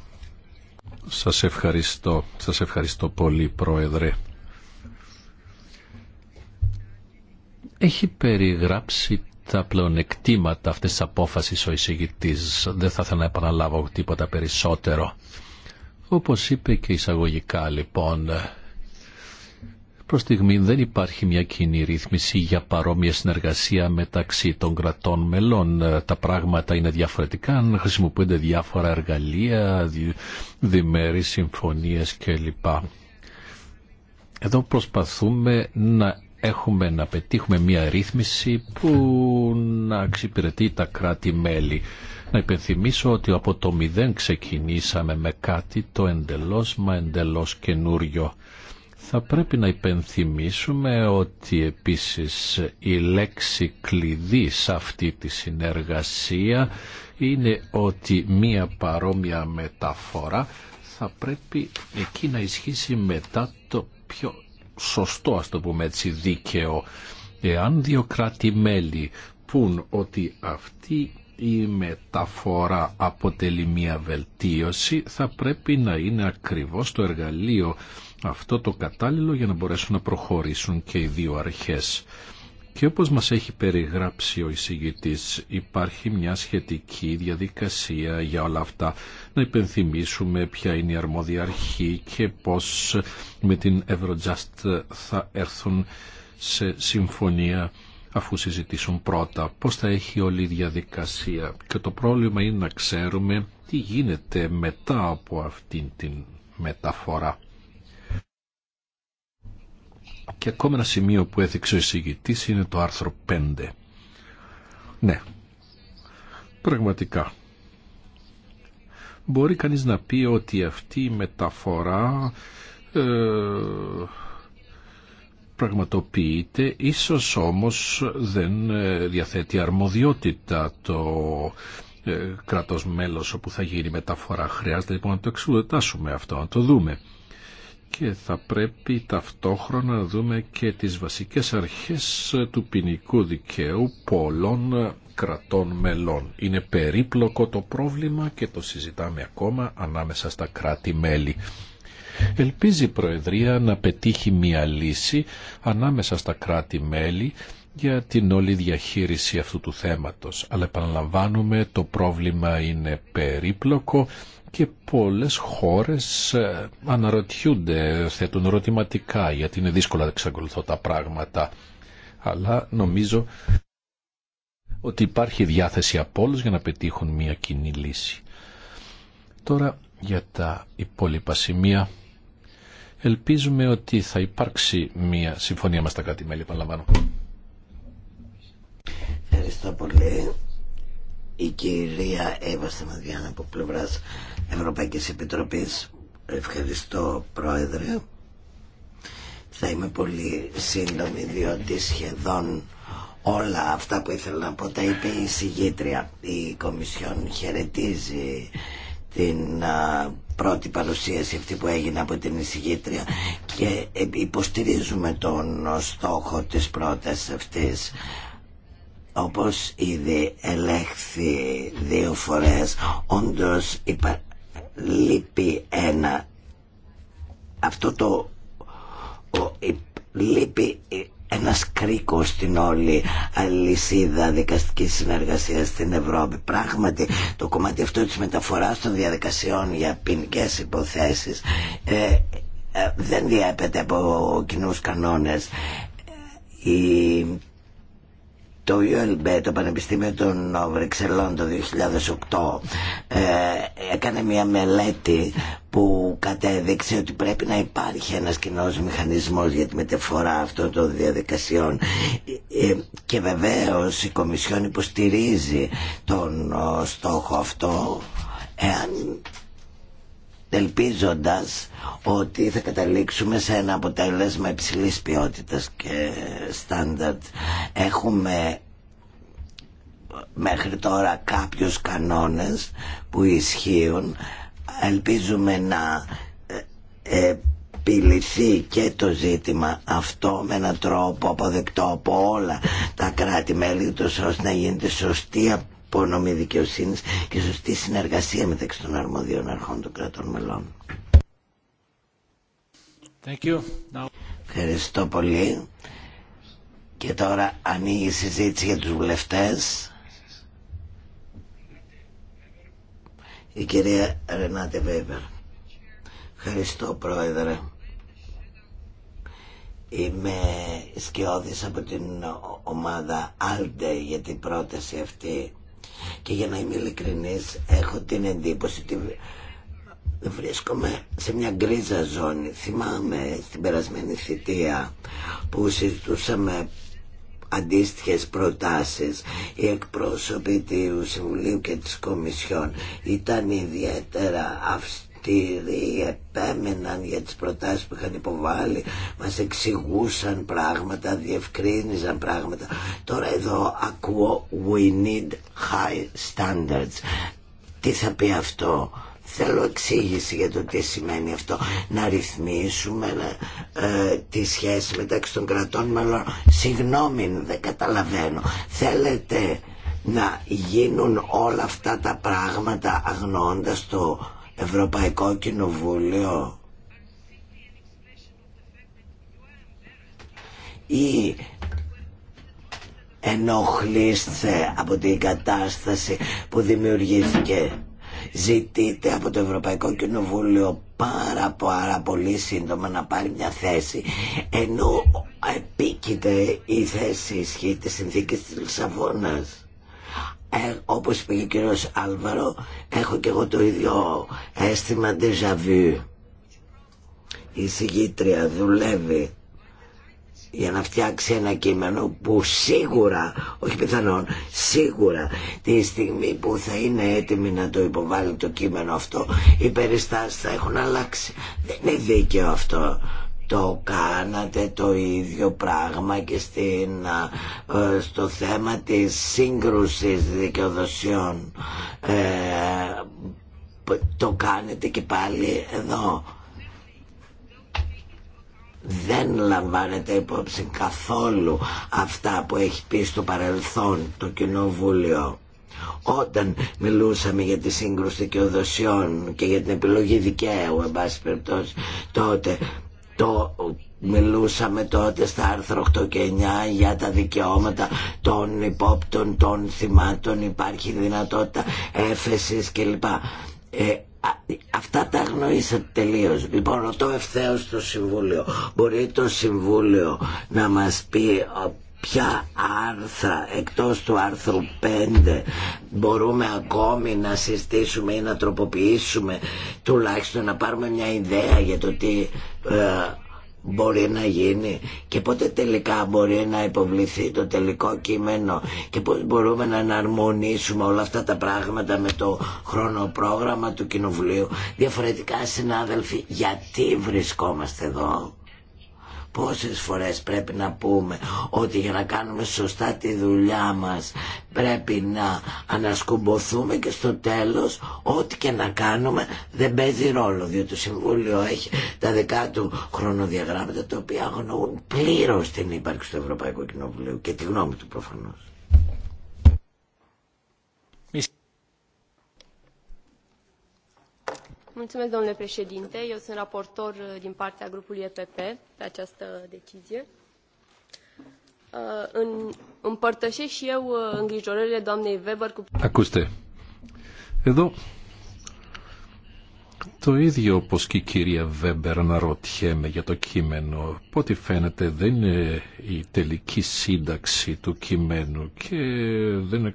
Speaker 1: Σας ευχαριστώ. Σας ευχαριστώ πολύ πρόεδρε. Έχει περιγράψει τα πλεονεκτήματα αυτής της απόφασης ο εισηγητής. Δεν θα ήθελα να επαναλάβω τίποτα περισσότερο. Όπως είπε και εισαγωγικά λοιπόν, προς στιγμή δεν υπάρχει μια κοινή ρύθμιση για παρόμοια συνεργασία μεταξύ των κρατών μελών. Τα πράγματα είναι διαφορετικά, αν χρησιμοποιούνται διάφορα εργαλεία, δι, διμερείς συμφωνίες κλπ. Εδώ προσπαθούμε να έχουμε να πετύχουμε μια ρύθμιση που να εξυπηρετεί τα κράτη-μέλη. Να υπενθυμίσω ότι από το μηδέν ξεκινήσαμε με κάτι το εντελώς μα εντελώς καινούριο. Θα πρέπει να υπενθυμίσουμε ότι επίσης η λέξη κλειδί σε αυτή τη συνεργασία είναι ότι μία παρόμοια μεταφορά θα πρέπει εκεί να ισχύσει μετά το πιο σωστό, ας το πούμε έτσι, δίκαιο. Εάν δύο κράτη-μέλη πούν ότι αυτή η μεταφορά αποτελεί μια βελτίωση, θα πρέπει να είναι ακριβώς το εργαλείο αυτό το κατάλληλο για να μπορέσουν να προχωρήσουν και οι δύο αρχές. Και όπως μας έχει περιγράψει ο εισηγητής, υπάρχει μια σχετική διαδικασία για όλα αυτά. Να υπενθυμίσουμε ποια είναι η αρμόδια αρχή και πώς με την Eurojust θα έρθουν σε συμφωνία αφού συζητήσουν πρώτα πώς θα έχει όλη η διαδικασία. Και το πρόβλημα είναι να ξέρουμε τι γίνεται μετά από αυτήν την μεταφορά. Και ακόμα ένα σημείο που έδειξε ο εισηγητής είναι το άρθρο 5. Ναι, πραγματικά. Μπορεί κανείς να πει ότι αυτή η μεταφορά ε, πραγματοποιείται, ίσως όμως δεν ε, διαθέτει αρμοδιότητα το ε, κράτος μέλος όπου θα γίνει η μεταφορά. Χρειάζεται λοιπόν να το εξουδετάσουμε αυτό, να το δούμε και θα πρέπει ταυτόχρονα να δούμε και τις βασικές αρχές του ποινικού δικαίου πολλών κρατών μελών. Είναι περίπλοκο το πρόβλημα και το συζητάμε ακόμα ανάμεσα στα κράτη-μέλη. Ελπίζει η Προεδρία να πετύχει μια λύση ανάμεσα στα κράτη-μέλη για την όλη διαχείριση αυτού του θέματος. Αλλά επαναλαμβάνουμε το πρόβλημα είναι περίπλοκο και πολλές χώρες ε, αναρωτιούνται, θέτουν ερωτηματικά γιατί είναι δύσκολα να εξακολουθώ τα πράγματα. Αλλά νομίζω ότι υπάρχει διάθεση από όλους για να πετύχουν μια κοινή λύση. Τώρα για τα υπόλοιπα σημεία. Ελπίζουμε ότι θα υπάρξει μια συμφωνία μας
Speaker 2: τα κάτι μέλη, επαναλαμβάνω. Ευχαριστώ πολύ η κυρία Εύα Σταμαδιάν από πλευρά Ευρωπαϊκής Επιτροπής. Ευχαριστώ Πρόεδρε. Θα είμαι πολύ σύντομη διότι σχεδόν όλα αυτά που ήθελα να πω τα είπε η συγγήτρια. Η Κομισιόν χαιρετίζει την πρώτη παρουσίαση αυτή που έγινε από την συγγήτρια και ε, υποστηρίζουμε τον στόχο της πρότασης αυτής όπως ήδη ελέγχθη δύο φορές, όντως υπα... λείπει ένα αυτό το ο, υ... λείπει ένας κρίκος στην όλη αλυσίδα δικαστικής συνεργασίας στην Ευρώπη. Πράγματι το κομμάτι αυτό της μεταφοράς των διαδικασιών για ποινικέ υποθέσεις ε, ε, δεν διέπεται από κοινού κανόνες. Η το ULB, το Πανεπιστήμιο των Βρυξελών το 2008 ε, έκανε μια μελέτη που κατέδειξε ότι πρέπει να υπάρχει ένας κοινό μηχανισμός για τη μεταφορά αυτών των διαδικασιών ε, και βεβαίως η Κομισιόν υποστηρίζει τον ε, στόχο αυτό εάν ελπίζοντας ότι θα καταλήξουμε σε ένα αποτέλεσμα υψηλής ποιότητας και στάνταρτ. Έχουμε μέχρι τώρα κάποιους κανόνες που ισχύουν. Ελπίζουμε να ε, επιληθεί και το ζήτημα αυτό με έναν τρόπο αποδεκτό από όλα τα κράτη-μέλη τους ώστε να γίνεται σωστή απονομή δικαιοσύνη και σωστή συνεργασία μεταξύ των αρμοδίων αρχών των κρατών μελών. Thank Ευχαριστώ πολύ. Και τώρα ανοίγει η συζήτηση για τους βουλευτές. Η κυρία Ρενάτε Βέιβερ. Ευχαριστώ πρόεδρε. Είμαι σκιώδης από την ομάδα Άλτε για την πρόταση αυτή. Και για να είμαι ειλικρινής, έχω την εντύπωση ότι βρίσκομαι σε μια γκρίζα ζώνη. Θυμάμαι στην περασμένη θητεία που συζητούσαμε αντίστοιχες προτάσεις οι εκπρόσωποι του Συμβουλίου και της Κομισιόν ήταν ιδιαίτερα αυστηροί κρατήρι, επέμεναν για τις προτάσεις που είχαν υποβάλει, μας εξηγούσαν πράγματα, διευκρίνιζαν πράγματα. Τώρα εδώ ακούω «We need high standards». Τι θα πει αυτό, θέλω εξήγηση για το τι σημαίνει αυτό. Να ρυθμίσουμε ε, τη σχέση μεταξύ των κρατών μελών. Συγγνώμη, δεν καταλαβαίνω. Θέλετε να γίνουν όλα αυτά τα πράγματα αγνώντας το Ευρωπαϊκό Κοινοβούλιο ή ενοχλείστε από την κατάσταση που δημιουργήθηκε ζητείτε από το Ευρωπαϊκό Κοινοβούλιο πάρα πάρα πολύ σύντομα να πάρει μια θέση ενώ επίκειται η θέση ισχύ της συνθήκης της Λισαβόνας ε, όπως και ο κύριος Άλβαρο έχω και εγώ το ίδιο αίσθημα déjà vu η συγκήτρια δουλεύει για να φτιάξει ένα κείμενο που σίγουρα, όχι πιθανόν, σίγουρα τη στιγμή που θα είναι έτοιμη να το υποβάλει το κείμενο αυτό οι περιστάσεις θα έχουν αλλάξει. Δεν είναι δίκαιο αυτό το κάνατε το ίδιο πράγμα και στην, ε, στο θέμα της σύγκρουσης δικαιοδοσιών ε, το κάνετε και πάλι εδώ δεν λαμβάνετε υπόψη καθόλου αυτά που έχει πει στο παρελθόν το Κοινοβούλιο όταν μιλούσαμε για τη σύγκρουση δικαιοδοσιών και για την επιλογή δικαίου εν τότε το μιλούσαμε τότε στα άρθρα 8 και 9 για τα δικαιώματα των υπόπτων, των θυμάτων, υπάρχει δυνατότητα έφεσης κλπ. Ε, αυτά τα γνωρίσατε τελείω. Λοιπόν, ρωτώ ευθέως το Συμβούλιο. Μπορεί το Συμβούλιο να μας πει ποια άρθρα εκτός του άρθρου 5 μπορούμε ακόμη να συστήσουμε ή να τροποποιήσουμε τουλάχιστον να πάρουμε μια ιδέα για το τι ε, μπορεί να γίνει και πότε τελικά μπορεί να υποβληθεί το τελικό κείμενο και πώς μπορούμε να εναρμονίσουμε όλα αυτά τα πράγματα με το χρονοπρόγραμμα του Κοινοβουλίου. Διαφορετικά συνάδελφοι, γιατί βρισκόμαστε εδώ. Πόσες φορές πρέπει να πούμε ότι για να κάνουμε σωστά τη δουλειά μας πρέπει να ανασκουμποθούμε και στο τέλος ό,τι και να κάνουμε δεν παίζει ρόλο διότι το Συμβούλιο έχει τα δικά του χρονοδιαγράμματα τα οποία αγνοούν πλήρως την ύπαρξη του Ευρωπαϊκού Κοινοβουλίου και τη γνώμη του προφανώς.
Speaker 3: Ευχαριστώ, κύριε Πρόεδρε. Eu sunt raportor uh, din partea grupului EPP pe această decizie. Uh,
Speaker 1: eu το ίδιο όπως και η κυρία Βέμπερ για το κείμενο. φαίνεται δεν είναι του κειμένου και δεν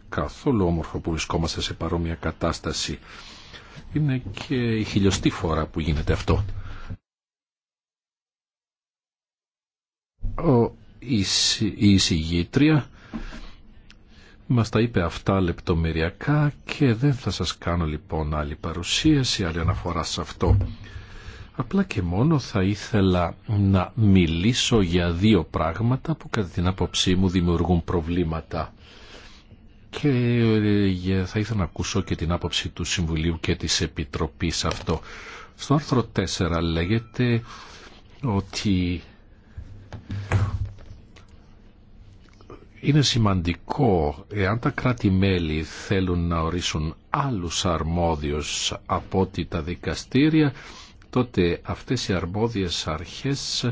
Speaker 1: που σε είναι και η χιλιοστή φορά που γίνεται αυτό. Ο, η, η εισηγήτρια μας τα είπε αυτά λεπτομεριακά και δεν θα σας κάνω λοιπόν άλλη παρουσίαση, άλλη αναφορά σε αυτό. Απλά και μόνο θα ήθελα να μιλήσω για δύο πράγματα που κατά την άποψή μου δημιουργούν προβλήματα και ε, θα ήθελα να ακούσω και την άποψη του Συμβουλίου και της Επιτροπής αυτό. Στο άρθρο 4 λέγεται ότι είναι σημαντικό εάν τα κράτη-μέλη θέλουν να ορίσουν άλλους αρμόδιους από ότι τα δικαστήρια τότε αυτές οι αρμόδιες αρχές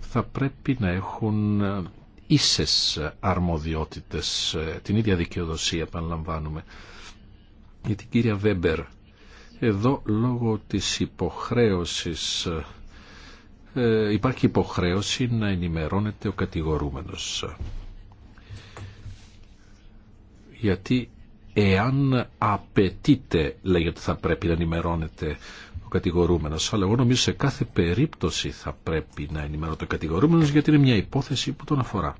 Speaker 1: θα πρέπει να έχουν ίσες αρμοδιότητες, την ίδια δικαιοδοσία επαναλαμβάνουμε. Για την κυρία Βέμπερ, εδώ λόγω της υποχρέωσης ε, υπάρχει υποχρέωση να ενημερώνεται ο κατηγορούμενος. Γιατί εάν απαιτείται, λέγεται θα πρέπει να ενημερώνεται κατηγορούμενος. Αλλά εγώ νομίζω σε κάθε περίπτωση θα πρέπει να ενημερώνω το κατηγορούμενος γιατί είναι μια υπόθεση που τον αφορά.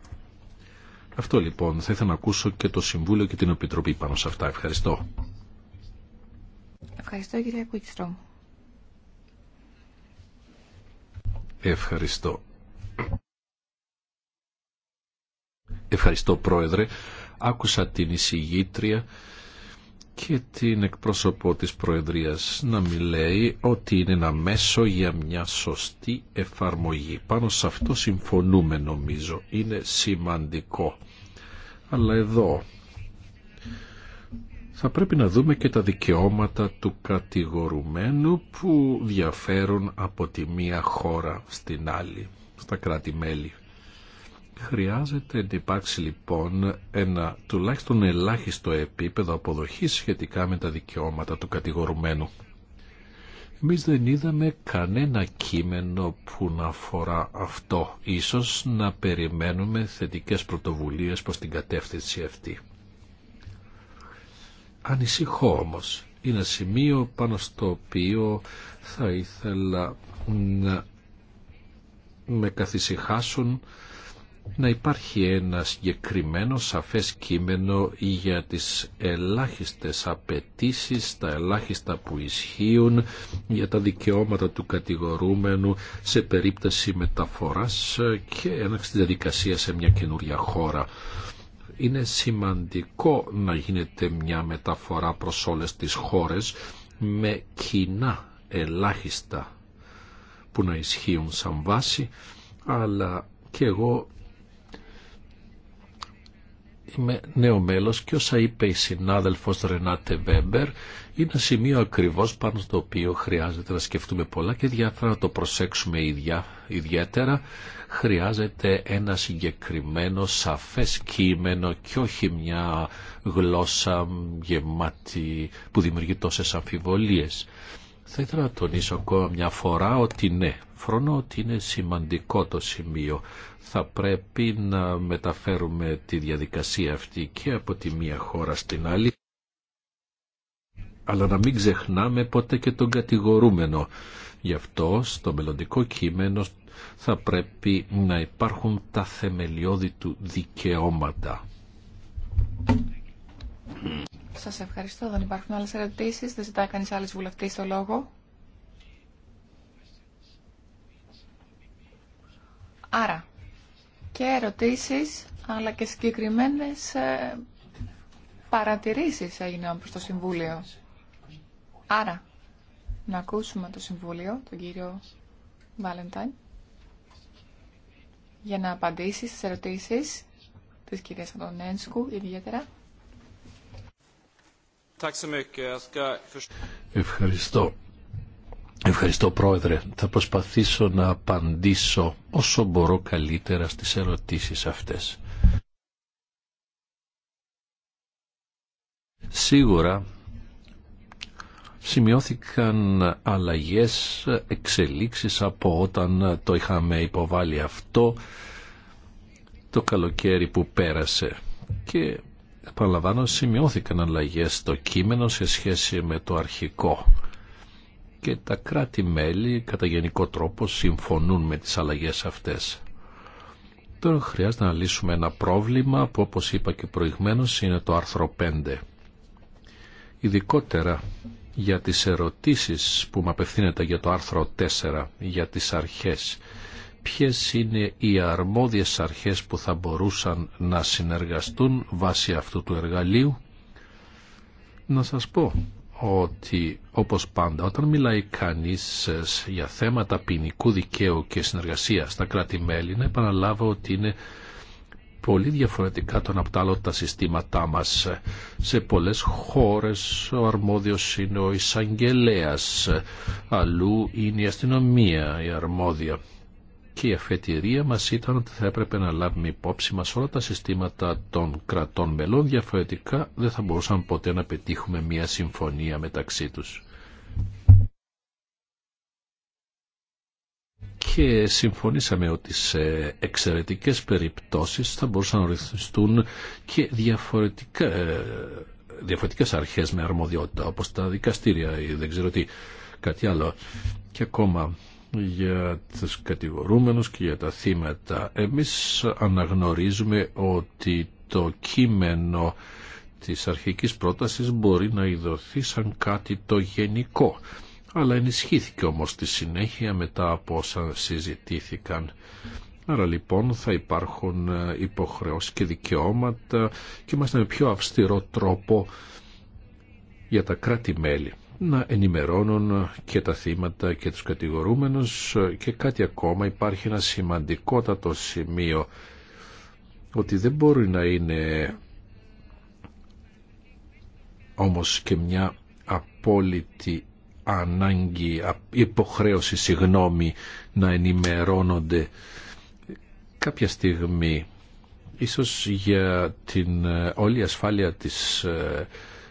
Speaker 1: Αυτό λοιπόν θα ήθελα να ακούσω και το Συμβούλιο και την Επιτροπή πάνω σε αυτά. Ευχαριστώ.
Speaker 3: Ευχαριστώ κύριε Κουίτστρο.
Speaker 1: Ευχαριστώ. Ευχαριστώ πρόεδρε. Άκουσα την εισηγήτρια και την εκπρόσωπο της Προεδρίας να μην λέει ότι είναι ένα μέσο για μια σωστή εφαρμογή. Πάνω σε αυτό συμφωνούμε νομίζω. Είναι σημαντικό. Αλλά εδώ θα πρέπει να δούμε και τα δικαιώματα του κατηγορουμένου που διαφέρουν από τη μία χώρα στην άλλη, στα κράτη-μέλη. Χρειάζεται να υπάρξει λοιπόν ένα τουλάχιστον ελάχιστο επίπεδο αποδοχής σχετικά με τα δικαιώματα του κατηγορουμένου. Εμείς δεν είδαμε κανένα κείμενο που να αφορά αυτό. Ίσως να περιμένουμε θετικές πρωτοβουλίες προς την κατεύθυνση αυτή. Ανησυχώ όμως. Είναι σημείο πάνω στο οποίο θα ήθελα να με καθησυχάσουν να υπάρχει ένα συγκεκριμένο σαφές κείμενο για τις ελάχιστες απαιτήσει, τα ελάχιστα που ισχύουν για τα δικαιώματα του κατηγορούμενου σε περίπτωση μεταφοράς και έναξη διαδικασία σε μια καινούρια χώρα. Είναι σημαντικό να γίνεται μια μεταφορά προς όλες τις χώρες με κοινά ελάχιστα που να ισχύουν σαν βάση, αλλά και εγώ είμαι νέο μέλος και όσα είπε η συνάδελφος Ρενάτε Βέμπερ είναι σημείο ακριβώς πάνω στο οποίο χρειάζεται να σκεφτούμε πολλά και διάφορα να το προσέξουμε ιδιαίτερα. Χρειάζεται ένα συγκεκριμένο σαφές κείμενο και όχι μια γλώσσα γεμάτη που δημιουργεί τόσες αμφιβολίες. Θα ήθελα να τονίσω ακόμα μια φορά ότι ναι, φρονώ ότι είναι σημαντικό το σημείο θα πρέπει να μεταφέρουμε τη διαδικασία αυτή και από τη μία χώρα στην άλλη αλλά να μην ξεχνάμε ποτέ και τον κατηγορούμενο. Γι' αυτό στο μελλοντικό κείμενο θα πρέπει να υπάρχουν τα θεμελιώδη του δικαιώματα.
Speaker 3: Σας ευχαριστώ. Δεν υπάρχουν άλλες ερωτήσεις. Δεν ζητάει κανείς άλλες βουλευτής το λόγο. Άρα, και ερωτήσεις αλλά και συγκεκριμένες ε, παρατηρήσεις έγιναν προς το Συμβούλιο. Άρα, να ακούσουμε το Συμβούλιο, τον κύριο Βαλεντάν για να απαντήσει στις ερωτήσεις της κυρίας Αντωνένσκου ιδιαίτερα.
Speaker 1: Ευχαριστώ. Ευχαριστώ Πρόεδρε. Θα προσπαθήσω να απαντήσω όσο μπορώ καλύτερα στις ερωτήσεις αυτές. Σίγουρα σημειώθηκαν αλλαγές, εξελίξεις από όταν το είχαμε υποβάλει αυτό το καλοκαίρι που πέρασε. Και επαναλαμβάνω σημειώθηκαν αλλαγές στο κείμενο σε σχέση με το αρχικό και τα κράτη-μέλη κατά γενικό τρόπο συμφωνούν με τις αλλαγές αυτές. Τώρα χρειάζεται να λύσουμε ένα πρόβλημα που όπως είπα και προηγμένως είναι το άρθρο 5. Ειδικότερα για τις ερωτήσεις που μου απευθύνεται για το άρθρο 4, για τις αρχές. Ποιες είναι οι αρμόδιες αρχές που θα μπορούσαν να συνεργαστούν βάσει αυτού του εργαλείου. Να σας πω ότι όπως πάντα όταν μιλάει κανείς ε, για θέματα ποινικού δικαίου και συνεργασία στα κράτη-μέλη να επαναλάβω ότι είναι πολύ διαφορετικά τον από τα συστήματά μας. Σε πολλές χώρες ο αρμόδιος είναι ο εισαγγελέα, αλλού είναι η αστυνομία η αρμόδια και η αφετηρία μας ήταν ότι θα έπρεπε να λάβουμε υπόψη μας όλα τα συστήματα των κρατών μελών, διαφορετικά δεν θα μπορούσαν ποτέ να πετύχουμε μια συμφωνία μεταξύ τους. Και συμφωνήσαμε ότι σε εξαιρετικές περιπτώσεις θα μπορούσαν να ρυθμιστούν και διαφορετικά, ε, διαφορετικές αρχές με αρμοδιότητα, όπως τα δικαστήρια ή δεν ξέρω τι, κάτι άλλο. Και ακόμα για τους κατηγορούμενους και για τα θύματα. Εμείς αναγνωρίζουμε ότι το κείμενο της αρχικής πρότασης μπορεί να ειδωθεί σαν κάτι το γενικό, αλλά ενισχύθηκε όμως στη συνέχεια μετά από όσα συζητήθηκαν. Άρα λοιπόν θα υπάρχουν ε, υποχρεώσεις και δικαιώματα και είμαστε με πιο αυστηρό τρόπο για τα κράτη-μέλη να ενημερώνουν και τα θύματα και τους κατηγορούμενους και κάτι ακόμα υπάρχει ένα σημαντικότατο σημείο ότι δεν μπορεί να είναι όμως και μια απόλυτη ανάγκη, υποχρέωση, συγγνώμη, να ενημερώνονται κάποια στιγμή ίσως για την ε, όλη ασφάλεια της ε,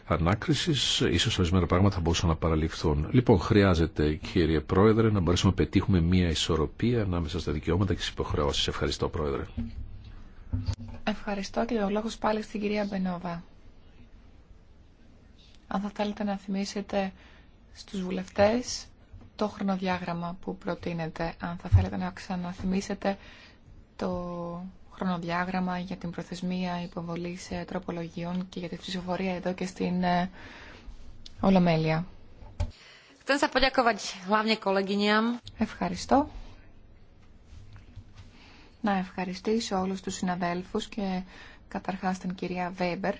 Speaker 1: ανάκρισης, ίσως ορισμένα πράγματα θα μπορούσαν να παραληφθούν. Λοιπόν, χρειάζεται κύριε Πρόεδρε να μπορέσουμε να πετύχουμε μια ισορροπία ανάμεσα στα δικαιώματα και στι υποχρεώσει. Ευχαριστώ Πρόεδρε.
Speaker 3: Ευχαριστώ και ο λόγο πάλι στην κυρία Μπενόβα. Αν θα θέλετε να θυμίσετε στους βουλευτές το χρονοδιάγραμμα που προτείνετε, αν θα θέλετε να ξαναθυμίσετε το χρονοδιάγραμμα για την προθεσμία υποβολή ε, τροπολογιών και για τη ψηφοφορία εδώ και στην ε, Ολομέλεια. Ευχαριστώ. Να ευχαριστήσω όλους τους συναδέλφους και καταρχάς την κυρία Βέμπερ.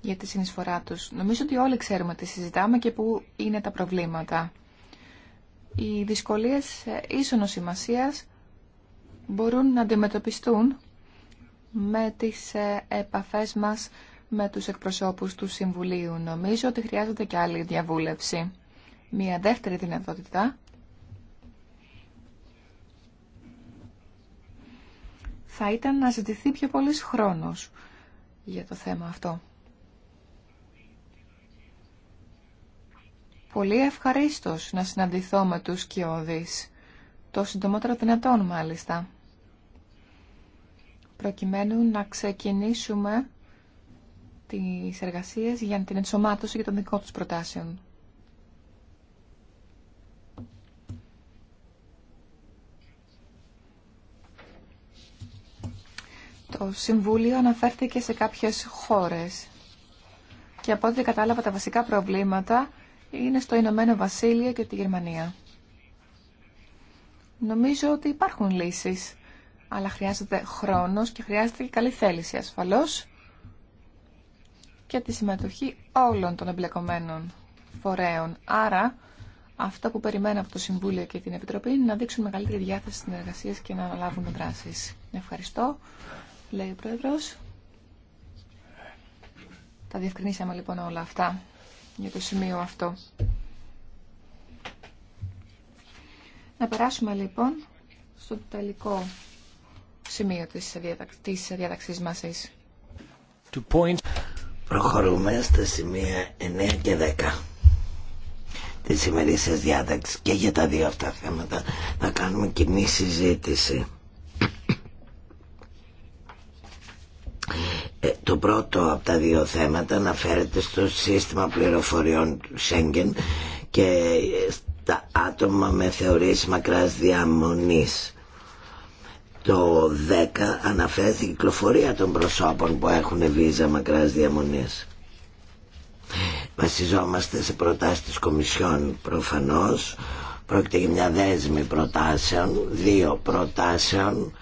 Speaker 3: για τη συνεισφορά τους. Νομίζω ότι όλοι ξέρουμε τι συζητάμε και πού είναι τα προβλήματα οι δυσκολίες ίσονος σημασίας μπορούν να αντιμετωπιστούν με τις ε, επαφές μας με τους εκπροσώπους του Συμβουλίου. Νομίζω ότι χρειάζεται και άλλη διαβούλευση. Μία δεύτερη δυνατότητα θα ήταν να ζητηθεί πιο πολύς χρόνος για το θέμα αυτό. πολύ ευχαρίστως να συναντηθώ με τους Κιώδης, το συντομότερο δυνατόν μάλιστα, προκειμένου να ξεκινήσουμε τις εργασίες για την ενσωμάτωση και των δικών τους προτάσεων. Το Συμβούλιο αναφέρθηκε σε κάποιες χώρες και από ό,τι κατάλαβα τα βασικά προβλήματα είναι στο Ηνωμένο Βασίλειο και τη Γερμανία. Νομίζω ότι υπάρχουν λύσεις, αλλά χρειάζεται χρόνος και χρειάζεται και καλή θέληση ασφαλώς και τη συμμετοχή όλων των εμπλεκομένων φορέων. Άρα, αυτό που περιμένω από το Συμβούλιο και την Επιτροπή είναι να δείξουν μεγαλύτερη διάθεση συνεργασία και να αναλάβουν δράσει. Ευχαριστώ, λέει ο Πρόεδρος. Τα διευκρινίσαμε λοιπόν όλα αυτά για το σημείο αυτό. Να περάσουμε λοιπόν στο τελικό σημείο της, διαταξ... της διαταξής μας.
Speaker 2: Προχωρούμε στα σημεία 9 και 10 της ημερήσιας διάταξης και για τα δύο αυτά θέματα να κάνουμε κοινή συζήτηση. Ε, το πρώτο από τα δύο θέματα αναφέρεται στο σύστημα πληροφοριών του Σέγγεν και ε, στα άτομα με θεωρίες μακράς διαμονής. Το 10 αναφέρεται η κυκλοφορία των προσώπων που έχουν βίζα μακράς διαμονής. Βασιζόμαστε σε προτάσεις της Κομισιόν προφανώς. Πρόκειται για μια δέσμη προτάσεων, δύο προτάσεων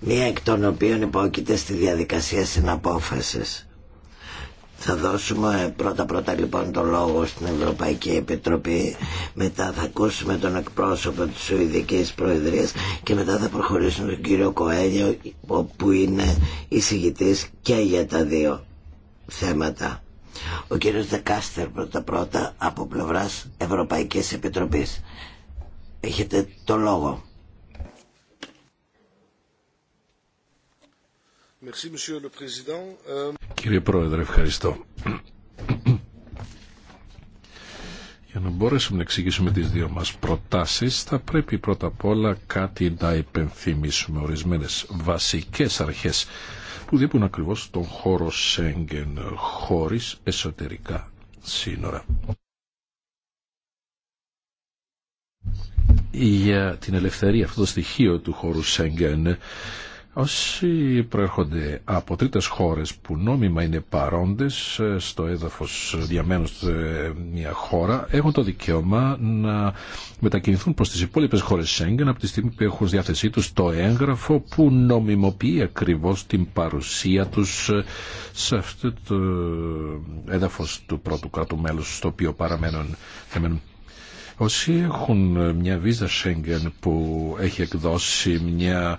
Speaker 2: μία εκ των οποίων υπόκειται στη διαδικασία συναπόφασης. Θα δώσουμε πρώτα-πρώτα λοιπόν το λόγο στην Ευρωπαϊκή Επιτροπή, μετά θα ακούσουμε τον εκπρόσωπο της Σουηδικής Προεδρίας και μετά θα προχωρήσουμε τον κύριο Κοέλιο που είναι εισηγητής και για τα δύο θέματα. Ο κύριος Δεκάστερ πρώτα-πρώτα από πλευράς Ευρωπαϊκής Επιτροπής. Έχετε το λόγο. Euh,
Speaker 1: Κύριε Πρόεδρε, ευχαριστώ. Για να μπορέσουμε να εξηγήσουμε τις δύο μας προτάσεις, θα πρέπει πρώτα απ' όλα κάτι να υπενθυμίσουμε ορισμένες βασικές αρχές που διέπουν ακριβώς τον χώρο Σέγγεν χωρίς εσωτερικά σύνορα. Για την ελευθερία αυτό το στοιχείο του χώρου Σέγγεν Όσοι προέρχονται από τρίτες χώρες που νόμιμα είναι παρόντες ε, στο έδαφος διαμένου μια χώρα έχουν το δικαίωμα να μετακινηθούν προς τις υπόλοιπες χώρες Σέγγεν από τη στιγμή που έχουν διάθεσή τους το έγγραφο που νομιμοποιεί ακριβώς την παρουσία τους ε, σε αυτό το έδαφος του πρώτου κράτου μέλους στο οποίο παραμένουν Όσοι έχουν μια βίζα Schengen που έχει εκδώσει μια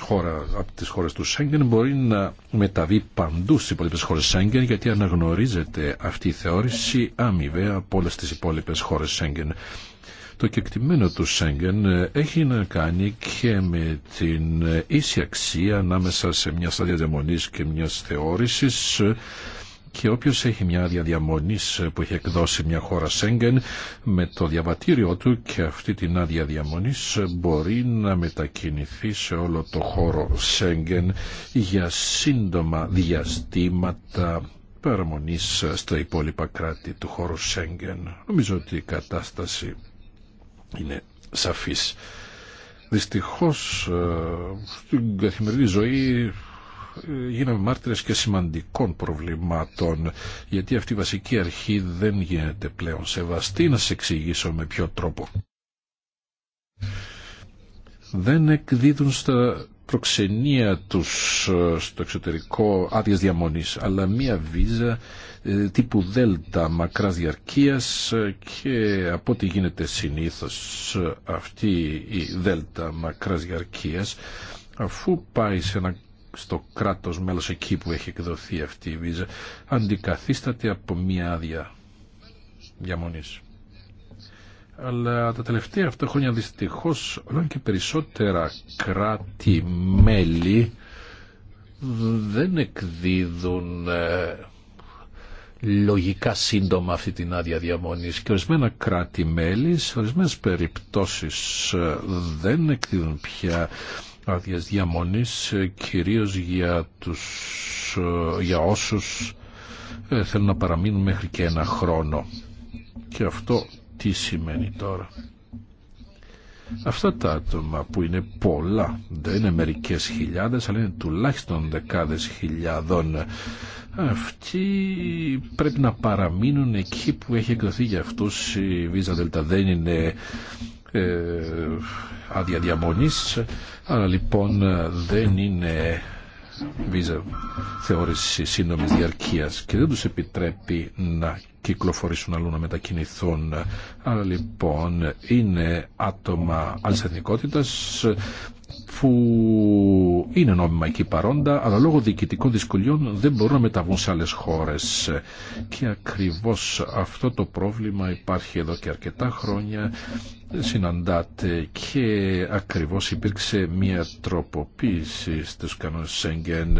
Speaker 1: χώρα από τις χώρες του Σέγγεν μπορεί να μεταβεί παντού στις υπόλοιπες χώρες Σέγγεν γιατί αναγνωρίζεται αυτή η θεώρηση αμοιβαία από όλες τις υπόλοιπες χώρες Σέγγεν. Το κεκτημένο του Σέγγεν έχει να κάνει και με την ίση αξία ανάμεσα σε μια στάδια δαιμονής και μιας θεώρησης και όποιο έχει μια άδεια διαμονής που έχει εκδώσει μια χώρα Σέγγεν με το διαβατήριό του και αυτή την άδεια διαμονή μπορεί να μετακινηθεί σε όλο το χώρο Σέγγεν για σύντομα διαστήματα παραμονή στα υπόλοιπα κράτη του χώρου Σέγγεν. Νομίζω ότι η κατάσταση είναι σαφής. Δυστυχώς ε, στην καθημερινή ζωή γίναμε μάρτυρες και σημαντικών προβλημάτων γιατί αυτή η βασική αρχή δεν γίνεται πλέον σεβαστή να σε εξηγήσω με ποιο τρόπο δεν εκδίδουν στα προξενία τους ε, στο εξωτερικό άδειε διαμονής αλλά μία βίζα ε, τύπου δέλτα μακράς διαρκείας ε, και από ό,τι γίνεται συνήθως αυτή η δέλτα μακράς διαρκείας αφού πάει σε ένα στο κράτος μέλος εκεί που έχει εκδοθεί αυτή η βίζα αντικαθίσταται από μία άδεια διαμονής. Αλλά τα τελευταία αυτά χρόνια δυστυχώς όλο και περισσότερα κράτη-μέλη δεν εκδίδουν ε, λογικά σύντομα αυτή την άδεια διαμονής και ορισμένα κράτη-μέλη σε ορισμένες περιπτώσεις ε, δεν εκδίδουν πια άδειε διαμονής ε, κυρίως για, τους, ε, για όσους ε, θέλουν να παραμείνουν μέχρι και ένα χρόνο. Και αυτό τι σημαίνει τώρα. Αυτά τα άτομα που είναι πολλά, δεν είναι μερικές χιλιάδες, αλλά είναι τουλάχιστον δεκάδες χιλιάδων, αυτοί πρέπει να παραμείνουν εκεί που έχει εκδοθεί για αυτούς η Visa Delta. Δεν είναι ε, άδεια διαμονής, αλλά λοιπόν δεν είναι βίζα θεώρηση σύντομη διαρκεία και δεν του επιτρέπει να κυκλοφορήσουν αλλού, να μετακινηθούν. Άρα λοιπόν είναι άτομα άλλης εθνικότητας που είναι νόμιμα εκεί παρόντα, αλλά λόγω διοικητικών δυσκολιών δεν μπορούν να μεταβούν σε άλλες χώρες. Και ακριβώς αυτό το πρόβλημα υπάρχει εδώ και αρκετά χρόνια, συναντάται και ακριβώς υπήρξε μια τροποποίηση στους κανόνες Σέγγεν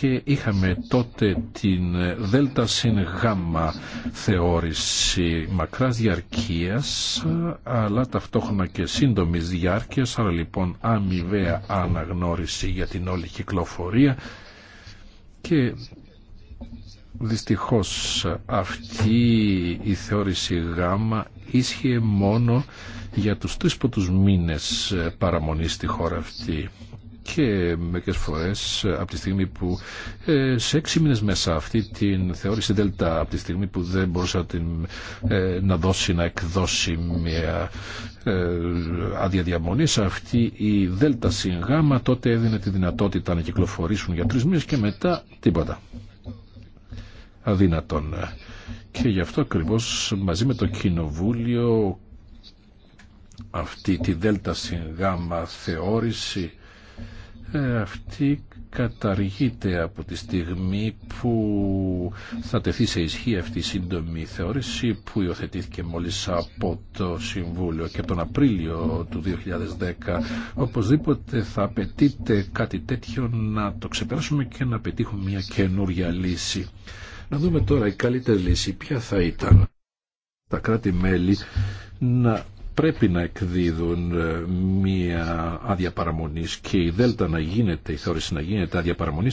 Speaker 1: και είχαμε τότε την δέλτα συν γάμα θεώρηση μακράς διαρκείας αλλά ταυτόχρονα και σύντομης διάρκειας άρα λοιπόν αμοιβαία αναγνώριση για την όλη κυκλοφορία και δυστυχώς αυτή η θεώρηση γάμα ίσχυε μόνο για τους τρεις πρώτους μήνες παραμονής στη χώρα αυτή και μερικές φορές από τη στιγμή που ε, σε έξι μήνες μέσα αυτή την θεώρηση ΔΕΛΤΑ από τη στιγμή που δεν μπορούσε να, την, ε, να δώσει, να εκδώσει μια ε, άδεια αυτή η ΔΕΛΤΑ ΣΥΓΑΜΑ τότε έδινε τη δυνατότητα να κυκλοφορήσουν για τρεις μήνες και μετά τίποτα αδύνατον. Και γι' αυτό ακριβώ μαζί με το Κοινοβούλιο αυτή τη δέλτα συγγάμα θεώρηση ε, αυτή καταργείται από τη στιγμή που θα τεθεί σε ισχύ αυτή η σύντομη θεώρηση που υιοθετήθηκε μόλις από το Συμβούλιο και τον Απρίλιο του 2010. Οπωσδήποτε θα απαιτείται κάτι τέτοιο να το ξεπεράσουμε και να πετύχουμε μια καινούρια λύση. Να δούμε τώρα η καλύτερη λύση ποια θα ήταν τα κράτη-μέλη να πρέπει να εκδίδουν ε, μία άδεια παραμονή και η Δέλτα να γίνεται, η θεώρηση να γίνεται άδεια παραμονή,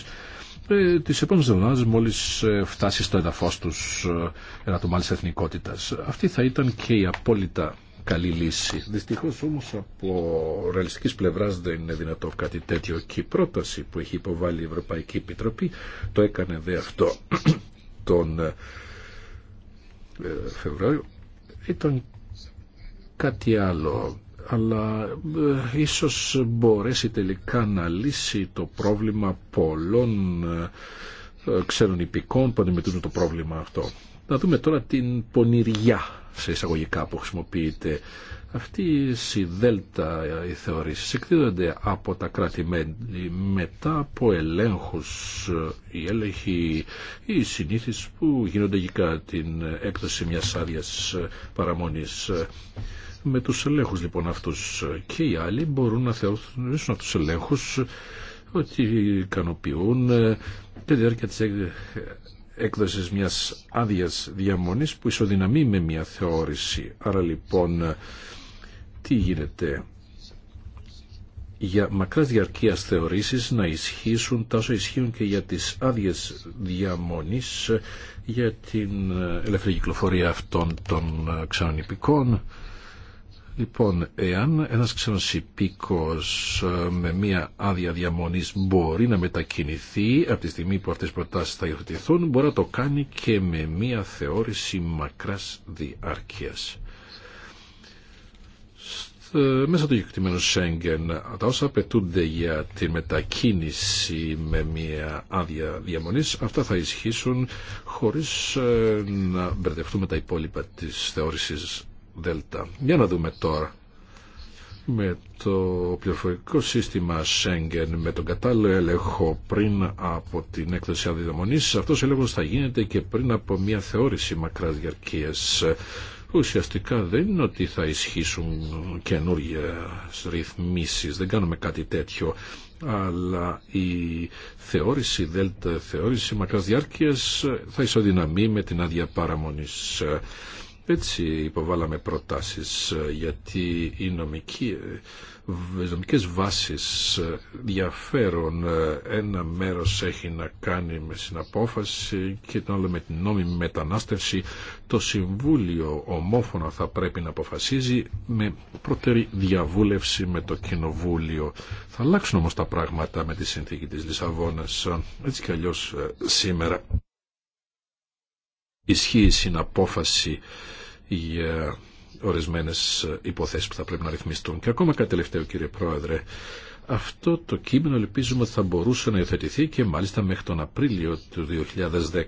Speaker 1: ε, τις επόμενες μόλι μόλις ε, φτάσει στο εδάφο τους ένα ε, του μάλιστα εθνικότητας. Αυτή θα ήταν και η απόλυτα καλή λύση. Δυστυχώ, όμω από ρεαλιστική πλευρά δεν είναι δυνατό κάτι τέτοιο και η πρόταση που έχει υποβάλει η Ευρωπαϊκή Επιτροπή το έκανε δε αυτό τον Φεβρουάριο ήταν κάτι άλλο αλλά ε, ίσως μπορέσει τελικά να λύσει το πρόβλημα πολλών ε, ξένων υπηκών που αντιμετωπίζουν το πρόβλημα αυτό. Να δούμε τώρα την πονηριά σε εισαγωγικά που χρησιμοποιείται. Αυτή η δέλτα ε, οι θεωρήσεις εκδίδονται από τα κράτη μετά από ελέγχους ε, οι έλεγχοι ή οι συνήθεις που γίνονται για την έκδοση μιας άδειας ε, παραμονής με τους ελέγχους λοιπόν αυτούς και οι άλλοι μπορούν να θεωρήσουν αυτούς τους ελέγχους ότι ικανοποιούν ε, τη διάρκεια της έκδοσης μιας άδειας διαμονής που ισοδυναμεί με μια θεώρηση. Άρα λοιπόν τι γίνεται για μακράς διαρκείας θεωρήσεις να ισχύσουν τόσο ισχύουν και για τις άδειε διαμονής ε, για την ε, ελεύθερη κυκλοφορία αυτών των ξανανυπικών Λοιπόν, εάν ένας ξένος υπήκος ε, με μία άδεια διαμονής μπορεί να μετακινηθεί από τη στιγμή που αυτές οι προτάσεις θα υιοθετηθούν, μπορεί να το κάνει και με μία θεώρηση μακράς διάρκειας. Ε, μέσα του κεκτημένου Σέγγεν, τα όσα απαιτούνται για τη μετακίνηση με μία άδεια διαμονής, αυτά θα ισχύσουν χωρίς ε, να μπερδευτούμε τα υπόλοιπα της θεώρησης Δέλτα. Για να δούμε τώρα με το πληροφορικό σύστημα Schengen, με τον κατάλληλο έλεγχο πριν από την έκδοση αδειδομονής, αυτός ο έλεγχος θα γίνεται και πριν από μια θεώρηση μακράς διαρκείας. Ουσιαστικά δεν είναι ότι θα ισχύσουν καινούργια ρυθμίσεις, δεν κάνουμε κάτι τέτοιο αλλά η θεώρηση δέλτα θεώρηση μακράς διάρκειας θα ισοδυναμεί με την άδεια παραμονής. Έτσι υποβάλαμε προτάσεις ε, γιατί οι νομικοί, ε, νομικές βάσεις ε, διαφέρουν. Ένα μέρος έχει να κάνει με συναπόφαση και το άλλο με την νόμιμη μετανάστευση. Το Συμβούλιο ομόφωνα θα πρέπει να αποφασίζει με πρώτερη διαβούλευση με το Κοινοβούλιο. Θα αλλάξουν όμως τα πράγματα με τη συνθήκη της Λισαβόνας έτσι κι αλλιώς σήμερα. Ισχύει η συναπόφαση για ορισμένες υποθέσεις που θα πρέπει να ρυθμιστούν. Και ακόμα κάτι τελευταίο κύριε Πρόεδρε, αυτό το κείμενο ελπίζουμε θα μπορούσε να υιοθετηθεί και μάλιστα μέχρι τον Απρίλιο του 2010.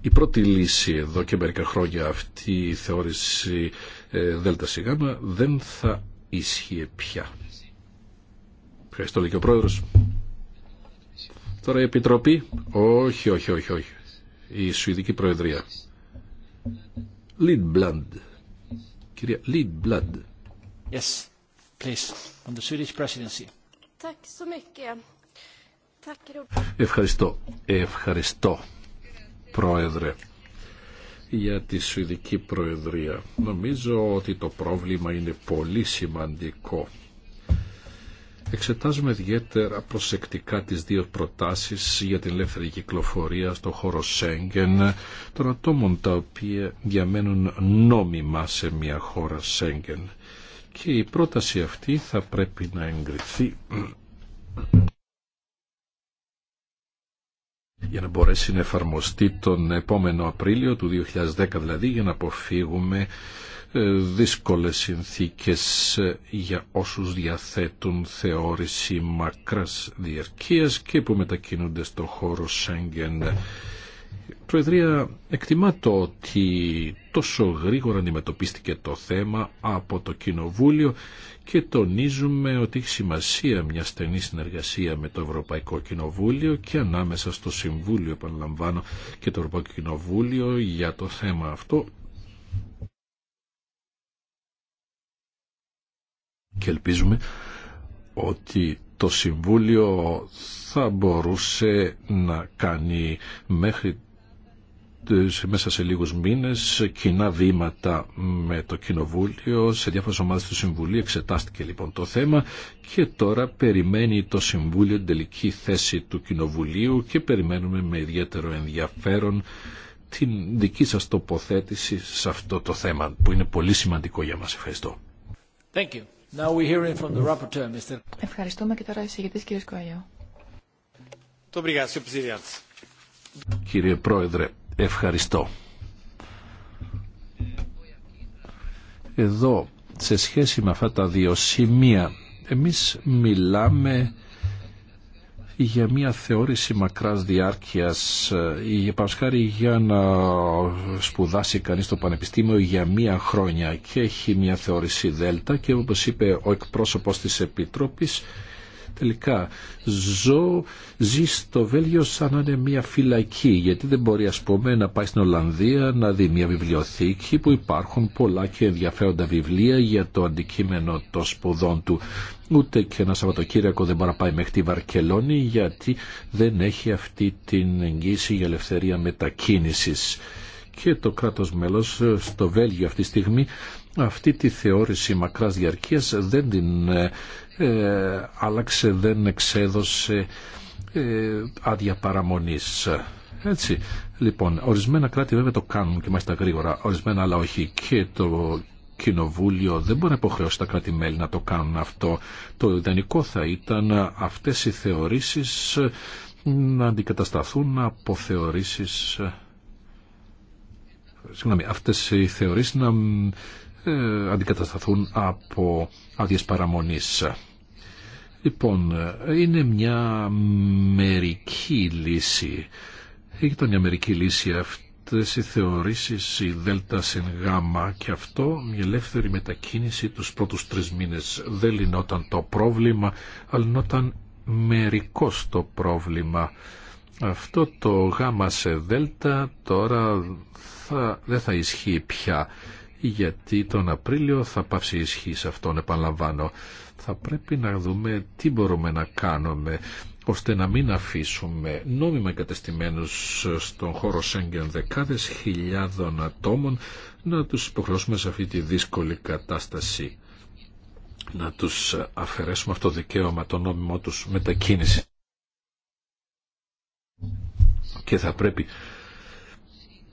Speaker 1: Η πρώτη λύση εδώ και μερικά χρόνια αυτή η θεώρηση ε, ΔΣ δεν θα ίσχυε πια. Ευχαριστώ, Πρόεδρος. Τώρα η Επιτροπή. Όχι, όχι, όχι, όχι η Σουηδική Προεδρία. Λιντμπλαντ. Κυρία Λιντμπλαντ. Yes, please, on the Swedish presidency. Ευχαριστώ. Ευχαριστώ, Πρόεδρε, για τη Σουηδική Προεδρία. Νομίζω ότι το πρόβλημα είναι πολύ σημαντικό Εξετάζουμε ιδιαίτερα προσεκτικά τις δύο προτάσεις για την ελεύθερη κυκλοφορία στο χώρο Σέγγεν των ατόμων τα οποία διαμένουν νόμιμα σε μια χώρα Σέγγεν. Και η πρόταση αυτή θα πρέπει να εγκριθεί για να μπορέσει να εφαρμοστεί τον επόμενο Απρίλιο του 2010 δηλαδή για να αποφύγουμε ε, δύσκολες συνθήκες ε, για όσους διαθέτουν θεώρηση μακράς διαρκείας και που μετακινούνται στο χώρο Σέγγεν. Προεδρία, εκτιμά το ότι τόσο γρήγορα αντιμετωπίστηκε το θέμα από το Κοινοβούλιο και τονίζουμε ότι έχει σημασία μια στενή συνεργασία με το Ευρωπαϊκό Κοινοβούλιο και ανάμεσα στο Συμβούλιο, επαναλαμβάνω, και το Ευρωπαϊκό Κοινοβούλιο για το θέμα αυτό και ελπίζουμε ότι το Συμβούλιο θα μπορούσε να κάνει μέχρι μέσα σε λίγους μήνες κοινά βήματα με το Κοινοβούλιο σε διάφορες ομάδες του Συμβουλίου εξετάστηκε λοιπόν το θέμα και τώρα περιμένει το Συμβούλιο την τελική θέση του Κοινοβουλίου και περιμένουμε με ιδιαίτερο ενδιαφέρον την δική σας τοποθέτηση σε αυτό το θέμα που είναι πολύ σημαντικό για μας. Ευχαριστώ. Thank
Speaker 3: Ευχαριστούμε και τώρα εισηγητής κύριος Κοαγιώ.
Speaker 1: Κύριε Πρόεδρε, ευχαριστώ. Εδώ, σε σχέση με αυτά τα δύο σημεία, εμείς μιλάμε για μια θεώρηση μακράς διάρκειας ε, για παρασκάρι για να σπουδάσει κανείς το Πανεπιστήμιο για μία χρόνια και έχει μια θεώρηση Δέλτα και όπως είπε ο εκπρόσωπος της Επιτρόπης τελικά ζω, ζει στο Βέλγιο σαν να είναι μια φυλακή γιατί δεν μπορεί ας πούμε να πάει στην Ολλανδία να δει μια βιβλιοθήκη που υπάρχουν πολλά και ενδιαφέροντα βιβλία για το αντικείμενο των σπουδών του ούτε και ένα Σαββατοκύριακο δεν μπορεί να πάει μέχρι τη Βαρκελόνη γιατί δεν έχει αυτή την εγγύηση για ελευθερία μετακίνησης και το κράτος μέλος ε, στο Βέλγιο αυτή τη στιγμή αυτή τη θεώρηση μακράς διαρκείας δεν την ε, ε, άλλαξε, δεν εξέδωσε ε, άδεια παραμονής. Έτσι. Λοιπόν, ορισμένα κράτη βέβαια το κάνουν και μάλιστα γρήγορα, ορισμένα αλλά όχι. Και το κοινοβούλιο δεν μπορεί να υποχρεώσει τα κράτη-μέλη να το κάνουν αυτό. Το ιδανικό θα ήταν αυτές οι θεωρήσεις να αντικατασταθούν από θεωρήσεις... Ε, συγγνώμη, αυτές οι θεωρήσεις να ε, αντικατασταθούν από άδειε παραμονή. Λοιπόν, είναι μια μερική λύση. Ήταν μια μερική λύση αυτές οι θεωρήσεις, η δέλτα συν γάμα και αυτό η ελεύθερη μετακίνηση τους πρώτους τρεις μήνες. Δεν λυνόταν το πρόβλημα, αλλά λυνόταν μερικός το πρόβλημα. Αυτό το γάμα σε δέλτα τώρα θα, δεν θα ισχύει πια γιατί τον Απρίλιο θα πάψει η ισχύ σε αυτόν, επαναλαμβάνω. Θα πρέπει να δούμε τι μπορούμε να κάνουμε ώστε να μην αφήσουμε νόμιμα εγκατεστημένους στον χώρο Σέγγεν δεκάδες χιλιάδων ατόμων να τους υποχρεώσουμε σε αυτή τη δύσκολη κατάσταση. Να τους αφαιρέσουμε αυτό το δικαίωμα, το νόμιμο τους μετακίνηση. Και θα πρέπει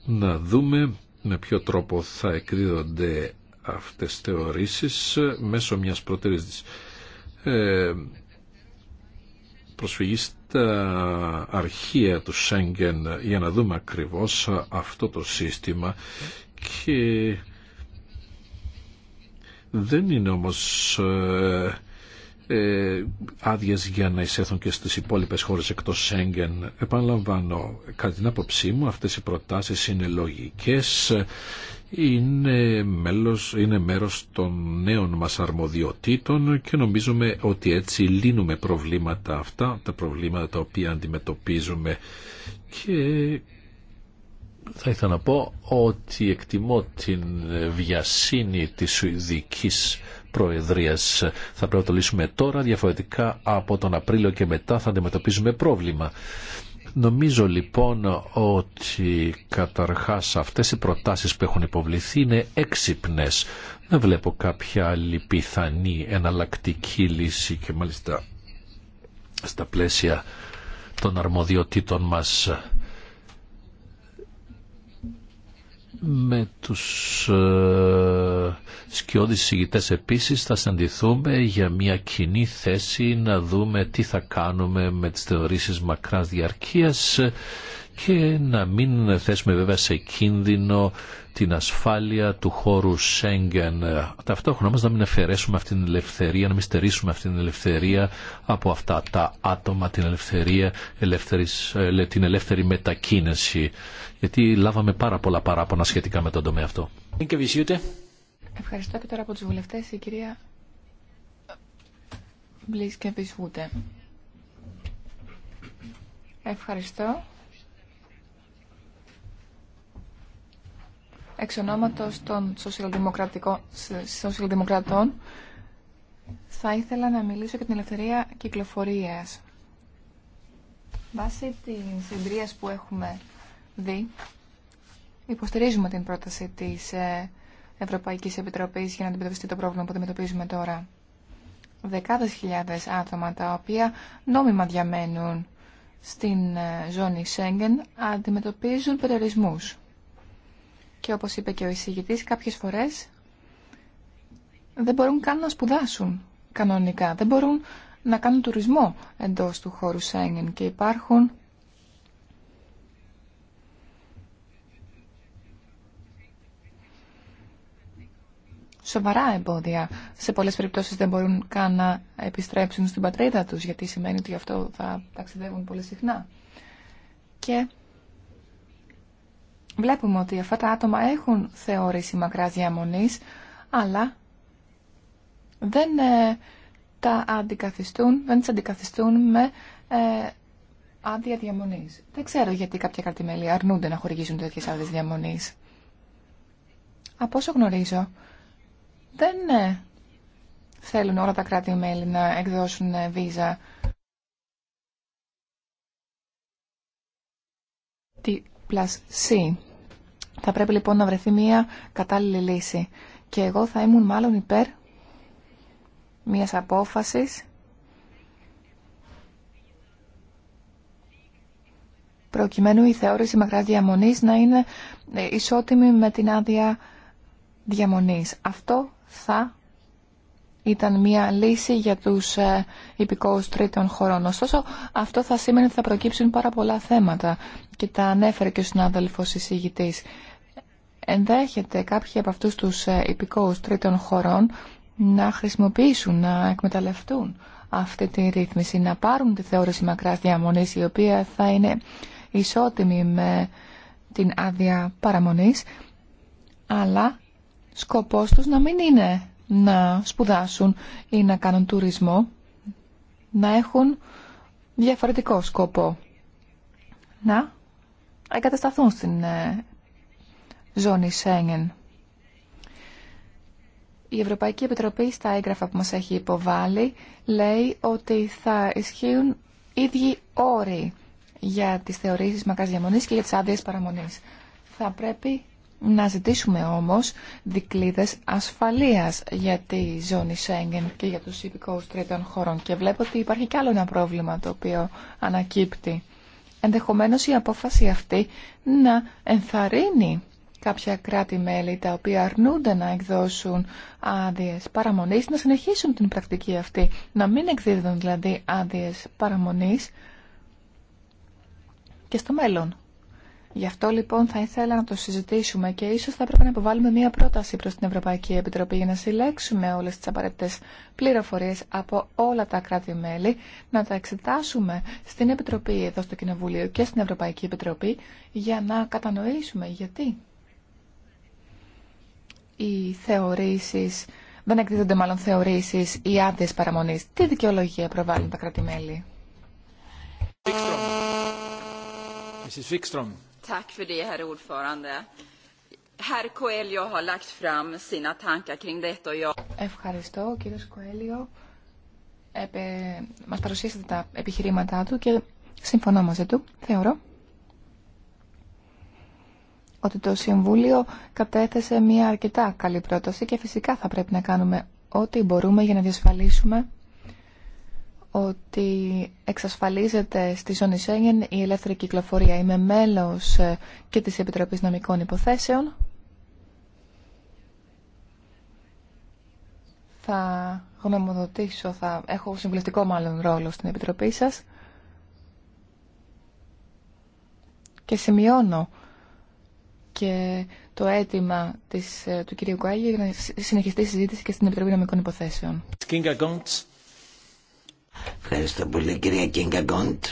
Speaker 1: να δούμε με ποιο τρόπο θα εκδίδονται αυτές θεωρήσεις μέσω μιας πρώτερης ε, προσφυγής στα αρχεία του Σέγγεν για να δούμε ακριβώς αυτό το σύστημα και δεν είναι όμως ε, ε, άδειε για να εισέλθουν και στι υπόλοιπε χώρες εκτός Σέγγεν. Επαναλαμβάνω, κατά την άποψή μου αυτές οι προτάσεις είναι λογικέ είναι, μέλος, είναι μέρος των νέων μας αρμοδιοτήτων και νομίζουμε ότι έτσι λύνουμε προβλήματα αυτά, τα προβλήματα τα οποία αντιμετωπίζουμε και θα ήθελα να πω ότι εκτιμώ την βιασύνη της Σουηδικής Προεδρίας. Θα πρέπει να το λύσουμε τώρα, διαφορετικά από τον Απρίλιο και μετά θα αντιμετωπίζουμε πρόβλημα. Νομίζω λοιπόν ότι καταρχάς αυτές οι προτάσεις που έχουν υποβληθεί είναι έξυπνες. Δεν βλέπω κάποια άλλη πιθανή εναλλακτική λύση και μάλιστα στα πλαίσια των αρμοδιοτήτων μας με τους ε, σκιώδεις συγητές επίσης θα συναντηθούμε για μια κοινή θέση να δούμε τι θα κάνουμε με τις θεωρήσεις μακράς διαρκείας και να μην θέσουμε βέβαια σε κίνδυνο την ασφάλεια του χώρου Σέγγεν. Ταυτόχρονα όμως να μην αφαιρέσουμε αυτή την ελευθερία, να μην στερήσουμε αυτή την ελευθερία από αυτά τα άτομα, την, ελευθερία, ε, την ελεύθερη μετακίνηση. Γιατί λάβαμε πάρα πολλά παράπονα σχετικά με τον τομέα αυτό.
Speaker 3: Ευχαριστώ και τώρα από τους βουλευτές η κυρία Μπλίσκεβης Βούτε. Ευχαριστώ. Εξ ονόματος των σοσιαλδημοκρατών θα ήθελα να μιλήσω για την ελευθερία κυκλοφορίας. Βάσει της συντρίας που έχουμε δει, υποστηρίζουμε την πρόταση της ε, Ευρωπαϊκή Επιτροπή για να αντιμετωπιστεί το πρόβλημα που αντιμετωπίζουμε τώρα. Δεκάδες χιλιάδες άτομα τα οποία νόμιμα διαμένουν στην ε, ζώνη Σέγγεν αντιμετωπίζουν περιορισμού. Και όπως είπε και ο εισηγητή, κάποιες φορές δεν μπορούν καν να σπουδάσουν κανονικά. Δεν μπορούν να κάνουν τουρισμό εντός του χώρου Σέγγεν και υπάρχουν σοβαρά εμπόδια. Σε πολλές περιπτώσεις δεν μπορούν καν να επιστρέψουν στην πατρίδα τους, γιατί σημαίνει ότι γι' αυτό θα ταξιδεύουν πολύ συχνά. Και βλέπουμε ότι αυτά τα άτομα έχουν θεωρησει μακρά διαμονής, αλλά δεν ε, τα αντικαθιστούν, δεν αντικαθιστούν με ε, άδεια διαμονής. Δεν ξέρω γιατί κάποια κρατημέλη αρνούνται να χορηγήσουν τέτοιε άδειε διαμονή. Από όσο γνωρίζω, δεν ε, θέλουν όλα τα κράτη-μέλη να εκδώσουν ε, βίζα. Τι C. Θα πρέπει λοιπόν να βρεθεί μια κατάλληλη λύση. Και εγώ θα ήμουν μάλλον υπέρ μιας απόφασης προκειμένου η θεώρηση μακράς διαμονής να είναι ε, ισότιμη με την άδεια διαμονής. Αυτό θα ήταν μια λύση για τους ε, υπηκόους τρίτων χωρών. Ωστόσο, αυτό θα σημαίνει ότι θα προκύψουν πάρα πολλά θέματα και τα ανέφερε και ο συνάδελφος εισηγητής. Ενδέχεται κάποιοι από αυτούς τους ε, υπηκόους τρίτων χωρών να χρησιμοποιήσουν, να εκμεταλλευτούν αυτή τη ρύθμιση, να πάρουν τη θεώρηση μακράς διαμονής, η οποία θα είναι ισότιμη με την άδεια παραμονής, αλλά σκοπός τους να μην είναι να σπουδάσουν ή να κάνουν τουρισμό, να έχουν διαφορετικό σκοπό. Να εγκατασταθούν στην ε, ζώνη Σέγγεν. Η Ευρωπαϊκή Επιτροπή στα έγγραφα που μας έχει υποβάλει λέει ότι θα ισχύουν ίδιοι όροι για τις θεωρήσεις μακάς διαμονής και για τις άδειες παραμονής. Θα πρέπει να ζητήσουμε όμως δικλείδες ασφαλείας για τη ζώνη Σέγγεν και για τους υπηκόους τρίτων χωρών. Και βλέπω ότι υπάρχει κι άλλο ένα πρόβλημα το οποίο ανακύπτει. Ενδεχομένως η απόφαση αυτή να ενθαρρύνει κάποια κράτη-μέλη τα οποία αρνούνται να εκδώσουν άδειε παραμονής, να συνεχίσουν την πρακτική αυτή, να μην εκδίδουν δηλαδή άδειε παραμονής και στο μέλλον. Γι' αυτό λοιπόν θα ήθελα να το συζητήσουμε και ίσως θα έπρεπε να υποβάλουμε μία πρόταση προς την Ευρωπαϊκή Επιτροπή για να συλλέξουμε όλες τις απαραίτητες πληροφορίες από όλα τα κράτη-μέλη, να τα εξετάσουμε στην Επιτροπή εδώ στο Κοινοβούλιο και στην Ευρωπαϊκή Επιτροπή για να κατανοήσουμε γιατί οι θεωρήσεις, δεν εκδίδονται μάλλον θεωρήσεις ή άδειε παραμονής. Τι δικαιολογία προβάλλουν τα κράτη-μέλη. Mrs. Tack för det, Ευχαριστώ, κύριε Κοέλιο. Επε... Μας παρουσίασε τα επιχειρήματά του και συμφωνώ μαζί του, θεωρώ ότι το Συμβούλιο κατέθεσε μια αρκετά καλή πρόταση και φυσικά θα πρέπει να κάνουμε ό,τι μπορούμε για να διασφαλίσουμε ότι εξασφαλίζεται στη ζώνη Σέγγεν η ελεύθερη κυκλοφορία. Είμαι μέλος ε, και της Επιτροπής Νομικών Υποθέσεων. Θα γνωμοδοτήσω, θα έχω συμβουλευτικό μάλλον ρόλο στην Επιτροπή σας. Και σημειώνω και το αίτημα της, ε, του κυρίου Κουάγη για να συνεχιστεί η συζήτηση και στην Επιτροπή Νομικών Υποθέσεων.
Speaker 2: Ευχαριστώ πολύ κυρία Κίνγκα Γκόντ.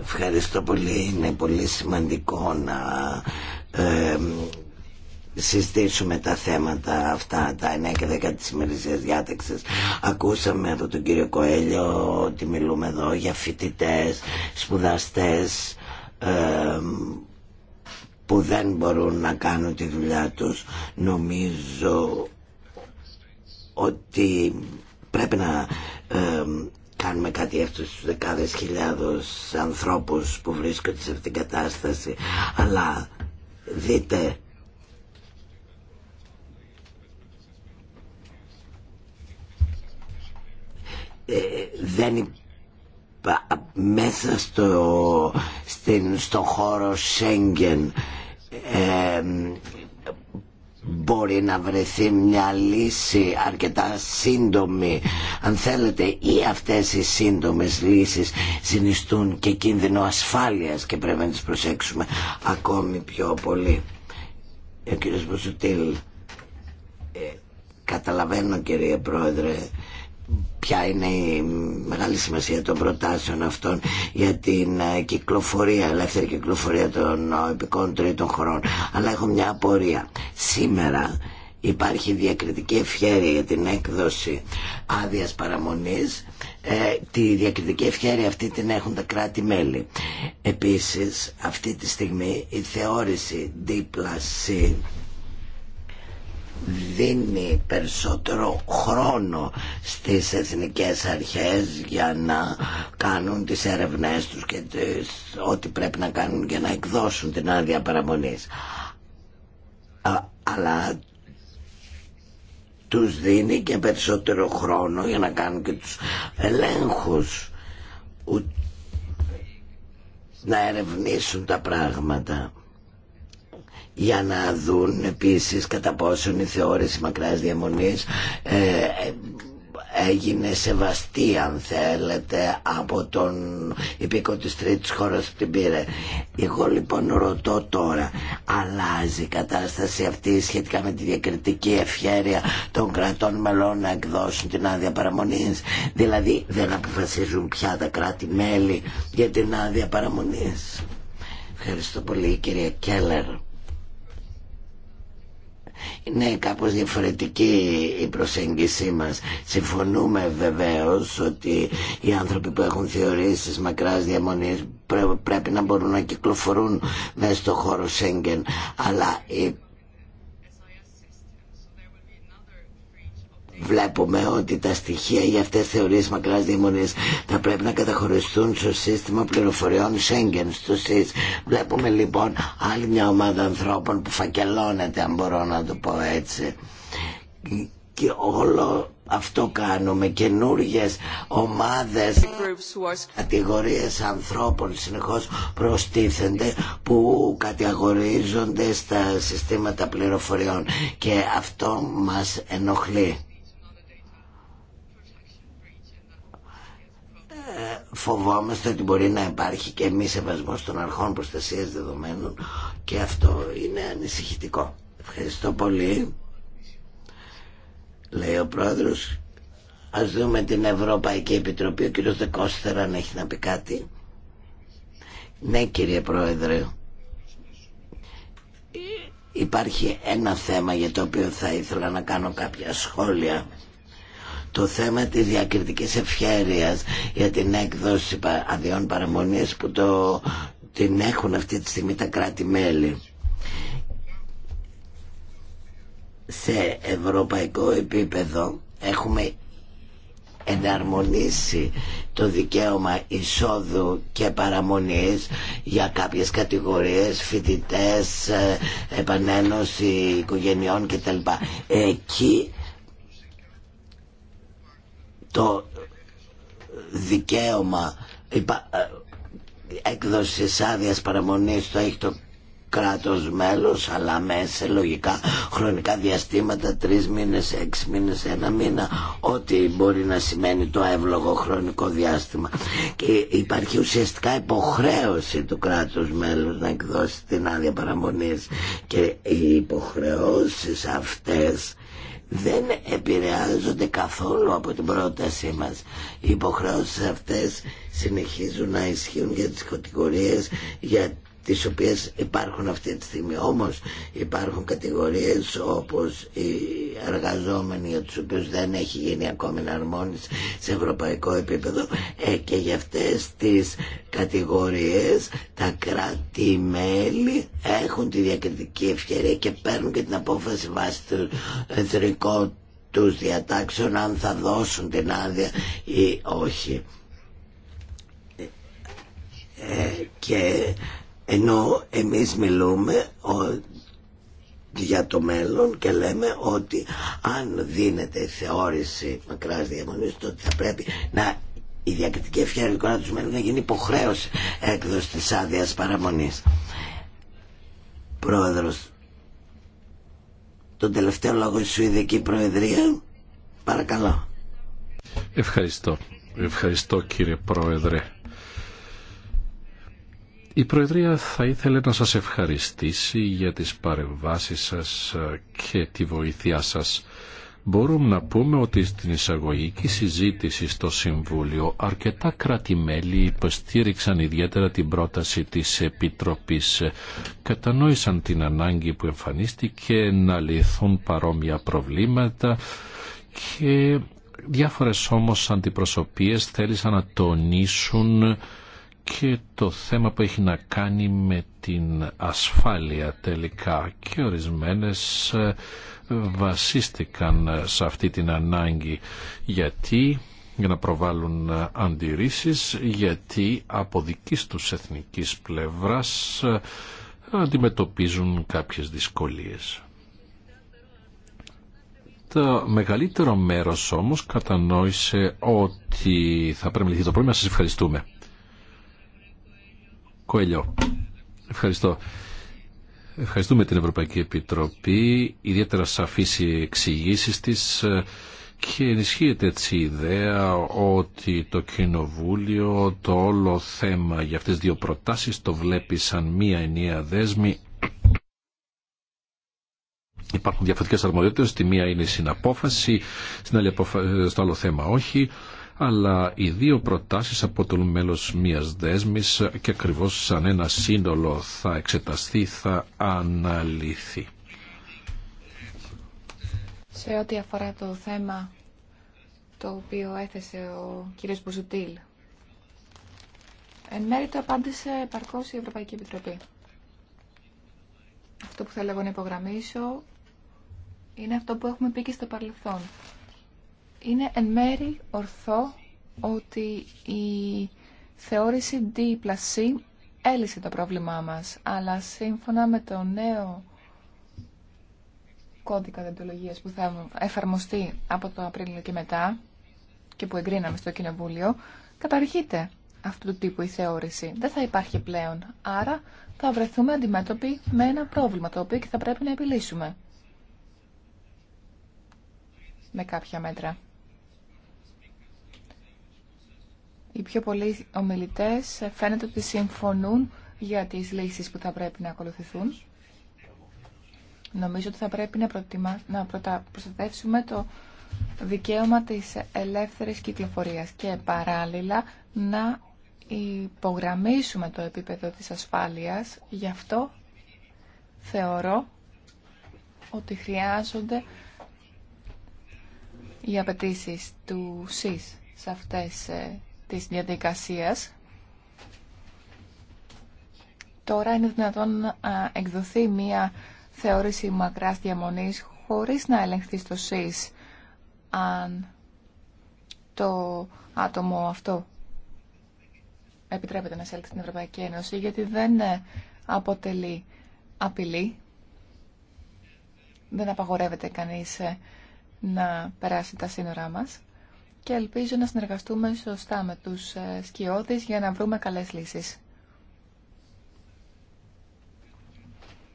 Speaker 2: Ευχαριστώ πολύ. Είναι πολύ σημαντικό να ε, συστήσουμε τα θέματα αυτά, τα 9 και 10 της ημερησία διάταξη. Ακούσαμε από τον κύριο Κοέλιο ότι μιλούμε εδώ για φοιτητέ, σπουδαστές, που δεν μπορούν να κάνουν τη δουλειά τους. Νομίζω ότι πρέπει να κάνουμε κάτι αυτούς τους δεκάδες χιλιάδους ανθρώπους που βρίσκονται σε αυτήν την κατάσταση. Αλλά δείτε Ε, δεν μέσα στο, στην, στο χώρο Σέγγεν μπορεί να βρεθεί μια λύση αρκετά σύντομη αν θέλετε ή αυτές οι σύντομες λύσεις συνιστούν και κίνδυνο ασφάλειας και πρέπει να τις προσέξουμε ακόμη πιο πολύ ε, ο κύριος ε, καταλαβαίνω κύριε πρόεδρε ποια είναι η μεγάλη σημασία των προτάσεων αυτών για την ε, κυκλοφορία, ελεύθερη κυκλοφορία των επικών τρίτων χωρών. Αλλά έχω μια απορία. Σήμερα υπάρχει διακριτική ευχαίρεια για την έκδοση άδεια παραμονής. Ε, τη διακριτική ευχαίρεια αυτή την έχουν τα κράτη-μέλη. Επίσης, αυτή τη στιγμή η θεώρηση D+C δίνει περισσότερο χρόνο στις εθνικές αρχές για να κάνουν τις έρευνές τους και ό,τι πρέπει να κάνουν για να εκδώσουν την άδεια παραμονής. Α, αλλά τους δίνει και περισσότερο χρόνο για να κάνουν και τους ελέγχους να ερευνήσουν τα πράγματα για να δουν επίσης κατά πόσον η θεώρηση μακράς διαμονής ε, έγινε σεβαστή αν θέλετε από τον υπήκο της τρίτης χώρας που την πήρε εγώ λοιπόν ρωτώ τώρα αλλάζει η κατάσταση αυτή σχετικά με τη διακριτική ευχαίρεια των κρατών μελών να εκδώσουν την άδεια παραμονής δηλαδή δεν αποφασίζουν πια τα κράτη-μέλη για την άδεια παραμονής ευχαριστώ πολύ κυρία Κέλλερ είναι κάπως διαφορετική η προσέγγιση μας. Συμφωνούμε βεβαίως ότι οι άνθρωποι που έχουν θεωρήσει μακράς διαμονής πρέπει να μπορούν να κυκλοφορούν μέσα στο χώρο Σέγγεν. Αλλά η βλέπουμε ότι τα στοιχεία για αυτές τις θεωρίες μακράς δήμονες θα πρέπει να καταχωριστούν στο σύστημα πληροφοριών Schengen, στο ΣΥΣ. Βλέπουμε λοιπόν άλλη μια ομάδα ανθρώπων που φακελώνεται, αν μπορώ να το πω έτσι. Και όλο αυτό κάνουμε, καινούργιες ομάδες, κατηγορίες ανθρώπων συνεχώς προστίθενται που κατηγορίζονται στα συστήματα πληροφοριών και αυτό μας ενοχλεί. φοβόμαστε ότι μπορεί να υπάρχει και μη σεβασμό των αρχών προστασία δεδομένων και αυτό είναι ανησυχητικό. Ευχαριστώ πολύ. Λέει ο πρόεδρο. Α δούμε την Ευρωπαϊκή Επιτροπή. Ο κύριο Δεκόστερα αν έχει να πει κάτι. Ναι κύριε πρόεδρε. Υπάρχει ένα θέμα για το οποίο θα ήθελα να κάνω κάποια σχόλια το θέμα της διακριτικής ευχέρειας για την έκδοση αδειών παραμονής που το, την έχουν αυτή τη στιγμή τα κράτη-μέλη. Σε ευρωπαϊκό επίπεδο έχουμε εναρμονίσει το δικαίωμα εισόδου και παραμονής για κάποιες κατηγορίες φοιτητές, ε, επανένωση οικογενειών κτλ. Εκεί το δικαίωμα ε, έκδοση άδεια παραμονής το έχει το κράτος μέλος αλλά σε λογικά χρονικά διαστήματα τρεις μήνες, έξι μήνες, ένα μήνα ό,τι μπορεί να σημαίνει το εύλογο χρονικό διάστημα και υπάρχει ουσιαστικά υποχρέωση του κράτους μέλους να εκδώσει την άδεια παραμονής και οι υποχρεώσεις αυτές δεν επηρεάζονται καθόλου από την πρότασή μας. Οι υποχρεώσεις αυτές συνεχίζουν να ισχύουν για τις κατηγορίες για τις οποίες υπάρχουν αυτή τη στιγμή. Όμως υπάρχουν κατηγορίες όπως οι εργαζόμενοι για τους οποίους δεν έχει γίνει ακόμη εναρμόνιση σε ευρωπαϊκό επίπεδο ε, και για αυτές τις κατηγορίες τα κρατη έχουν τη διακριτική ευκαιρία και παίρνουν και την απόφαση βάσει του εθνικών τους διατάξεων αν θα δώσουν την άδεια ή όχι. Ε, ενώ εμείς μιλούμε για το μέλλον και λέμε ότι αν δίνεται θεώρηση μακράς διαμονής τότε θα πρέπει να η διακριτική ευχαίρεια του κράτους να γίνει υποχρέωση έκδοση της άδεια παραμονής. Πρόεδρος, τον τελευταίο λόγο η Σουηδική Προεδρία, παρακαλώ.
Speaker 1: Ευχαριστώ. Ευχαριστώ κύριε Πρόεδρε. Η Προεδρία θα ήθελε να σας ευχαριστήσει για τις παρεμβάσεις σας και τη βοήθειά σας. Μπορούμε να πούμε ότι στην εισαγωγική συζήτηση στο Συμβούλιο αρκετά κράτη-μέλη υποστήριξαν ιδιαίτερα την πρόταση της Επιτροπής. Κατανόησαν την ανάγκη που εμφανίστηκε να λυθούν παρόμοια προβλήματα και διάφορες όμως αντιπροσωπείες θέλησαν να τονίσουν και το θέμα που έχει να κάνει με την ασφάλεια τελικά και ορισμένες ε, βασίστηκαν σε αυτή την ανάγκη γιατί για να προβάλλουν ε, αντιρρήσεις γιατί από δικής τους εθνικής πλευράς ε, αντιμετωπίζουν κάποιες δυσκολίες. Το μεγαλύτερο μέρος όμως κατανόησε ότι θα πρέπει να το πρόβλημα. Σας ευχαριστούμε. Κοέλιο. Ευχαριστώ. Ευχαριστούμε την Ευρωπαϊκή Επιτροπή, ιδιαίτερα σαφείς οι εξηγήσει της ε, και ενισχύεται έτσι η ιδέα ότι το Κοινοβούλιο το όλο θέμα για αυτές τις δύο προτάσεις το βλέπει σαν μία ενιαία δέσμη Υπάρχουν διαφορετικές αρμοδιότητες, τη μία είναι η συναπόφαση, στην άλλη στο άλλο θέμα όχι αλλά οι δύο προτάσεις αποτελούν μέλος μιας δέσμης και ακριβώς σαν ένα σύνολο θα εξεταστεί, θα αναλυθεί.
Speaker 3: Σε ό,τι αφορά το θέμα το οποίο έθεσε ο κ. Μπουζουτήλ, εν μέρει το απάντησε επαρκώς η Ευρωπαϊκή Επιτροπή. Αυτό που θέλω εγώ να υπογραμμίσω είναι αυτό που έχουμε πει και στο παρελθόν είναι εν μέρη ορθό ότι η θεώρηση D C έλυσε το πρόβλημά μας, αλλά σύμφωνα με το νέο κώδικα δεντολογίας που θα εφαρμοστεί από το Απρίλιο και μετά και που εγκρίναμε στο Κοινοβούλιο, καταργείται αυτού του τύπου η θεώρηση. Δεν θα υπάρχει πλέον. Άρα θα βρεθούμε αντιμέτωποι με ένα πρόβλημα το οποίο και θα πρέπει να επιλύσουμε με κάποια μέτρα. οι πιο πολλοί ομιλητές φαίνεται ότι συμφωνούν για τις λύσεις που θα πρέπει να ακολουθηθούν. Νομίζω ότι θα πρέπει να, προστατεύσουμε το δικαίωμα της ελεύθερης κυκλοφορίας και παράλληλα να υπογραμμίσουμε το επίπεδο της ασφάλειας. Γι' αυτό θεωρώ ότι χρειάζονται οι απαιτήσει του ΣΥΣ σε αυτές ε, της διαδικασίας τώρα είναι δυνατόν να εκδοθεί μία θεώρηση μακράς διαμονής χωρίς να ελεγχθεί στο ΣΥΣ αν το άτομο αυτό επιτρέπεται να εισέλθει στην Ευρωπαϊκή Ένωση γιατί δεν αποτελεί απειλή δεν απαγορεύεται κανείς να περάσει τα σύνορά μας και ελπίζω να συνεργαστούμε σωστά με τους ε, σκιώδεις για να βρούμε καλές λύσεις.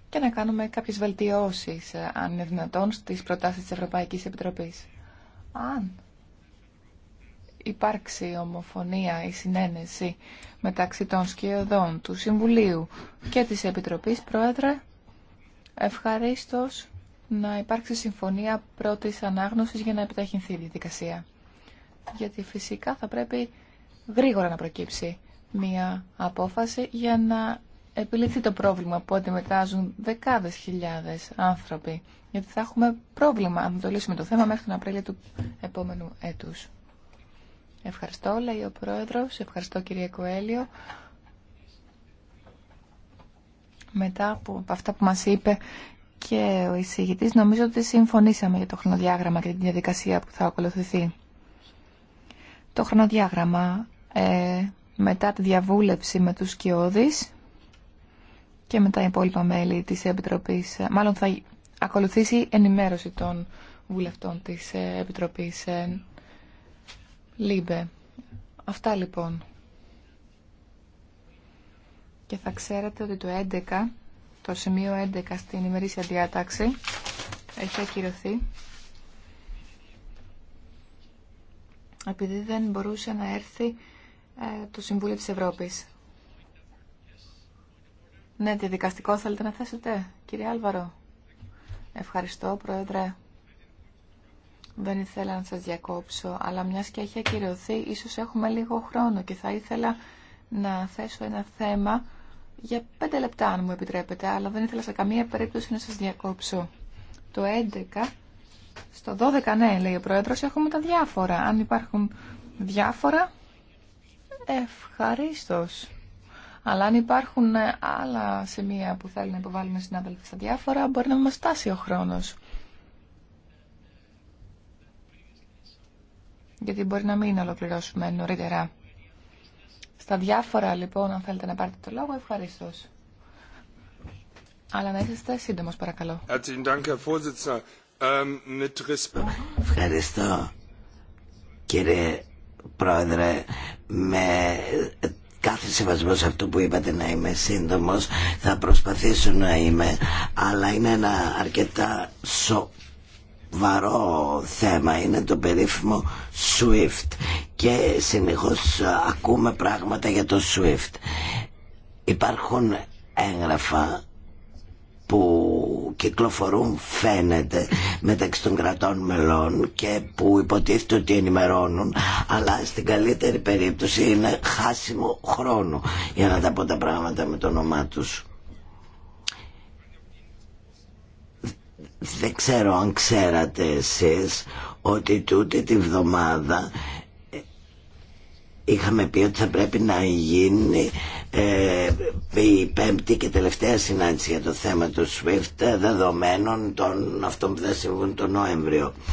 Speaker 3: Και να κάνουμε κάποιες βελτιώσεις, ε, αν είναι δυνατόν, στις προτάσεις της Ευρωπαϊκής Επιτροπής. Αν υπάρξει ομοφωνία ή συνένεση μεταξύ των σκιωδών του Συμβουλίου και της Επιτροπής, Πρόεδρε, ευχαρίστως να υπάρξει συμφωνία πρώτης ανάγνωσης για να επιταχυνθεί η διαδικασία γιατί φυσικά θα πρέπει γρήγορα να προκύψει μία απόφαση για να επιληθεί το πρόβλημα που αντιμετάζουν δεκάδες χιλιάδες άνθρωποι. Γιατί θα έχουμε πρόβλημα αν το λύσουμε το θέμα μέχρι τον Απρίλιο του επόμενου έτους. Ευχαριστώ, λέει ο Πρόεδρος. Ευχαριστώ, κύριε Κοέλιο. Μετά από αυτά που μας είπε και ο εισηγητής, νομίζω ότι συμφωνήσαμε για το χρονοδιάγραμμα και την διαδικασία που θα ακολουθηθεί. Το χρονοδιάγραμμα ε, μετά τη διαβούλευση με τους Σκιώδης και με τα υπόλοιπα μέλη της Επιτροπής, ε, μάλλον θα ακολουθήσει ενημέρωση των βουλευτών της ε, Επιτροπής ε, ΛΥΜΠΕ. Αυτά λοιπόν. Και θα ξέρετε ότι το 11, το σημείο 11 στην ημερήσια διάταξη έχει ακυρωθεί. επειδή δεν μπορούσε να έρθει ε, το Συμβούλιο της Ευρώπης. Ναι, τη δικαστικό θέλετε να θέσετε, κύριε Άλβαρο. Ευχαριστώ, Πρόεδρε. Δεν ήθελα να σας διακόψω, αλλά μιας και έχει ακυρωθεί, ίσως έχουμε λίγο χρόνο και θα ήθελα να θέσω ένα θέμα για πέντε λεπτά, αν μου επιτρέπετε, αλλά δεν ήθελα σε καμία περίπτωση να σας διακόψω. Το 11 στο 12, ναι, λέει ο Πρόεδρος, έχουμε τα διάφορα. Αν υπάρχουν διάφορα, ευχαρίστως. Αλλά αν υπάρχουν ε, άλλα σημεία που θέλουν να υποβάλουν οι συνάδελφοι στα διάφορα, μπορεί να μας στάσει ο χρόνος. Γιατί μπορεί να μην ολοκληρώσουμε νωρίτερα. Στα διάφορα, λοιπόν, αν θέλετε να πάρετε το λόγο, ευχαρίστω. Αλλά να είστε σύντομο, παρακαλώ.
Speaker 2: Ευχαριστώ κύριε Πρόεδρε με κάθε σεβασμό σε αυτό που είπατε να είμαι σύντομος θα προσπαθήσω να είμαι αλλά είναι ένα αρκετά σοβαρό θέμα είναι το περίφημο SWIFT και συνεχώς ακούμε πράγματα για το SWIFT υπάρχουν έγγραφα που κυκλοφορούν φαίνεται μεταξύ των κρατών μελών και που υποτίθεται ότι ενημερώνουν αλλά στην καλύτερη περίπτωση είναι χάσιμο χρόνο για να τα πω τα πράγματα με το όνομά τους. Δεν ξέρω αν ξέρατε εσείς ότι τούτη τη βδομάδα ε, είχαμε πει ότι θα πρέπει να γίνει ε, η πέμπτη και τελευταία
Speaker 4: συνάντηση για το θέμα του SWIFT δεδομένων των αυτών που θα συμβούν τον Νοέμβριο.